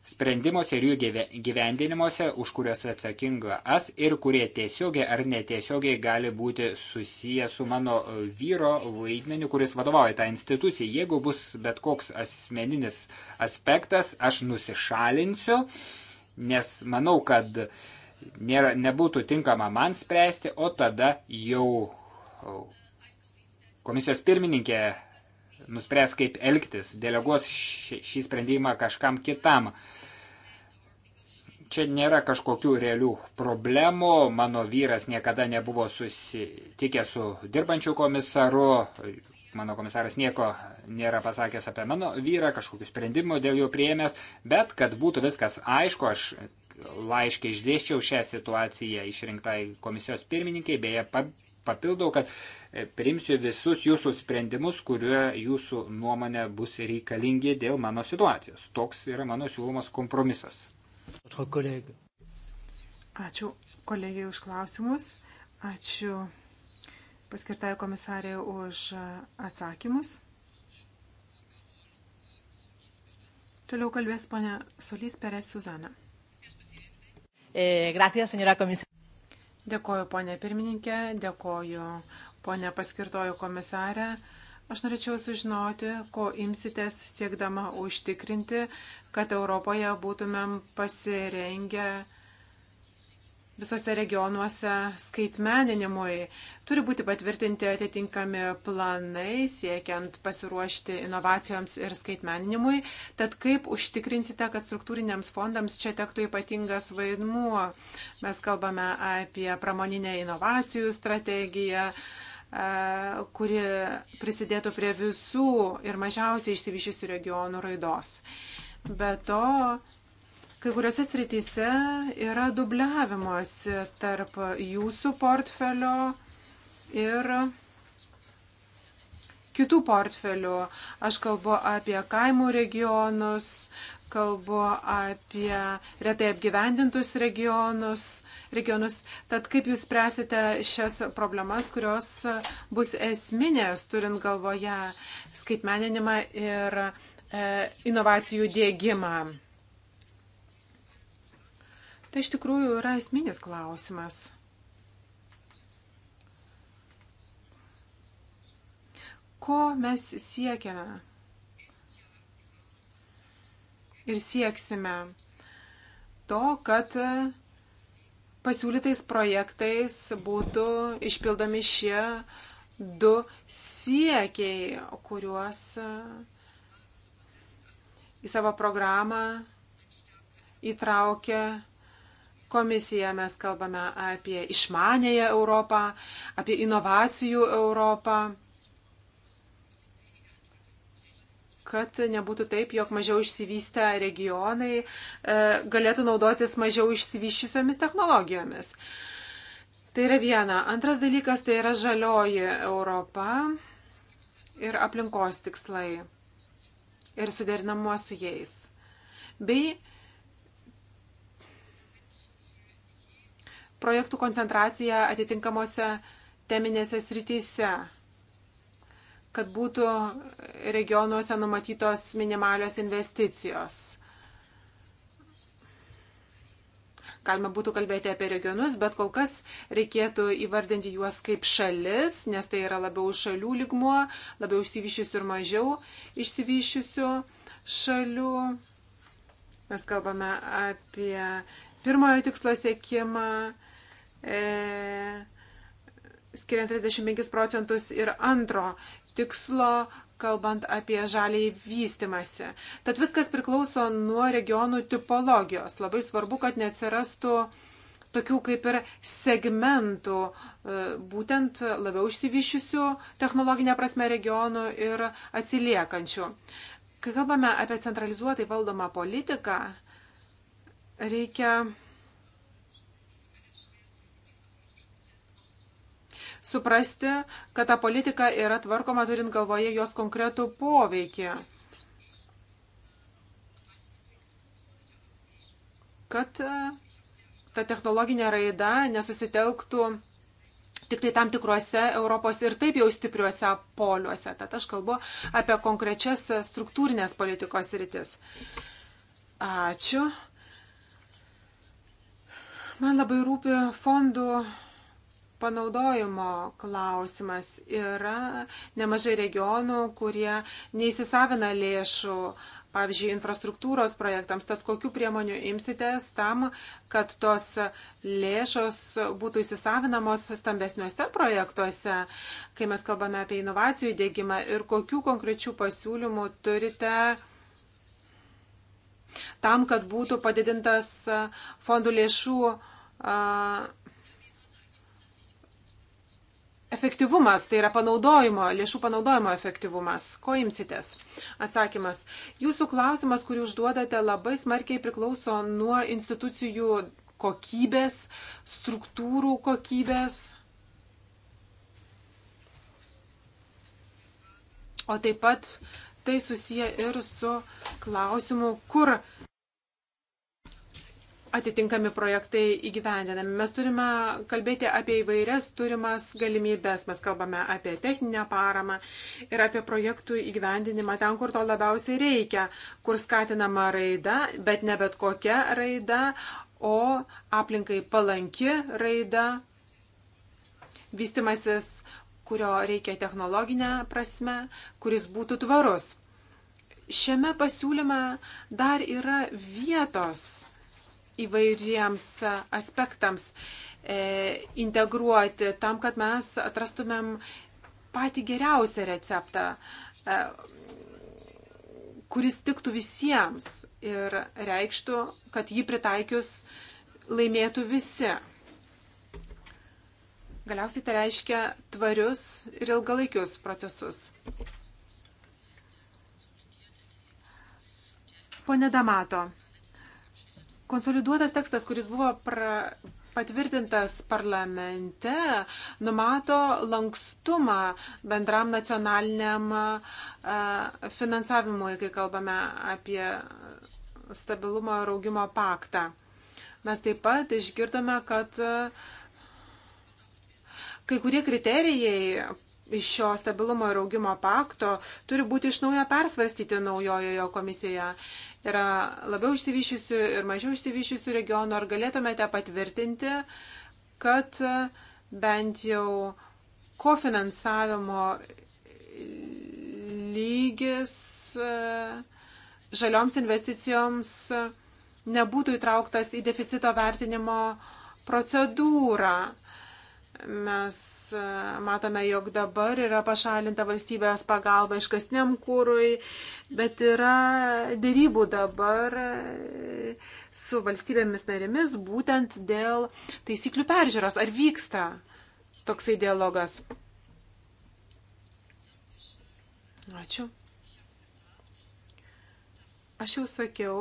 sprendimuose ir jų gyvendinimuose, už kuriuos atsakinga as ir kurie tiesiogiai ar netiesiogiai gali būti susiję su mano e, vyro vaidmeniu, kuris vadovauja tą instituciją. Jeigu bus bet koks asmeninis aspektas, aš nusišalinsiu, nes manau, kad nėra, nebūtų tinkama man spręsti, o tada jau e, komisijos pirmininkė nuspręs, kaip elgtis, deleguos šį sprendimą kažkam kitam. Čia nėra kažkokių realių problemų. Mano vyras niekada nebuvo susitikę su dirbančiu komisaru. Mano komisaras nieko nėra pasakęs apie mano vyrą, kažkokių sprendimų dėl jo prieėmęs, bet kad būtų viskas aišku, aš laiškiai išdėščiau šią situaciją išrinktai komisijos pirmininkiai, beje, papildau, kad e, priimsiu visus jūsų sprendimus, kurie jūsų nuomonė bus reikalingi dėl mano situacijos. Toks yra mano siūlomas kompromisas. Ačiū kolegijai už klausimus, ačiū paskirtai komisarė už atsakymus. Toliau kalbės ponia Solys Perez Suzana. E, dėkoju, ponė pirmininkė, dėkoju, ponė paskirtojo komisarė. Aš norėčiau sužinoti, ko imsitės siekdama užtikrinti, kad Europoje būtumėm pasirengę visose regionuose skaitmeninimui. Turi būti patvirtinti atitinkami planai siekiant pasiruošti inovacijoms ir skaitmeninimui. Tad kaip užtikrinsite, kad struktūriniams fondams čia tektų ypatingas vaidmuo? Mes kalbame apie pramoninę inovacijų strategiją E, kuri prisidėtų prie visų ir mažiausiai išsivyščiusių regionų raidos. Be to, kai kuriuose srityse yra dubliavimas tarp jūsų portfelio ir kitų portfelių. Aš kalbu apie kaimų regionus, kalbu apie retai apgyvendintus regionus, regionus. Tad kaip jūs spręsite šias problemas, kurios bus esminės, turint galvoje skaitmeninimą ir e, inovacijų dėgymą? Tai iš tikrųjų yra esminis klausimas. Ko mes siekiame? ir sieksime to, kad pasiūlytais projektais būtų išpildomi šie du siekiai, kuriuos į savo programą įtraukia komisija. Mes kalbame apie išmanėją Europą, apie inovacijų Europą. kad nebūtų taip, jog mažiau išsivystę regionai e, galėtų naudotis mažiau išsivyščiusiomis technologijomis. Tai yra viena. Antras dalykas tai yra žalioji Europa ir aplinkos tikslai ir suderinamuo su jais. Bei projektų koncentracija atitinkamuose teminėse srityse kad būtų regionuose numatytos minimalios investicijos. Galima būtų kalbėti apie regionus, bet kol kas reikėtų įvardinti juos kaip šalis, nes tai yra labiau šalių ligmuo, labiau išsivyščiusių ir mažiau išsivyščiusių šalių. Mes kalbame apie pirmojo tikslo siekimą. E, skiriant 35 procentus ir antro tikslo, kalbant apie žaliai vystimasi. Tad viskas priklauso nuo regionų tipologijos. Labai svarbu, kad neatsirastų tokių kaip ir segmentų, e, būtent labiau išsivyščiusių technologinė prasme regionų ir atsiliekančių. Kai kalbame apie centralizuotai valdomą politiką, reikia suprasti, kad ta politika yra tvarkoma turint galvoje jos konkretų poveikį. Kad e, ta technologinė raida nesusitelktų tik tai tam tikrose Europos ir taip jau stipriuose poliuose. Tad aš kalbu apie konkrečias struktūrinės politikos rytis. Ačiū. Man labai rūpi fondų panaudojimo klausimas. Yra nemažai regionų, kurie neįsisavina lėšų, pavyzdžiui, infrastruktūros projektams. Tad kokiu priemoniu imsitės tam, kad tos lėšos būtų įsisavinamos stambesniuose projektuose, kai mes kalbame apie inovacijų įdėgymą ir kokiu konkrečiu pasiūlymu turite tam, kad būtų padidintas fondų lėšų efektyvumas, tai yra panaudojimo, lėšų panaudojimo efektyvumas. Ko imsitės? Atsakymas. Jūsų klausimas, kurį užduodate, labai smarkiai priklauso nuo institucijų kokybės, struktūrų kokybės. O taip pat tai susiję ir su klausimu, kur atitinkami projektai įgyvendinami. Mes turime kalbėti apie įvairias turimas galimybės. Mes kalbame apie techninę paramą ir apie projektų įgyvendinimą ten, kur to labiausiai reikia, kur skatinama raida, bet ne bet kokia raida, o aplinkai palanki raida, vystimasis, kurio reikia technologinę prasme, kuris būtų tvarus. Šiame pasiūlyme dar yra vietos įvairiems aspektams e, integruoti, tam, kad mes atrastumėm patį geriausią receptą, e, kuris tiktų visiems ir reikštų, kad jį pritaikius laimėtų visi. Galiausiai tai reiškia tvarius ir ilgalaikius procesus. Pone Damato, Konsoliduotas tekstas, kuris buvo pra, patvirtintas parlamente, numato lankstumą bendram nacionaliniam finansavimui, kai kalbame apie stabilumo ir augimo paktą. Mes taip pat išgirdome, kad kai kurie kriterijai iš šio stabilumo ir augimo pakto turi būti iš naujo persvarstyti naujojoje komisijoje. Yra labiau išsivyšysių ir mažiau išsivyšysių regionų. Ar galėtumėte patvirtinti, kad bent jau kofinansavimo lygis e, žalioms investicijoms nebūtų įtrauktas į deficito vertinimo procedūrą? Mes e, matome, jog dabar yra pašalinta valstybės pagalba iškasniam kūrui, bet yra dėrybų dabar e, su valstybėmis narėmis būtent dėl taisyklių peržiūros. Ar vyksta toksai dialogas? Ačiū. Aš jau sakiau,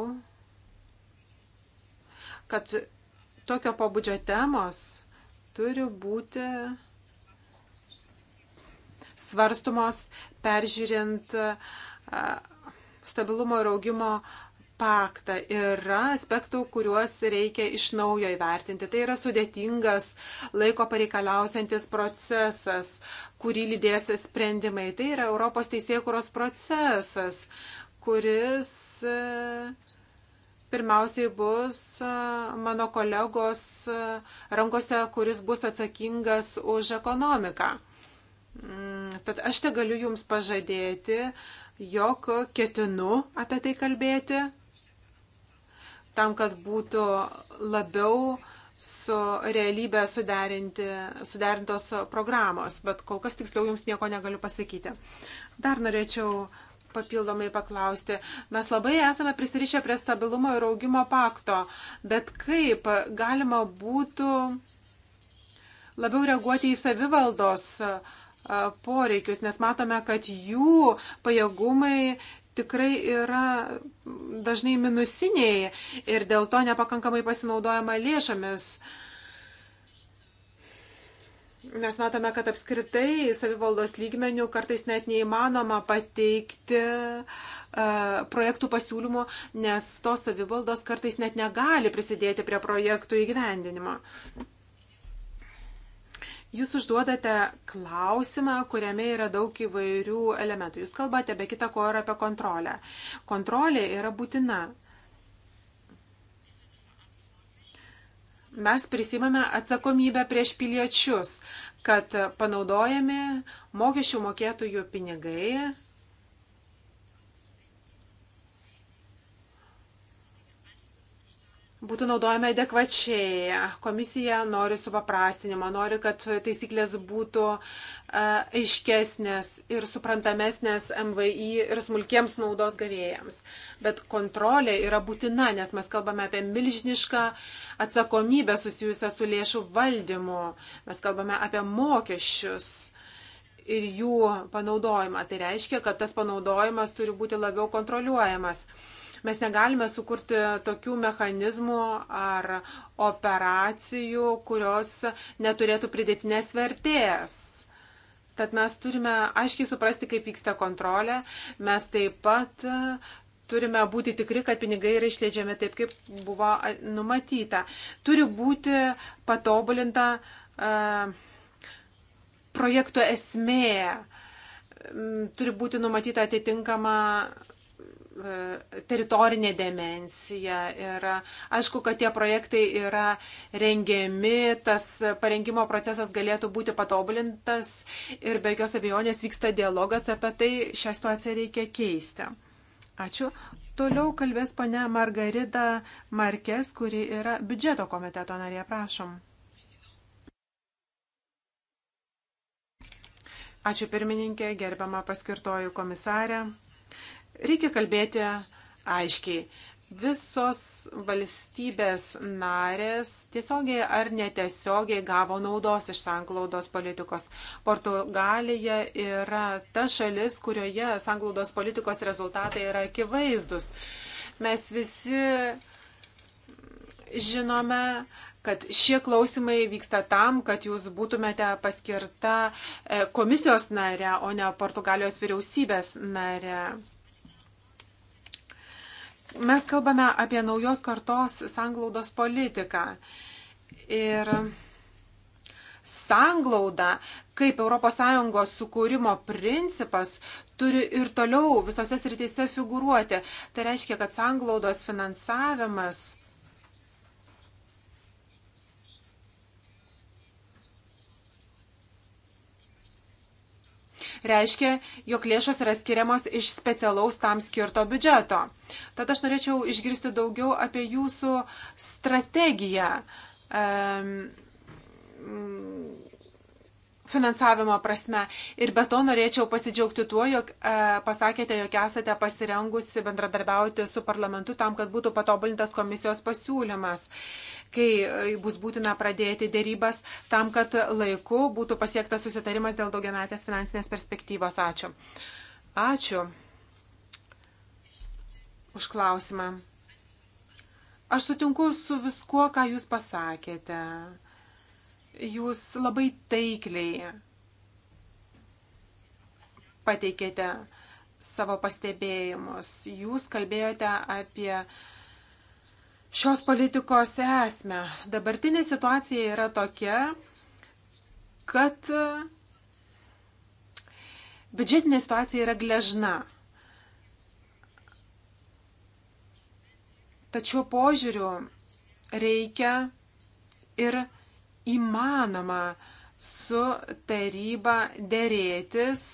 kad tokio pabudžio temos turi būti svarstumos peržiūrint stabilumo ir augimo paktą. Yra aspektų, kuriuos reikia iš naujo įvertinti. Tai yra sudėtingas, laiko pareikalausiantis procesas, kurį lydės sprendimai. Tai yra Europos teisėkuros procesas, kuris pirmiausiai bus mano kolegos rankose, kuris bus atsakingas už ekonomiką. Mm, tad aš te galiu Jums pažadėti, jog ketinu apie tai kalbėti, tam, kad būtų labiau su realybė suderintos programos, bet kol kas tiksliau jums nieko negaliu pasakyti. Dar norėčiau papildomai paklausti. Mes labai esame prisirišę prie stabilumo ir augimo pakto, bet kaip galima būtų labiau reaguoti į savivaldos poreikius, nes matome, kad jų pajėgumai tikrai yra dažnai minusiniai ir dėl to nepakankamai pasinaudojama lėšomis. Uh, Mes matome, kad apskritai savivaldos lygmenių kartais net neįmanoma pateikti e, projektų pasiūlymų, nes tos savivaldos kartais net negali prisidėti prie projektų įgyvendinimo. Jūs užduodate klausimą, kuriame yra daug įvairių elementų. Jūs kalbate be kita ko ir apie kontrolę. Kontrolė yra būtina. mes prisimame atsakomybę prieš piliečius, kad panaudojami mokesčių mokėtojų pinigai būtų naudojami adekvačiai. Komisija nori supaprastinimo, nori, kad taisyklės būtų e, aiškesnės ir suprantamesnės MVI ir smulkiems naudos gavėjams. Bet kontrolė yra būtina, nes mes kalbame apie milžinišką atsakomybę susijusią su lėšų valdymu. Mes kalbame apie mokesčius ir jų panaudojimą. Tai reiškia, kad tas panaudojimas turi būti labiau kontroliuojamas. Mes negalime sukurti tokių mechanizmų ar operacijų, kurios neturėtų pridėtinės vertės. Tad mes turime aiškiai suprasti, kaip vyksta kontrolė. Mes taip pat turime būti tikri, kad pinigai yra išleidžiami taip, kaip buvo numatyta. Turi būti patobulinta uh, projekto esmė, turi būti numatyta atitinkama E, teritorinė demensija. Ir e, aišku, kad tie projektai yra rengiami, tas parengimo procesas galėtų būti patobulintas ir be jokios abejonės vyksta dialogas apie tai, šią situaciją reikia keisti. Ačiū. Toliau kalbės pane Margarida Markes, kuri yra biudžeto komiteto narė. Prašom. Ačiū pirmininkė, gerbiama paskirtojų komisarė. Reikia kalbėti aiškiai. Visos valstybės narės tiesiogiai ar netiesiogiai gavo naudos iš sanglaudos politikos. Portugalija yra ta šalis, kurioje sanglaudos politikos rezultatai yra akivaizdus. Mes visi žinome, kad šie klausimai vyksta tam, kad jūs būtumėte paskirta e, komisijos nare, o ne Portugalijos vyriausybės nare. Mes kalbame apie naujos kartos sanglaudos politiką. Ir sanglauda kaip ES sukūrimo principas turi ir toliau visose srityse figuruoti. Tai reiškia, kad sanglaudos finansavimas reiškia, jog lėšos yra skiriamos iš specialaus tam skirto biudžeto. Tad aš norėčiau išgirsti daugiau apie jūsų strategiją. Um, finansavimo prasme. Ir be to norėčiau pasidžiaugti tuo, jog e, pasakėte, jog esate pasirengusi bendradarbiauti su parlamentu tam, kad būtų patobulintas komisijos pasiūlymas, kai e, bus būtina pradėti dėrybas tam, kad laiku būtų pasiektas susitarimas dėl daugiametės finansinės perspektyvos. Ačiū. Ačiū už klausimą. Aš sutinku su viskuo, ką jūs pasakėte jūs labai taikliai pateikėte savo pastebėjimus. Jūs kalbėjote apie šios politikos esmę. Dabartinė situacija yra tokia, kad biudžetinė situacija yra gležna. Tačiau požiūriu reikia ir įmanoma su taryba dėrėtis,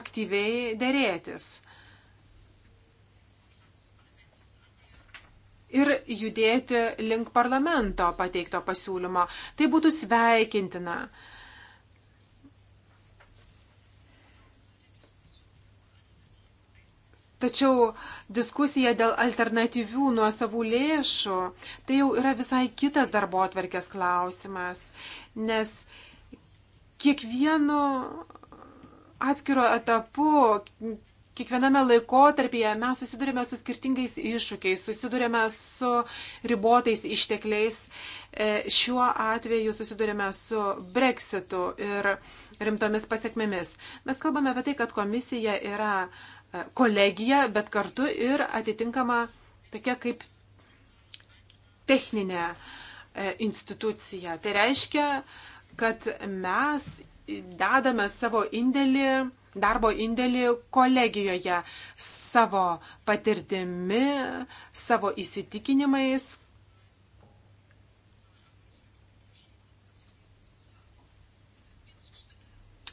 aktyviai dėrėtis. ir judėti link parlamento pateikto pasiūlymo. Tai būtų sveikintina. Tačiau diskusija dėl alternatyvių nuo savų lėšų, tai jau yra visai kitas darbo atverkės klausimas, nes kiekvienu atskiro etapu, kiekviename laikotarpyje mes susidurime su skirtingais iššūkiais, susidurime su ribotais ištekliais. E, šiuo atveju susidurime su breksitu ir rimtomis pasiekmėmis. Mes kalbame apie tai, kad komisija yra kolegiją, bet kartu ir atitinkama tokia kaip techninė e, institucija. Tai reiškia, kad mes dedame savo indėlį, darbo indėlį kolegijoje savo patirtimi, savo įsitikinimais,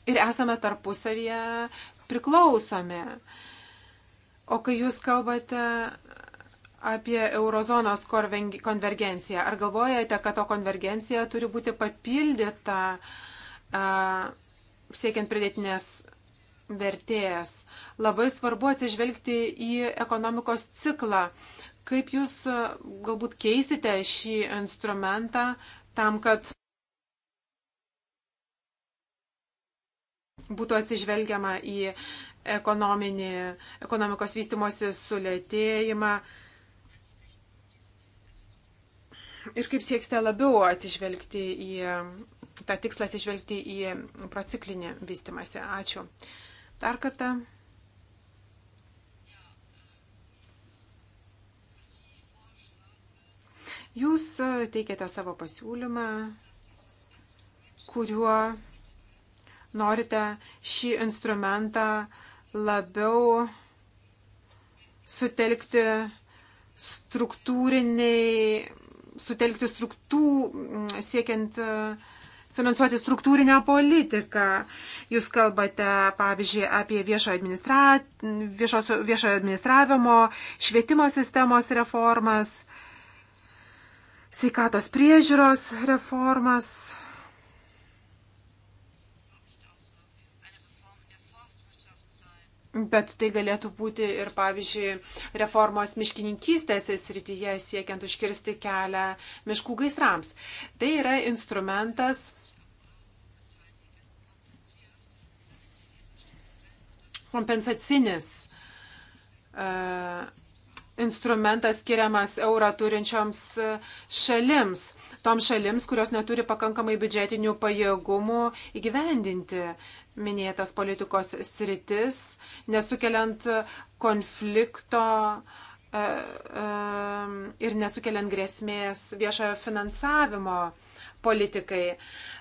ir esame tarpusavyje priklausomi. O kai jūs kalbate apie eurozonos konvergenciją, ar galvojate, kad to konvergencija turi būti papildyta a, siekiant pridėtinės vertėjas? Labai svarbu atsižvelgti į ekonomikos ciklą. Kaip jūs galbūt keisite šį instrumentą tam, kad būtų atsižvelgiama į uh, ekonominį, ekonomikos vystimosi sulėtėjimą. Ir kaip sieksite labiau atsižvelgti į tą tikslą, atsižvelgti į prociklinį vystimąsi. Ačiū. Dar kartą. Jūs teikiate savo pasiūlymą, kuriuo norite šį instrumentą uh, labiau sutelkti struktūriniai, sutelkti struktū, siekiant e, finansuoti struktūrinę politiką. Jūs kalbate, pavyzdžiui, apie viešo, administra... viešo, viešo administravimo, švietimo sistemos reformas, sveikatos priežiūros reformas. Bet tai galėtų būti ir, pavyzdžiui, reformos miškininkystės srityje siekiant užkirsti kelią miškų gaisrams. Tai yra instrumentas, kompensacinis uh, instrumentas skiriamas eurą turinčioms e, šalims, toms šalims, kurios neturi pakankamai biudžetinių pajėgumų įgyvendinti uh, minėtas politikos sritis, nesukeliant konflikto e, e, ir nesukeliant grėsmės viešojo finansavimo politikai.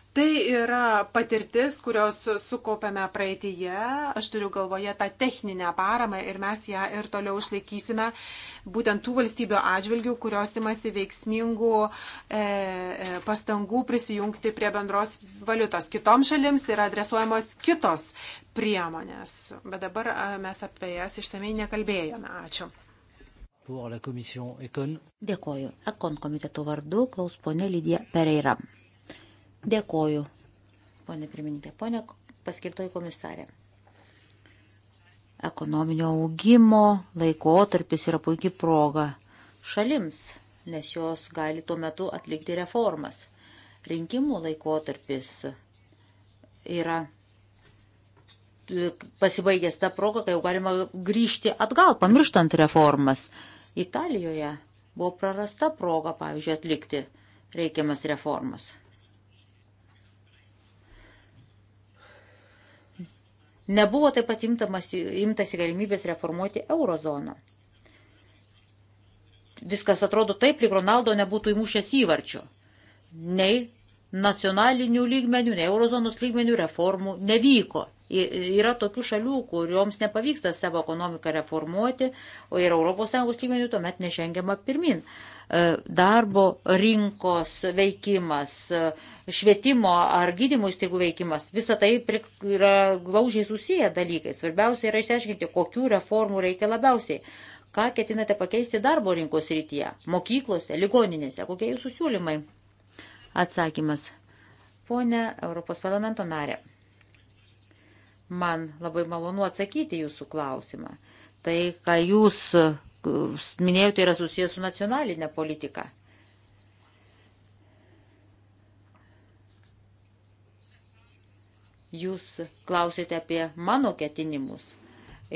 Tai yra patirtis, kurios sukaupėme praeitįje, aš turiu galvoje tą techninę paramą ir mes ją ir toliau išlaikysime būtent tų valstybių atžvilgių, kurios imasi veiksmingų e, e pastangų prisijungti prie bendros valiutos. Kitoms šalims yra adresuojamos kitos priemonės, bet dabar e, mes apie jas išsamei nekalbėjome. Ačiū. Dėkoju. Ekon komiteto vardu klaus ponė Lydija Pereira. Dėkoju, ponė pirmininkė, ponė paskirtoji komisarė. Ekonominio augimo laikotarpis yra puikiai proga šalims, nes jos gali tuo metu atlikti reformas. Rinkimų laikotarpis yra pasibaigęs tą progą, kai jau galima grįžti atgal, pamirštant reformas. Italijoje buvo prarasta proga, pavyzdžiui, atlikti reikiamas reformas. Nebuvo taip pat imtamas, imtasi galimybės reformuoti eurozoną. Viskas atrodo taip, lyg Ronaldo nebūtų įmušęs įvarčio. Nei nacionalinių lygmenių, nei eurozonos lygmenių reformų nevyko. Yra tokių šalių, kurioms nepavyksta savo ekonomiką reformuoti, o ir ES lygmenių tuomet nežengiama pirmin. Uh, E, darbo rinkos veikimas, e, švietimo ar gydymo įstaigų veikimas, visa tai yra glaužiai susiję dalykai. Svarbiausia yra išsiaiškinti, kokių reformų reikia labiausiai. Ką ketinate pakeisti darbo rinkos rytyje, mokyklose, ligoninėse, kokie jūsų siūlymai? Atsakymas. Pone Europos parlamento narė, man labai malonu atsakyti jūsų klausimą. Tai, ką jūs minėjau, tai yra susijęs su nacionalinė politika. Jūs klausėte apie mano ketinimus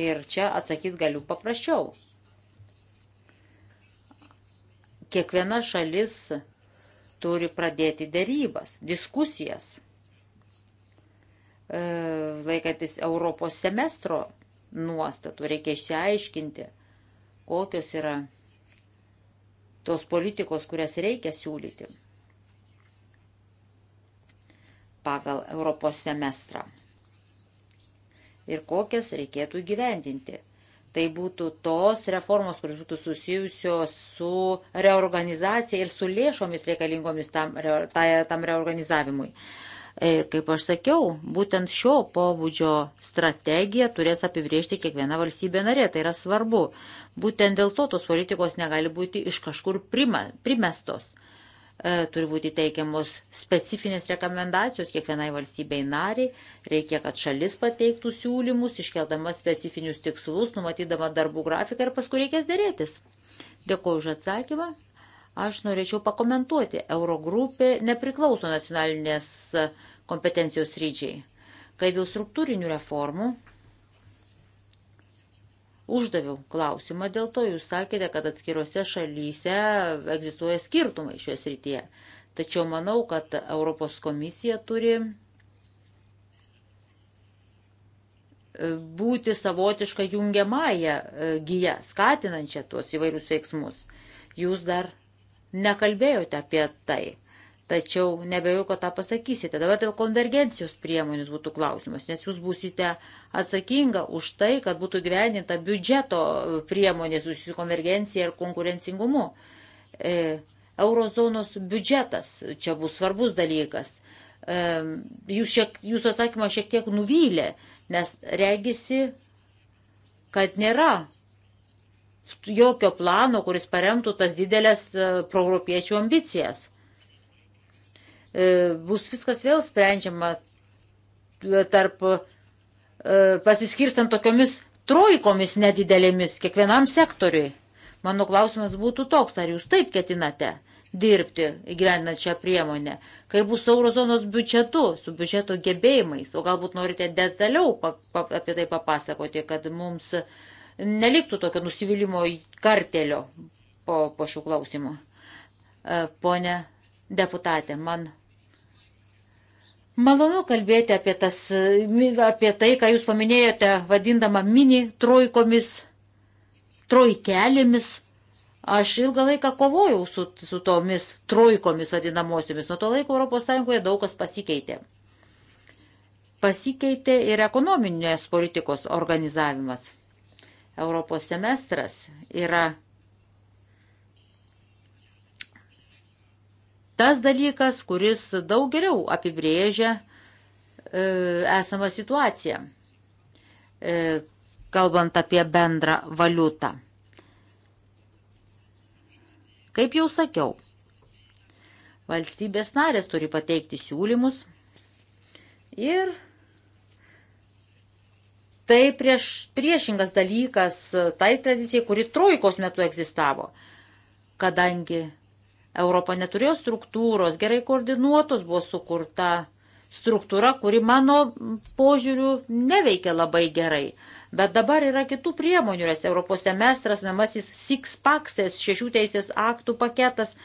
ir čia atsakyt galiu paprasčiau. Kiekviena šalis turi pradėti dėrybas, diskusijas, e, laikantis Europos semestro nuostatų, reikia išsiaiškinti, kokios yra tos politikos, kurias reikia siūlyti pagal Europos semestrą ir kokias reikėtų įgyvendinti. Tai būtų tos reformos, kuris būtų susijusios su reorganizacija ir su lėšomis reikalingomis tam, re, tai, tam reorganizavimui. Uh, Ir kaip aš sakiau, būtent šio pobūdžio strategija turės apibriežti kiekviena valstybė narė, tai yra svarbu. Būtent dėl to tos politikos negali būti iš kažkur prima, primestos. E, turi būti teikiamos specifinės rekomendacijos kiekvienai valstybei nariai, reikia, kad šalis pateiktų siūlymus, iškeldama specifinius tikslus, numatydama darbų grafiką ir paskui reikės dėrėtis. Dėkuoju už atsakymą. Aš norėčiau pakomentuoti. Eurogrupė nepriklauso nacionalinės kompetencijos ryčiai. Kai dėl struktūrinių reformų uždaviau klausimą dėl to, jūs sakėte, kad atskirose šalyse egzistuoja skirtumai šioje srityje. Tačiau manau, kad Europos komisija turi būti savotiška jungiamąją e, gyja, skatinančią tuos įvairius veiksmus. Jūs dar nekalbėjote apie tai. Tačiau nebejoju, kad tą pasakysite. Dabar dėl konvergencijos priemonės būtų klausimas, nes jūs būsite atsakinga už tai, kad būtų gyveninta biudžeto priemonė su konvergencija ir konkurencingumu. E, eurozonos biudžetas čia bus svarbus dalykas. E, jūs šiek, jūsų atsakymą šiek tiek nuvylė, nes regisi, kad nėra jokio plano, kuris paremtų tas didelės e, proeuropiečių ambicijas. E, bus viskas vėl sprendžiama e, tarp pasiskirstant tokiomis trojkomis nedidelėmis kiekvienam sektoriui. Mano klausimas būtų toks, ar jūs taip ketinate dirbti įgyvendinant šią priemonę, kai bus eurozonos biudžetu, su biudžeto gebėjimais, o galbūt norite detaliau pap, pap, apie tai papasakoti, kad mums uh, neliktų tokio nusivylimo kartelio po, po šių klausimų. E, pone deputatė, man malonu kalbėti apie, tas, apie tai, ką jūs paminėjote, vadindama mini trojkomis, trojkelėmis. Aš ilgą laiką kovojau su, su tomis trojkomis vadinamosiomis. Nuo to laiko ES daug kas pasikeitė. Pasikeitė ir ekonominės politikos organizavimas Europos semestras yra tas dalykas, kuris daug geriau apibrėžia e, esamą situaciją, e, kalbant apie bendrą valiutą. Kaip jau sakiau, valstybės narės turi pateikti siūlymus ir tai prieš, priešingas dalykas tai tradicijai, kuri trojkos metu egzistavo, kadangi Europa neturėjo struktūros, gerai koordinuotos buvo sukurta struktūra, kuri mano požiūriu neveikia labai gerai. Bet dabar yra kitų priemonių, nes Europos semestras, namasis six paksės, šešių teisės aktų paketas.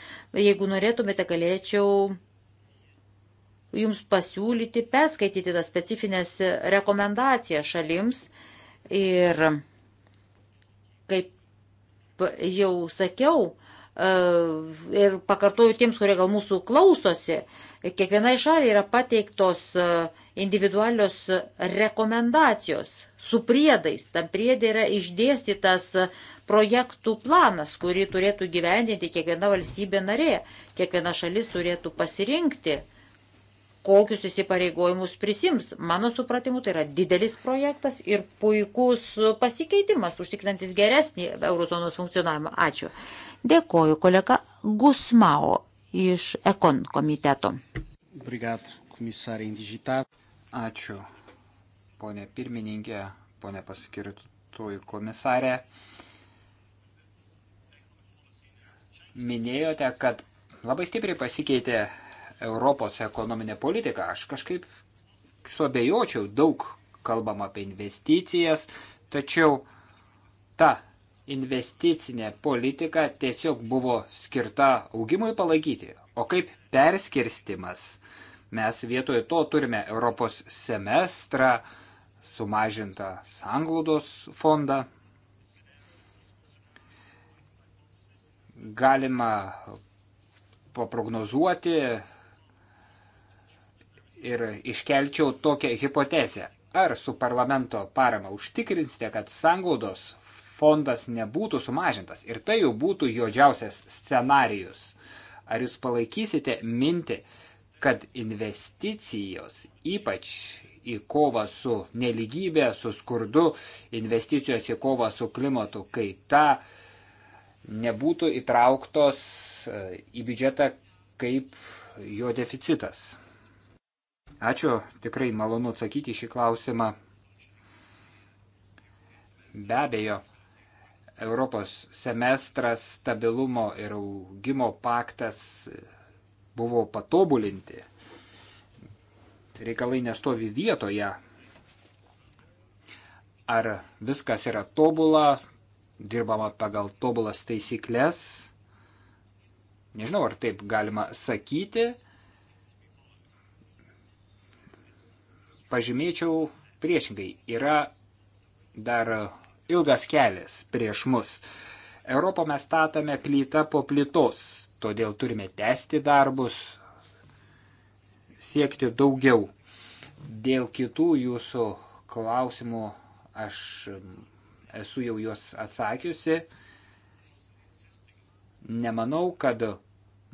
Jeigu norėtumėte, galėčiau jums pasiūlyti perskaityti tas specifines rekomendacijas šalims ir kaip jau sakiau, e, ir pakartoju tiems, kurie gal mūsų klausosi, kiekvienai šaliai yra pateiktos e, individualios rekomendacijos su priedais. Tam priedai yra išdėstytas projektų planas, kurį turėtų gyvendinti kiekviena valstybė narė. Kiekviena šalis turėtų pasirinkti uh, kokius įsipareigojimus prisims. Mano supratimu, tai yra didelis projektas ir puikus pasikeitimas, užtikrinantis geresnį eurozonos funkcionavimą. Ačiū. Dėkoju kolega Gusmao iš Ekon komiteto. Brigadą komisarį Indigitat. Ačiū, ponė pirmininkė, ponė paskirtųjų komisarė. Minėjote, kad labai stipriai pasikeitė Europos ekonominę politiką. Aš kažkaip suabejočiau, daug kalbam apie investicijas, tačiau ta investicinė politika tiesiog buvo skirta augimui palaikyti. O kaip perskirstimas? Mes vietoje to turime Europos semestrą, sumažintą sanglaudos fondą. Galima paprognozuoti ir iškelčiau tokią hipotezę. Ar su parlamento parama užtikrinsite, kad sanglaudos fondas nebūtų sumažintas? Ir tai jau būtų juodžiausias scenarijus. Ar jūs palaikysite mintį, kad investicijos, ypač į kovą su neligybė, su skurdu, investicijos į kovą su klimatu kaita, nebūtų įtrauktos e, į biudžetą kaip jo deficitas? Ačiū, tikrai malonu atsakyti šį klausimą. Be abejo, Europos semestras, stabilumo ir augimo paktas buvo patobulinti. Reikalai nestovi vietoje. Ar viskas yra tobula, dirbama pagal tobulas taisyklės? Nežinau, ar taip galima sakyti, pažymėčiau priešingai, yra dar ilgas kelias prieš mus. Europą mes statome plytą po plytos, todėl turime tęsti darbus, siekti daugiau. Dėl kitų jūsų klausimų aš esu jau juos atsakiusi. Nemanau, kad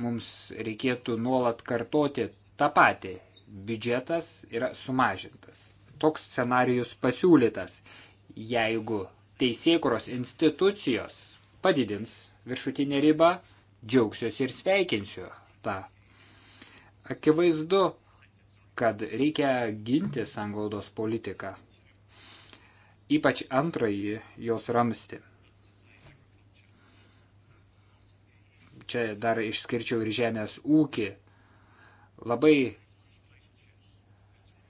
mums reikėtų nuolat kartoti tą patį biudžetas yra sumažintas. Toks scenarius pasiūlytas, jeigu teisėkuros institucijos padidins viršutinę ribą, džiaugsiuosi ir sveikinsiu tą. Akivaizdu, kad reikia ginti sanglaudos politiką, ypač antrąjį jos ramsti. Čia dar išskirčiau ir žemės ūkį. Labai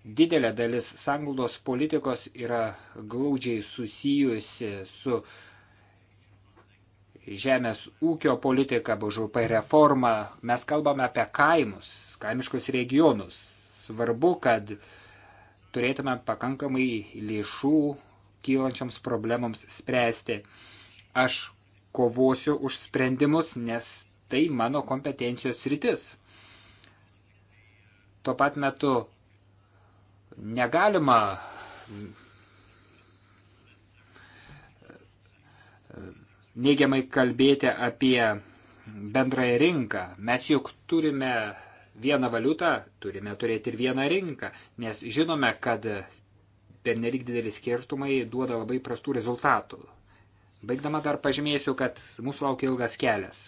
Didelė dalis sanglaudos politikos yra glaudžiai susijusi su žemės ūkio politika, BŽP reforma. Mes kalbame apie kaimus, kaimiškus regionus. Svarbu, kad turėtume pakankamai lėšų kylančioms problemams spręsti. Aš kovosiu už sprendimus, nes tai mano kompetencijos rytis. Tuo pat metu negalima e, neigiamai kalbėti apie bendrąją rinką. Mes juk turime vieną valiutą, turime turėti ir vieną rinką, nes žinome, kad pernelyg dideli skirtumai duoda labai prastų rezultatų. Baigdama dar pažymėsiu, kad mūsų laukia ilgas kelias.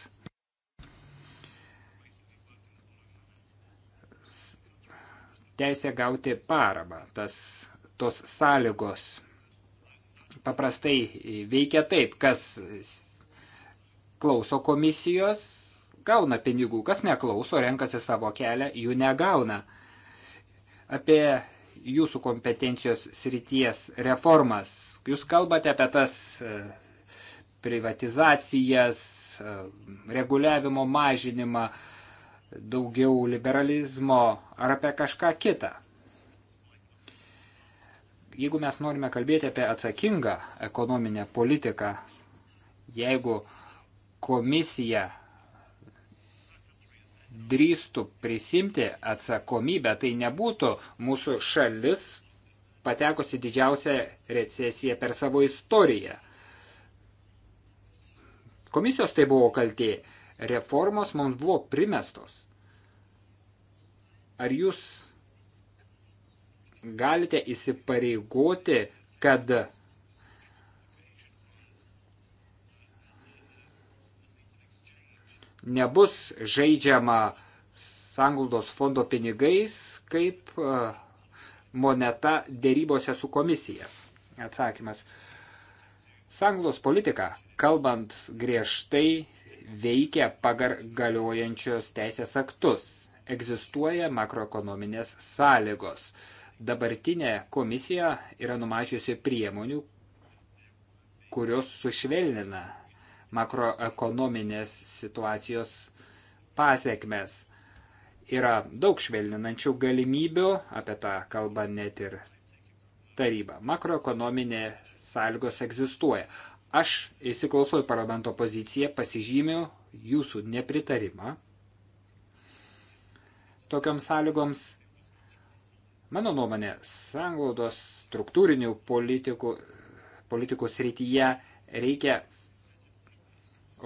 teisę gauti paramą. Tas, tos sąlygos paprastai veikia taip, kas klauso komisijos, gauna pinigų, kas neklauso, renkasi savo kelią, jų negauna. Apie jūsų kompetencijos srities reformas. Jūs kalbate apie tas e, privatizacijas, e, reguliavimo mažinimą, daugiau liberalizmo ar apie kažką kitą. Jeigu mes norime kalbėti apie atsakingą ekonominę politiką, jeigu komisija drįstų prisimti atsakomybę, tai nebūtų mūsų šalis patekusi didžiausią recesiją per savo istoriją. Komisijos tai buvo kaltė. Reformos mums buvo primestos. Ar jūs galite įsipareigoti, kad nebus žaidžiama sanglaudos fondo pinigais kaip e, moneta dėrybose su komisija? Atsakymas. Sanglos politika, kalbant griežtai, veikia pagal galiojančios teisės aktus egzistuoja makroekonominės sąlygos. Dabartinė komisija yra numačiusi priemonių, kurios sušvelnina makroekonominės situacijos pasiekmes. Yra daug švelninančių galimybių, apie tą kalbą net ir taryba. Makroekonominė sąlygos egzistuoja. Aš įsiklausau į parlamento poziciją, pasižymiu jūsų nepritarimą tokioms sąlygoms. Mano nuomonė, sanglaudos struktūrinių politikų, politikų srityje reikia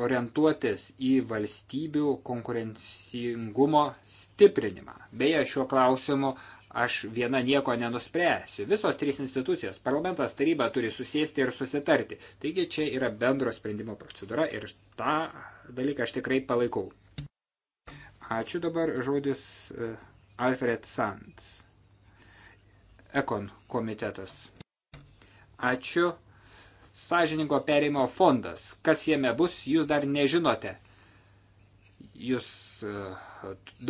orientuotis į valstybių konkurencingumo stiprinimą. Beje, šiuo klausimu aš viena nieko nenuspręsiu. Visos trys institucijos, parlamentas, taryba turi susėsti ir susitarti. Taigi čia yra bendro sprendimo procedūra ir tą dalyką aš tikrai palaikau. Ačiū dabar žodis e, Alfred Sands. Ekon komitetas. Ačiū. Sažininko perėjimo fondas. Kas jame bus, jūs dar nežinote. Jūs e,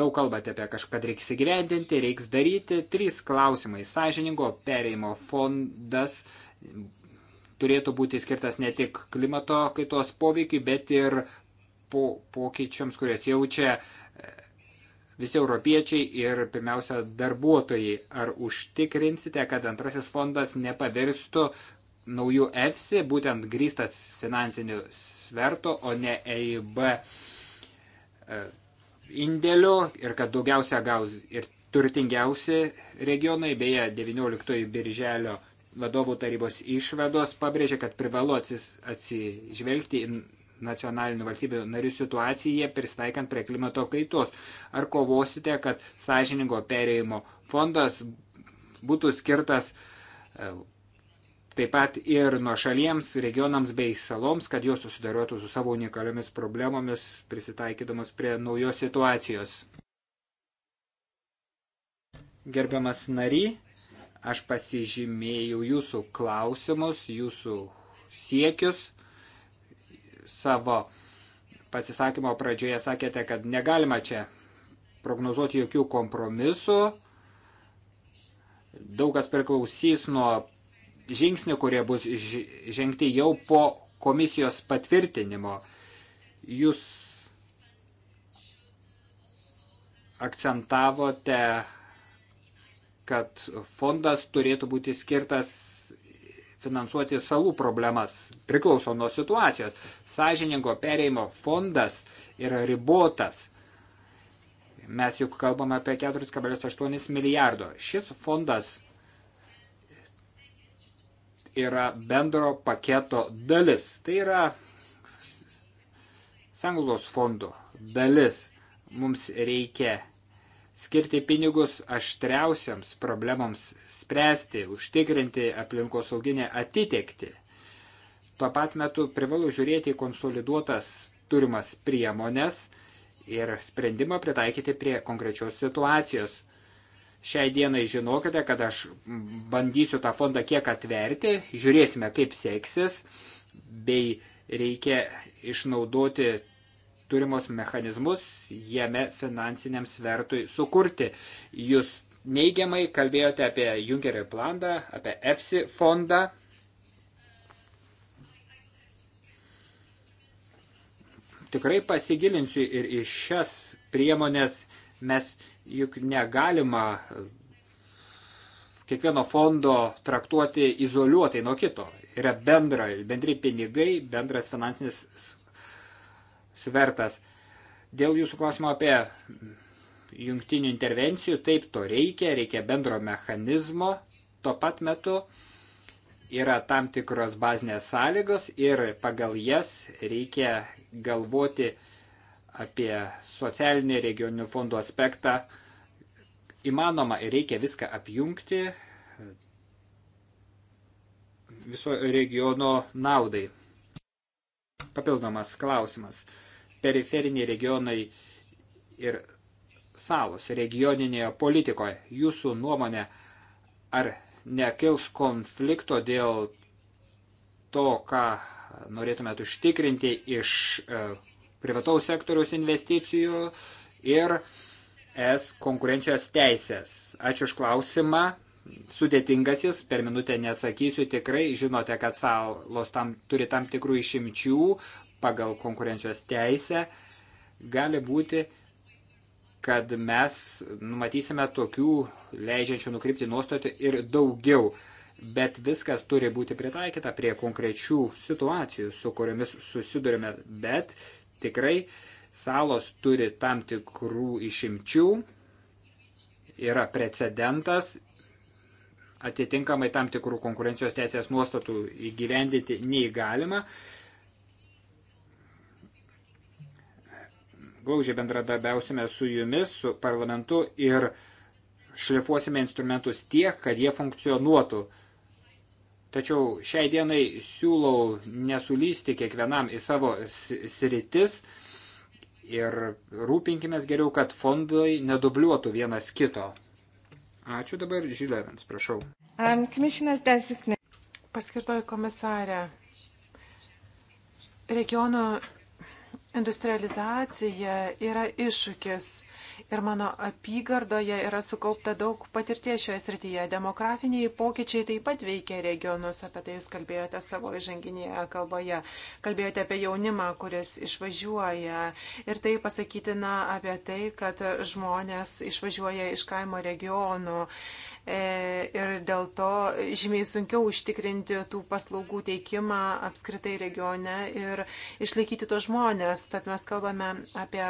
daug kalbate apie kažką, kad reiks įgyvendinti, reiks daryti. Trys klausimai. Sažininko perėjimo fondas turėtų būti skirtas ne tik klimato kaitos poveikiai, bet ir po, pokyčiams, kurias jaučia visi europiečiai ir pirmiausia darbuotojai. Ar užtikrinsite, kad antrasis fondas nepavirstų naujų EFSI, būtent grįstas finansiniu sverto, o ne EIB e, indėliu ir kad daugiausia gaus ir turtingiausi regionai, beje, 19 birželio vadovų tarybos išvados pabrėžė, kad privalu atsižvelgti į nacionalinių valstybių narių situaciją pristaikant prie klimato kaitos? Ar kovosite, kad sąžiningo perėjimo fondas būtų skirtas e, taip pat ir nuo šaliems, regionams bei saloms, kad jos susidarotų su savo unikaliomis problemomis, prisitaikydamos prie naujos situacijos? Gerbiamas nary, aš pasižymėjau jūsų klausimus, jūsų siekius savo pasisakymo pradžioje sakėte, kad negalima čia prognozuoti jokių kompromisų. Daug kas priklausys nuo žingsnių, kurie bus žengti jau po komisijos patvirtinimo. Jūs akcentavote, kad fondas turėtų būti skirtas finansuoti salų problemas. Priklauso nuo situacijos. Sažiningo pereimo fondas yra ribotas. Mes juk kalbame apie 4,8 milijardo. Šis fondas yra bendro paketo dalis. Tai yra sanglos fondų dalis. Mums reikia skirti pinigus aštriausiams problemams spręsti, užtikrinti aplinkosauginę atitekti. Tuo pat metu privalu žiūrėti konsoliduotas turimas priemonės ir sprendimą pritaikyti prie konkrečios situacijos. Šiai dienai žinokite, kad aš bandysiu tą fondą kiek atverti, žiūrėsime, kaip seksis, bei reikia išnaudoti turimos mechanizmus jame finansiniam svertui sukurti. Jūs neigiamai kalbėjote apie Junkerio planą, apie EFSI fondą. Tikrai pasigilinsiu ir iš šias priemonės mes juk negalima kiekvieno fondo traktuoti izoliuotai nuo kito. Yra bendra, bendri pinigai, bendras finansinis svertas. Dėl jūsų klausimo apie jungtinių intervencijų, taip to reikia, reikia bendro mechanizmo, tuo pat metu yra tam tikros bazinės sąlygos ir pagal jas reikia galvoti apie socialinį regioninių fondų aspektą. Įmanoma ir reikia viską apjungti viso regiono naudai. Papildomas klausimas. Periferiniai regionai ir salos regioninėje politikoje. Jūsų nuomonė, ar nekils konflikto dėl to, ką norėtumėt užtikrinti iš e, privataus sektoriaus investicijų ir es konkurencijos teisės. Ačiū už klausimą. Sudėtingas jis, per minutę neatsakysiu tikrai, žinote, kad salos tam, turi tam tikrų išimčių pagal konkurencijos teisę. Gali būti kad mes numatysime tokių leidžiančių nukrypti nuostatų ir daugiau. Bet viskas turi būti pritaikyta prie konkrečių situacijų, su kuriomis susidurime. Bet tikrai salos turi tam tikrų išimčių, yra precedentas, atitinkamai tam tikrų konkurencijos teisės nuostatų įgyvendinti neįgalima. galima glaužiai bendradarbiausime su jumis, su parlamentu ir šlifuosime instrumentus tiek, kad jie funkcionuotų. Tačiau šiai dienai siūlau nesulysti kiekvienam į savo sritis ir rūpinkime geriau, kad fondai nedubliuotų vienas kito. Ačiū dabar, Žilevins, prašau. Um, Paskirtoji komisarė. Regionų Industrializacija yra iššūkis ir mano apygardoje yra sukaupta daug patirties šioje srityje. Demografiniai pokyčiai taip pat veikia regionus, apie tai jūs kalbėjote savo įžanginėje kalboje. Kalbėjote apie jaunimą, kuris išvažiuoja ir tai pasakytina apie tai, kad žmonės išvažiuoja iš kaimo regionų. E, ir dėl to žymiai sunkiau užtikrinti tų paslaugų teikimą apskritai regione ir išlaikyti tos žmonės. Tad mes kalbame apie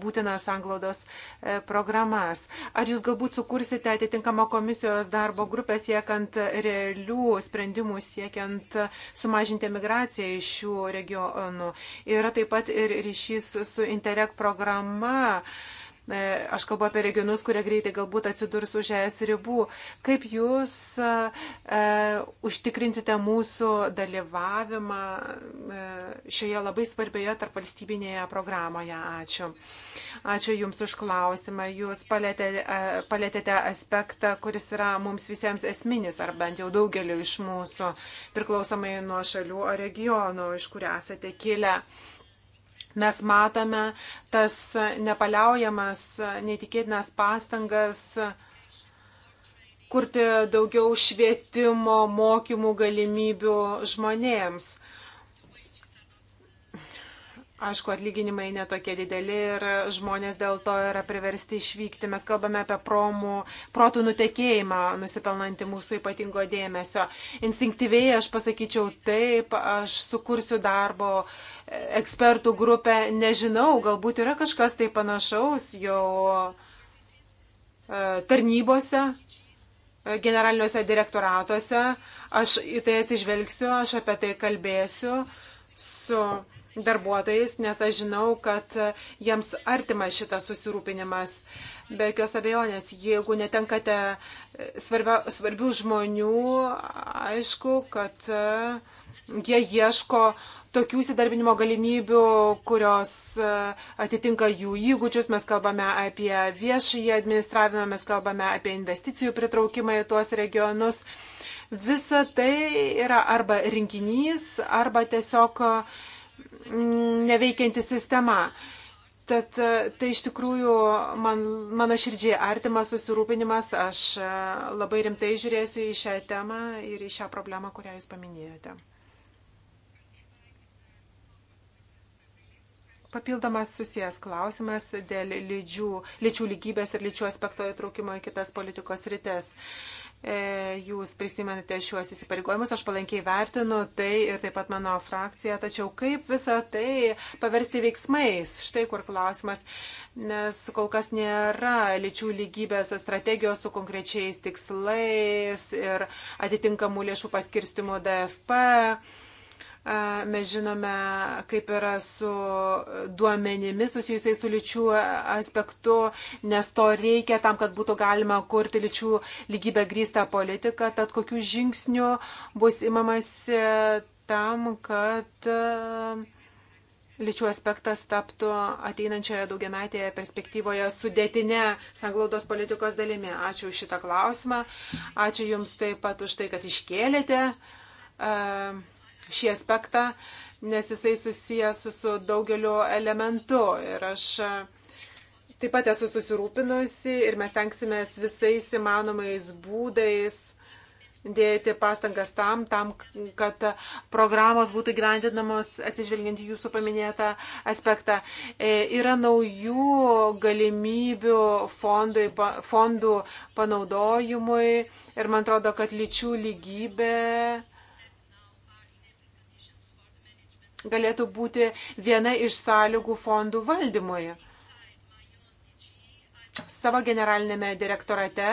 būtinas anglodos e, programas. Ar jūs galbūt sukursite atitinkamą komisijos darbo grupę siekiant realių sprendimų, siekiant sumažinti migraciją iš šių regionų? Yra taip pat ir ryšys su Interreg programa. Uh, E, aš kalbu apie regionus, kurie greitai galbūt atsidurs už ES ribų. Kaip jūs e, e, užtikrinsite mūsų dalyvavimą šioje labai svarbioje tarpvalstybinėje programoje? Ačiū. Ačiū Jums už klausimą. Jūs palėtėte, palėtėte aspektą, kuris yra mums visiems esminis, ar bent jau daugeliu iš mūsų, priklausomai nuo šalių ar regionų, iš kur esate kilę. Mes matome tas nepaliaujamas, neįtikėtinas pastangas kurti daugiau švietimo, mokymų galimybių žmonėms. Aišku, atlyginimai netokie dideli ir žmonės dėl to yra priversti išvykti. Mes kalbame apie promų, protų nutekėjimą, nusipelnantį mūsų ypatingo dėmesio. Instinktyviai aš pasakyčiau taip, aš sukursiu darbo ekspertų grupę, nežinau, galbūt yra kažkas tai panašaus jau e, tarnybose, e, generaliniuose direktoratuose. Aš į tai atsižvelgsiu, aš apie tai kalbėsiu su darbuotojais, nes aš žinau, kad jiems artimas šitas susirūpinimas. Be jokios abejonės, jeigu netenkate svarbia, svarbių žmonių, aišku, kad e, jie ieško tokių įsidarbinimo galimybių, kurios e, atitinka jų įgūdžius. Mes kalbame apie viešąjį administravimą, mes kalbame apie investicijų pritraukimą į tuos regionus. Visa tai yra arba rinkinys, arba tiesiog uh, neveikianti sistema. Tad e, tai iš tikrųjų man, mano širdžiai artimas susirūpinimas. Aš e, labai rimtai žiūrėsiu į šią temą ir į šią problemą, kurią jūs paminėjote. Papildomas susijęs klausimas dėl lyčių, lyčių lygybės ir lyčių aspekto įtraukimo į kitas politikos rytis. Uh, E, jūs prisimenate šiuos įsipareigojimus, aš palankiai vertinu tai ir taip pat mano frakcija, tačiau kaip visą tai paversti veiksmais, štai kur klausimas, nes kol kas nėra lyčių lygybės strategijos su konkrečiais tikslais ir atitinkamų lėšų paskirstimo DFP Mes žinome, kaip yra su duomenimis susijusiai su lyčių aspektu, nes to reikia tam, kad būtų galima kurti lyčių lygybę grįstą politiką. Tad kokių žingsnių bus imamas tam, kad lyčių aspektas taptų ateinančioje daugiametėje perspektyvoje sudėtinė sanglaudos politikos dalimi. Ačiū šitą klausimą. Ačiū Jums taip pat už tai, kad iškėlėte. Uh, šį aspektą, nes jisai susijęs su, su daugeliu elementu. Ir aš e, taip pat esu susirūpinusi ir mes tenksimės visais įmanomais būdais dėti pastangas tam, tam, kad programos būtų gyventinamos atsižvelgiant į jūsų paminėtą aspektą. E, yra naujų galimybių fondui, pa, fondų panaudojimui ir man atrodo, kad lyčių lygybė galėtų būti viena iš sąlygų fondų valdymui. Savo generalinėme direktorate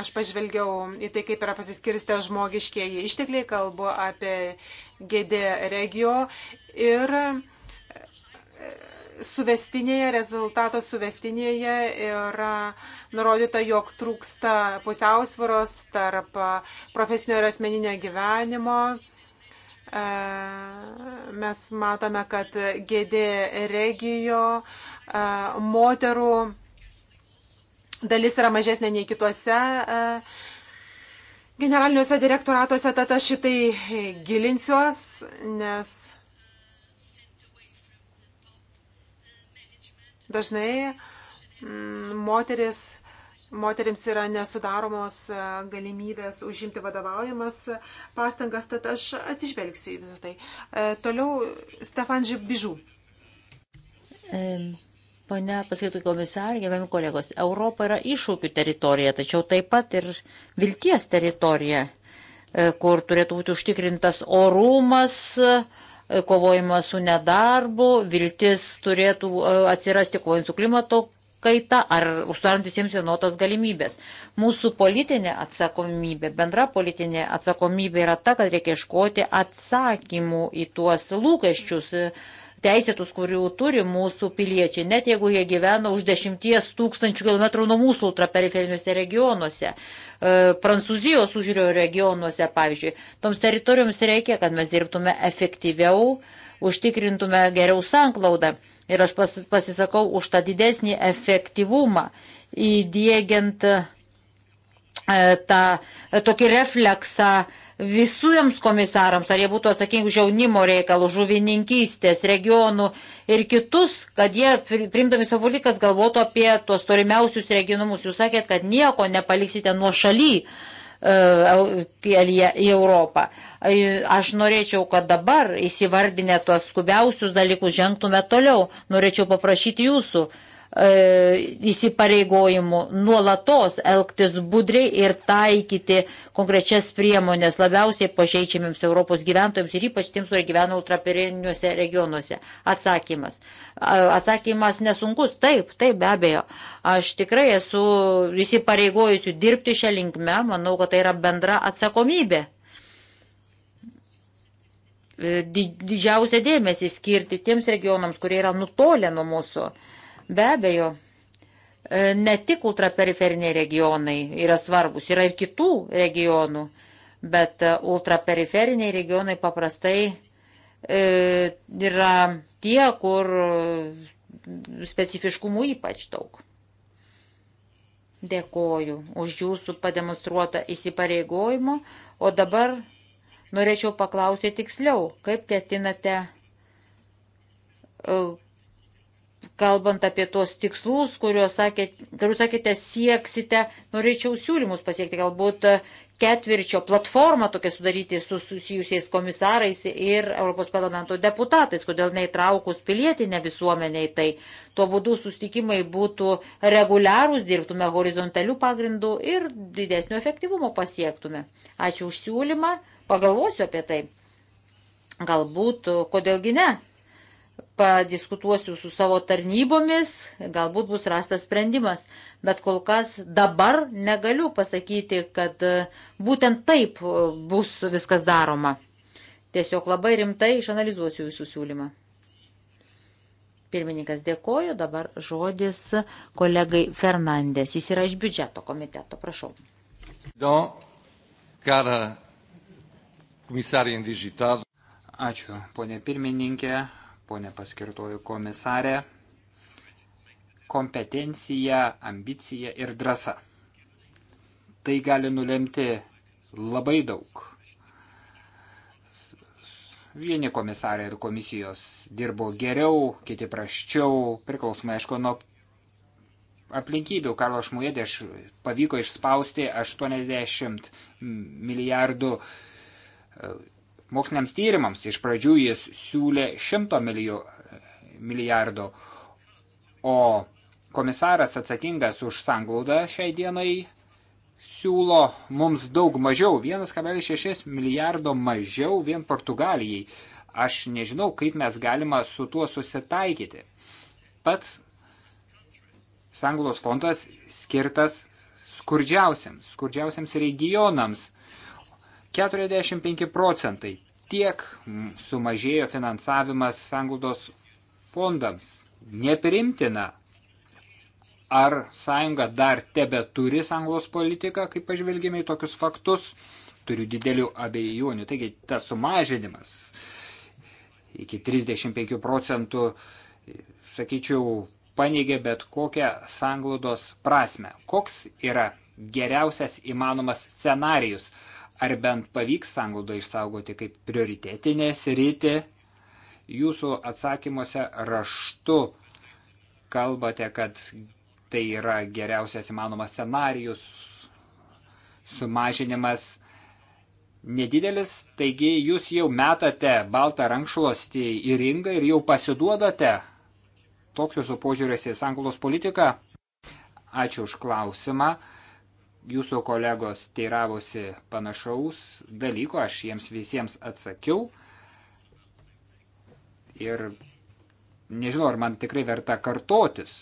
Aš pažvelgiau į tai, kaip yra pasiskirstę žmogiškieji ištekliai, kalbu apie GD regio ir e, suvestinėje, rezultato suvestinėje yra nurodyta, jog trūksta pusiausvaros tarp profesinio ir asmeninio gyvenimo. E, mes matome, kad GD regijo e, moterų dalis yra mažesnė nei kituose e, generaliniuose direktoratuose, tad aš šitai gilinsiuos, nes dažnai mm, moteris moteriams yra nesudaromos e, galimybės užimti vadovaujamas e, pastangas, tad aš atsižvelgsiu į visą tai. E, toliau Stefan Žibižų. Pane paskaitų komisarė, gerbiami kolegos, Europa yra iššūkių teritorija, tačiau taip pat ir vilties teritorija, kur turėtų būti užtikrintas orumas, kovojimas su nedarbu, viltis turėtų atsirasti kovojant su klimato kaitą ar uždarant visiems vienodas galimybės. Mūsų politinė atsakomybė, bendra politinė atsakomybė yra ta, kad reikia iškoti atsakymų į tuos lūkesčius teisėtus, kurių turi mūsų piliečiai, net jeigu jie gyvena už dešimties tūkstančių kilometrų nuo mūsų ultraperiferiniuose regionuose, e, Prancūzijos užrio regionuose, pavyzdžiui. Toms teritorijoms reikia, kad mes dirbtume efektyviau, užtikrintume geriau sanklaudą. Ir aš pas, pasisakau už tą didesnį efektyvumą įdėgiant e, tą e, tokį refleksą visiems komisarams, ar jie būtų atsakingi už jaunimo reikalų, žuvininkystės, regionų ir kitus, kad jie, primdami savo likas, galvotų apie tuos tolimiausius regionumus. Jūs sakėt, kad nieko nepaliksite nuo šaly. Uh, kelyje į Europą. E, aš norėčiau, kad dabar įsivardinę tuos skubiausius dalykus žengtume toliau. Norėčiau paprašyti jūsų E, įsipareigojimų nuolatos elgtis budriai ir taikyti konkrečias priemonės labiausiai pažeidžiamiems Europos gyventojams ir ypač tiems, kurie gyvena ultraperiniuose regionuose. Atsakymas. Atsakymas nesunkus. Taip, taip, be abejo. Aš tikrai esu įsipareigojusi dirbti šią linkmę. Manau, kad tai yra bendra atsakomybė e, didžiausią dėmesį skirti tiems regionams, kurie yra nutolę nuo mūsų. Uh, Be abejo, e, ne tik ultraperiferiniai regionai yra svarbus, yra ir kitų regionų, bet e, ultraperiferiniai regionai paprastai e, yra tie, kur specifiškumų ypač daug. Dėkoju už jūsų pademonstruotą įsipareigojimą, o dabar norėčiau paklausyti tiksliau, kaip ketinate kalbant apie tuos tikslus, kuriuos sakėte, kuriuos sakėte sieksite, norėčiau siūlymus pasiekti, galbūt e, ketvirčio platformą tokia sudaryti su susijusiais komisarais ir Europos parlamento deputatais, kodėl neįtraukus pilietinę visuomenę į tai. Tuo būdu sustikimai būtų reguliarūs, dirbtume horizontalių pagrindų ir didesnio efektyvumo pasiektume. Ačiū už siūlymą, pagalvosiu apie tai. Galbūt, kodėlgi ne, padiskutuosiu su savo tarnybomis, galbūt bus rastas sprendimas, bet kol kas dabar negaliu pasakyti, kad e, būtent taip e, bus viskas daroma. Tiesiog labai rimtai išanalizuosiu jūsų siūlymą. Pirmininkas dėkoju, dabar žodis kolegai Fernandės. Jis yra iš biudžeto komiteto, prašau. Don, cara, Ačiū, ponė pirmininkė, ponė paskirtoju komisarė, kompetencija, ambicija ir drąsa. Tai gali nulemti labai daug. Vieni komisarai ir komisijos dirbo geriau, kiti praščiau, priklausomai aišku nuo aplinkybių. Karlo Šmuėdėš pavyko išspausti 80 milijardų moksliniams tyrimams. Iš pradžių jis siūlė 100 milijardų, o komisaras atsakingas už sanglaudą šiai dienai siūlo mums daug mažiau, 1,6 milijardo mažiau vien Portugalijai. Aš nežinau, kaip mes galima su tuo susitaikyti. Pats Sanglos fondas skirtas skurdžiausiams, skurdžiausiams regionams. 45 procentai tiek sumažėjo finansavimas sanglaudos fondams. Nepriimtina. Ar sąjunga dar tebe turi sanglaudos politiką, kaip pažvelgėme į tokius faktus? Turiu didelių abejonių. Taigi tas sumažinimas iki 35 procentų, sakyčiau, paneigė bet kokią sanglaudos prasme. Koks yra geriausias įmanomas scenarius? ar bent pavyks sanglaudą išsaugoti kaip prioritetinę sritį. Jūsų atsakymuose raštu kalbate, kad tai yra geriausias įmanomas scenarius, sumažinimas nedidelis, taigi jūs jau metate baltą rankšluostį į ringą ir jau pasiduodate. Toks jūsų požiūrės į sanglos politiką. Ačiū už klausimą. Jūsų kolegos teiravosi panašaus dalyko, aš jiems visiems atsakiau. Ir nežinau, ar man tikrai verta kartotis.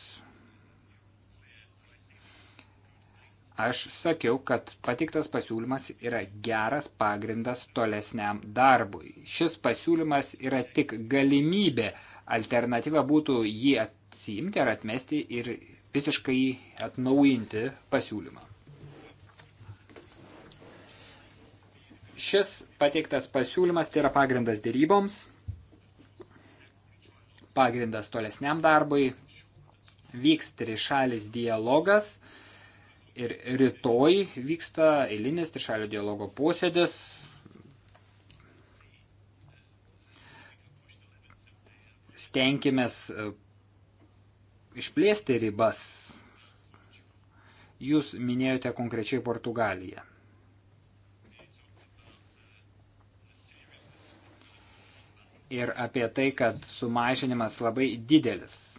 Aš sakiau, kad patiktas pasiūlymas yra geras pagrindas tolesniam darbui. Šis pasiūlymas yra tik galimybė. Alternatyva būtų jį atsiimti ar atmesti ir visiškai atnaujinti pasiūlymą. Šis pateiktas pasiūlymas tai yra pagrindas dėryboms, pagrindas tolesniam darbui, vyks trišalis dialogas ir rytoj vyksta eilinis trišalio dialogo posėdis. Stenkimės e, išplėsti ribas. Jūs minėjote konkrečiai Portugaliją. ir apie tai, kad sumažinimas labai didelis.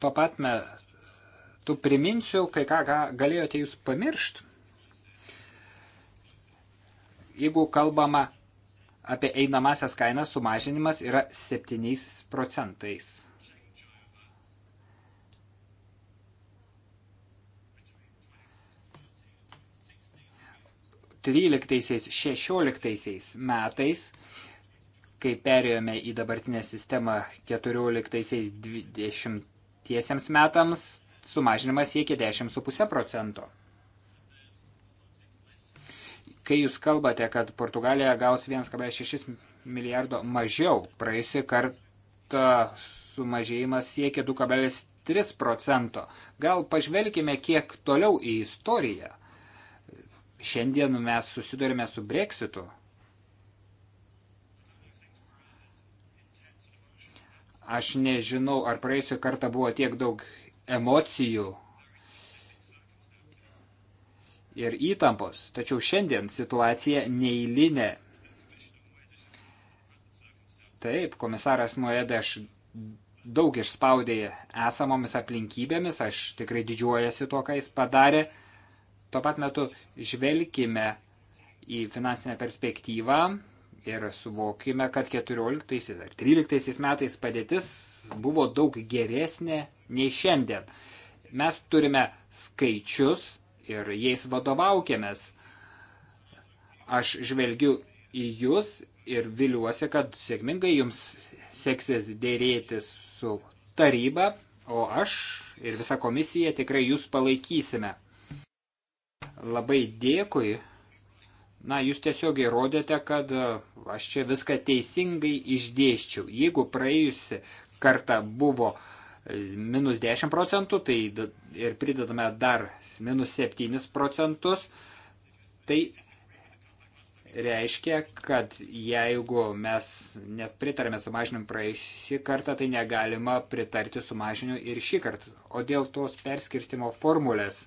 Tuo pat metu priminsiu, kai ką, ką galėjote jūs pamiršti. Jeigu kalbama apie einamasias kainas, sumažinimas yra 7 procentais. Tryliktaisiais, šešioliktaisiais metais kai perėjome į dabartinę sistemą 14-20 metams, sumažinimas siekia 10,5 procento. Kai jūs kalbate, kad Portugalija gaus 1,6 milijardo mažiau, praėjusi kartą sumažėjimas siekia 2,3 procento. Gal pažvelkime kiek toliau į istoriją. Šiandien mes susidurime su breksitu, Aš nežinau, ar praėjusią kartą buvo tiek daug emocijų ir įtampos, tačiau šiandien situacija neįlinė. Taip, komisaras Moeda, aš daug išspaudė esamomis aplinkybėmis, aš tikrai didžiuojasi to, ką jis padarė. Tuo pat metu žvelgime į finansinę perspektyvą, ir suvokime, kad 14 ar 13 metais padėtis buvo daug geresnė nei šiandien. Mes turime skaičius ir jais vadovaukėmės. Aš žvelgiu į jūs ir viliuosi, kad sėkmingai jums seksis dėrėtis su taryba, o aš ir visa komisija tikrai jūs palaikysime. Labai dėkui Na, jūs tiesiog įrodėte, kad e, aš čia viską teisingai išdėščiau. Jeigu praėjusi kartą buvo e, minus 10 procentų, tai ir pridedame dar minus 7 procentus, tai reiškia, kad jeigu mes nepritarėme sumažinimui praėjusį kartą, tai negalima pritarti sumažinimu ir šį kartą. O dėl tos perskirstimo formulės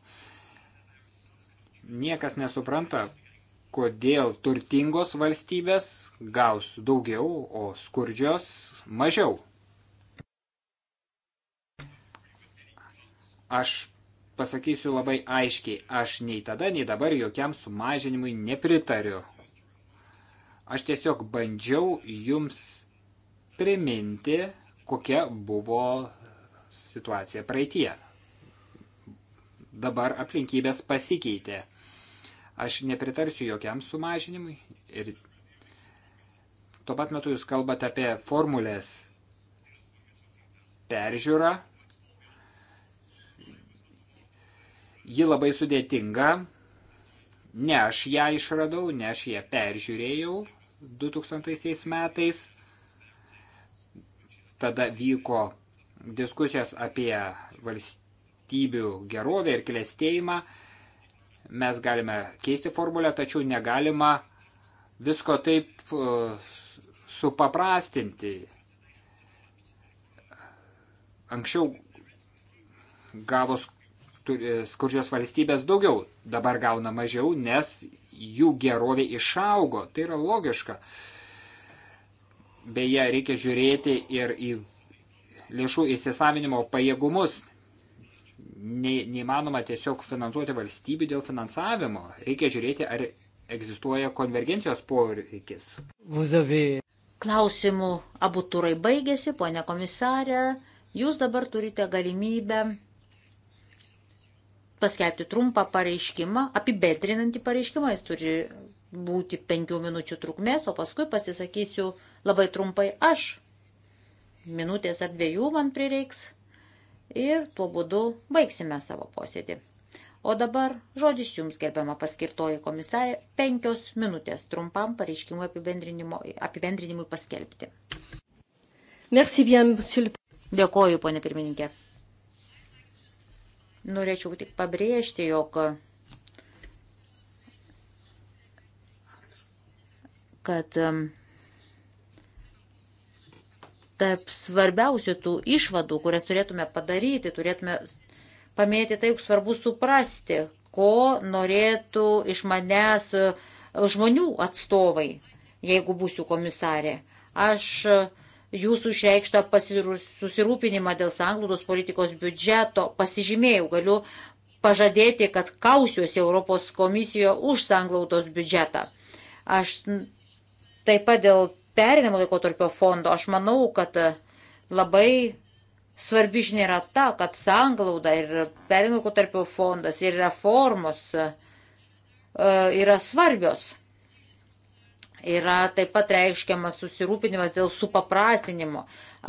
niekas nesupranta, kodėl turtingos valstybės gaus daugiau, o skurdžios mažiau. Aš pasakysiu labai aiškiai, aš nei tada, nei dabar jokiam sumažinimui nepritariu. Aš tiesiog bandžiau jums priminti, kokia buvo situacija praeitie. Dabar aplinkybės pasikeitė. Aš nepritarsiu jokiam sumažinimui ir tuo pat metu jūs kalbate apie formulės peržiūrą. Ji labai sudėtinga. Ne aš ją išradau, ne aš ją peržiūrėjau 2000 metais. Tada vyko diskusijos apie valstybių gerovę ir klėstėjimą. Mes galime keisti formulę, tačiau negalima visko taip e, supaprastinti. Anksčiau gavos e, skurdžios valstybės daugiau, dabar gauna mažiau, nes jų gerovė išaugo. Tai yra logiška. Beje, reikia žiūrėti ir į lėšų įsisavinimo pajėgumus, neįmanoma tiesiog finansuoti valstybių dėl finansavimo. Reikia žiūrėti, ar egzistuoja konvergencijos poreikis. Klausimų abu turai baigėsi, ponė komisarė. Jūs dabar turite galimybę paskelbti trumpą pareiškimą, apibendrinantį pareiškimą. Jis turi būti penkių minučių trukmės, o paskui pasisakysiu labai trumpai aš. Minutės ar dviejų man prireiks ir tuo būdu baigsime savo posėdį. O dabar žodis jums, gerbiama paskirtoji komisarė, penkios minutės trumpam pareiškimui apibendrinimui paskelbti. Merci bien, monsieur. Dėkoju, ponė pirmininkė. Norėčiau tik pabrėžti, jog kad um, tarp svarbiausių tų išvadų, kurias turėtume padaryti, turėtume pamėti taip svarbu suprasti, ko norėtų iš manęs e, žmonių atstovai, jeigu būsiu komisarė. Aš e, jūsų išreikštą susirūpinimą dėl sanglūdos politikos biudžeto pasižymėjau, galiu pažadėti, kad kausiuosi Europos komisijoje už sanglaudos biudžetą. Aš taip pat dėl perinamo laikotarpio fondo, aš manau, kad e, labai svarbi žinia yra ta, kad sanglauda ir perinamo laikotarpio fondas ir reformos e, e, yra svarbios. Yra taip pat reiškiamas susirūpinimas dėl supaprastinimo.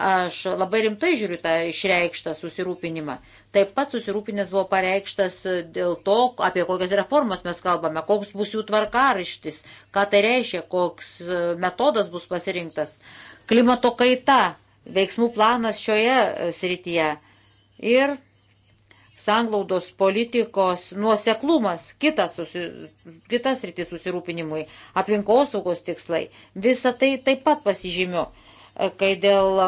Aš labai rimtai žiūriu tą išreikštą susirūpinimą taip pat susirūpinęs buvo pareikštas dėl to, apie kokias reformas mes kalbame, koks bus jų tvarkaraštis, ką tai reiškia, koks e, metodas bus pasirinktas, klimato kaita, veiksmų planas šioje e, srityje ir sanglaudos politikos nuoseklumas, kitas, susi, kitas rytis susirūpinimui, aplinkosaugos tikslai. Visą tai taip pat pasižymiu, e, kai dėl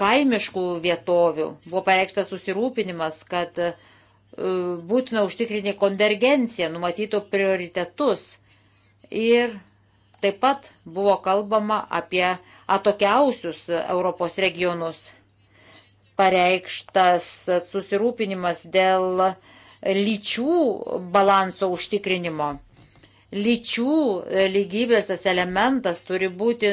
kaimiškų vietovių. Buvo pareikštas susirūpinimas, kad e, būtina užtikrinti konvergenciją, numatytų prioritetus. Ir taip pat buvo kalbama apie atokiausius Europos regionus. Pareikštas susirūpinimas dėl lyčių balanso užtikrinimo lyčių e, lygybės tas elementas turi būti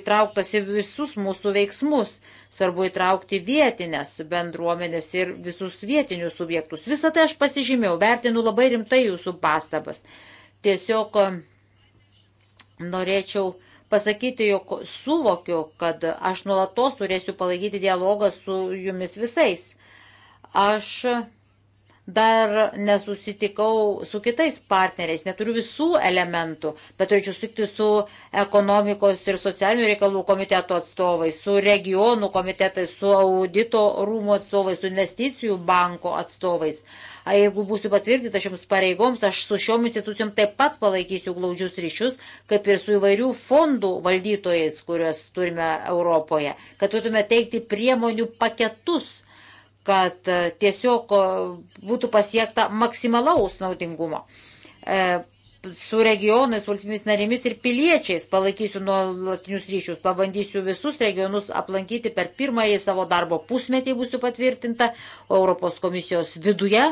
įtrauktas į visus mūsų veiksmus. Svarbu įtraukti vietinės bendruomenės ir visus vietinius subjektus. Visą tai aš pasižymėjau, vertinu labai rimtai jūsų pastabas. Tiesiog e, norėčiau pasakyti, jog suvokiu, kad aš nuolatos turėsiu palaikyti dialogą su jumis visais. Aš dar nesusitikau su kitais partneriais, neturiu visų elementų, bet turėčiau sutikti su ekonomikos ir socialinių reikalų komiteto atstovais, su regionų komitetais, su audito rūmų atstovais, su investicijų banko atstovais. A, jeigu būsiu patvirtinta šioms pareigoms, aš su šiom institucijom taip pat palaikysiu glaudžius ryšius, kaip ir su įvairių fondų valdytojais, kuriuos turime Europoje, kad turėtume teikti priemonių paketus kad e, tiesiog būtų pasiekta maksimalaus naudingumo. E, su regionais, valstybėmis narėmis ir piliečiais palaikysiu nuolatinius ryšius, pabandysiu visus regionus aplankyti per pirmąjį savo darbo pusmetį, būsiu patvirtinta, Europos komisijos viduje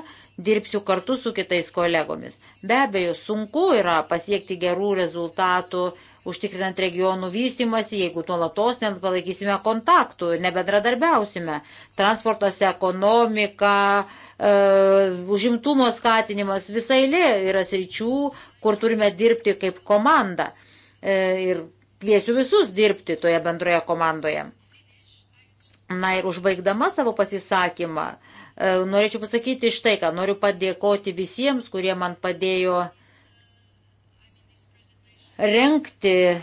dirbsiu kartu su kitais kolegomis. Be abejo, sunku yra pasiekti gerų rezultatų uh, užtikrinant regionų vystimasi, jeigu nuolatos net palaikysime kontaktų, nebedradarbiausime. Transportas, ekonomika, e, užimtumo skatinimas, visa eilė yra sričių, kur turime dirbti kaip komanda. E, ir kviesiu visus dirbti toje bendroje komandoje. Na ir užbaigdama savo pasisakymą, e, norėčiau pasakyti štai ką, noriu padėkoti visiems, kurie man padėjo rengti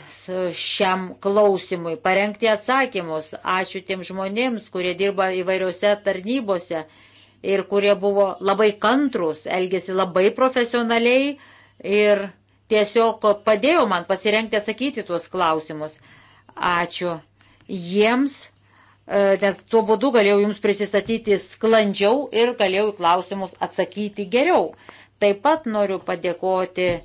šiam klausimui, parengti atsakymus. Ačiū tiem žmonėms, kurie dirba įvairiose tarnybose ir kurie buvo labai kantrus, elgėsi labai profesionaliai ir tiesiog padėjo man pasirengti atsakyti tuos klausimus. Ačiū jiems, e, nes tuo būdu galėjau jums prisistatyti sklandžiau ir galėjau į klausimus atsakyti geriau. Taip pat noriu padėkoti e,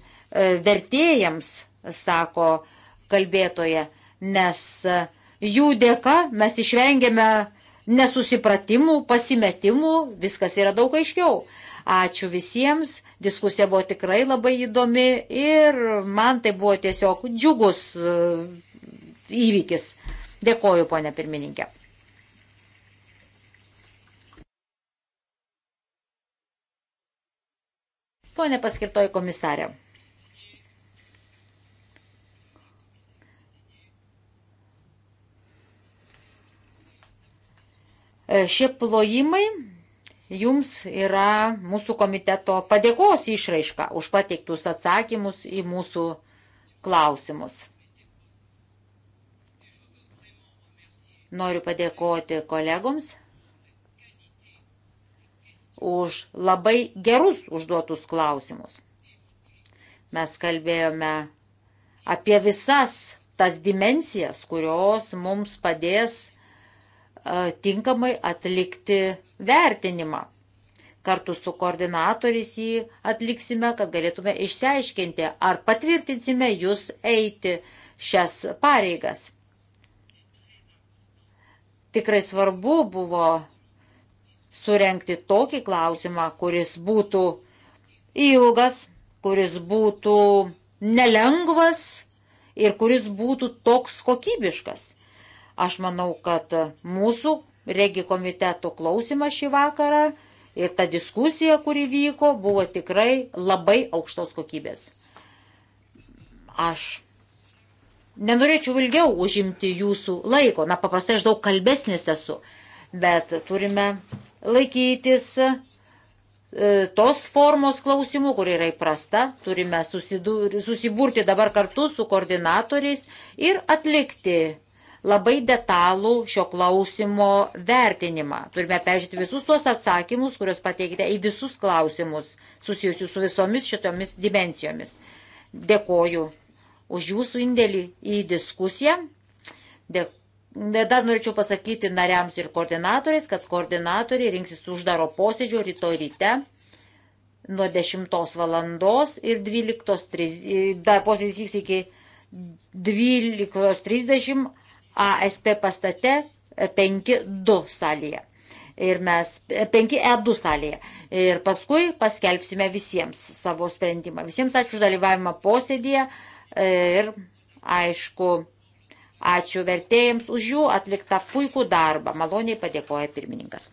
vertėjams sako kalbėtoje, nes jų dėka mes išvengėme nesusipratimų, pasimetimų, viskas yra daug aiškiau. Ačiū visiems, diskusija buvo tikrai labai įdomi ir man tai buvo tiesiog džiugus e, įvykis. Dėkoju, ponė pirmininkė. Pone paskirtoji komisarė. E, šie plojimai jums yra mūsų komiteto padėkos išraiška už pateiktus atsakymus į mūsų klausimus. Noriu padėkoti kolegoms už labai gerus užduotus klausimus. Mes kalbėjome apie visas tas dimensijas, kurios mums padės tinkamai atlikti vertinimą. Kartu su koordinatoriais jį atliksime, kad galėtume išsiaiškinti, ar patvirtinsime jūs eiti šias pareigas. Tikrai svarbu buvo surenkti tokį klausimą, kuris būtų ilgas, kuris būtų nelengvas ir kuris būtų toks kokybiškas. Aš manau, kad mūsų regi komiteto klausimas šį vakarą ir ta diskusija, kuri vyko, buvo tikrai labai aukštos kokybės. Aš nenorėčiau ilgiau užimti jūsų laiko, na paprastai aš daug kalbesnis esu, bet turime laikytis e, tos formos klausimų, kur yra įprasta, turime susidur, susiburti dabar kartu su koordinatoriais ir atlikti labai detalų šio klausimo vertinimą. Turime peržiūrėti visus tuos atsakymus, kuriuos pateikite į visus klausimus susijusius su visomis šitomis dimencijomis. Dėkoju už jūsų indėlį į diskusiją. Dėkoju. Dar norėčiau pasakyti nariams ir koordinatoriais, kad koordinatoriai rinksis uždaro posėdžio rytoj ryte nuo 10 valandos ir 12.30, dar posėdis vyks iki 12.30 ASP pastate 5.2 e, salėje. Ir mes 5E2 e salėje. Ir paskui paskelbsime visiems savo sprendimą. Visiems ačiū už dalyvavimą posėdėje e, ir aišku, ačiū vertėjams už jų atliktą puikų darbą. Maloniai padėkoja pirmininkas.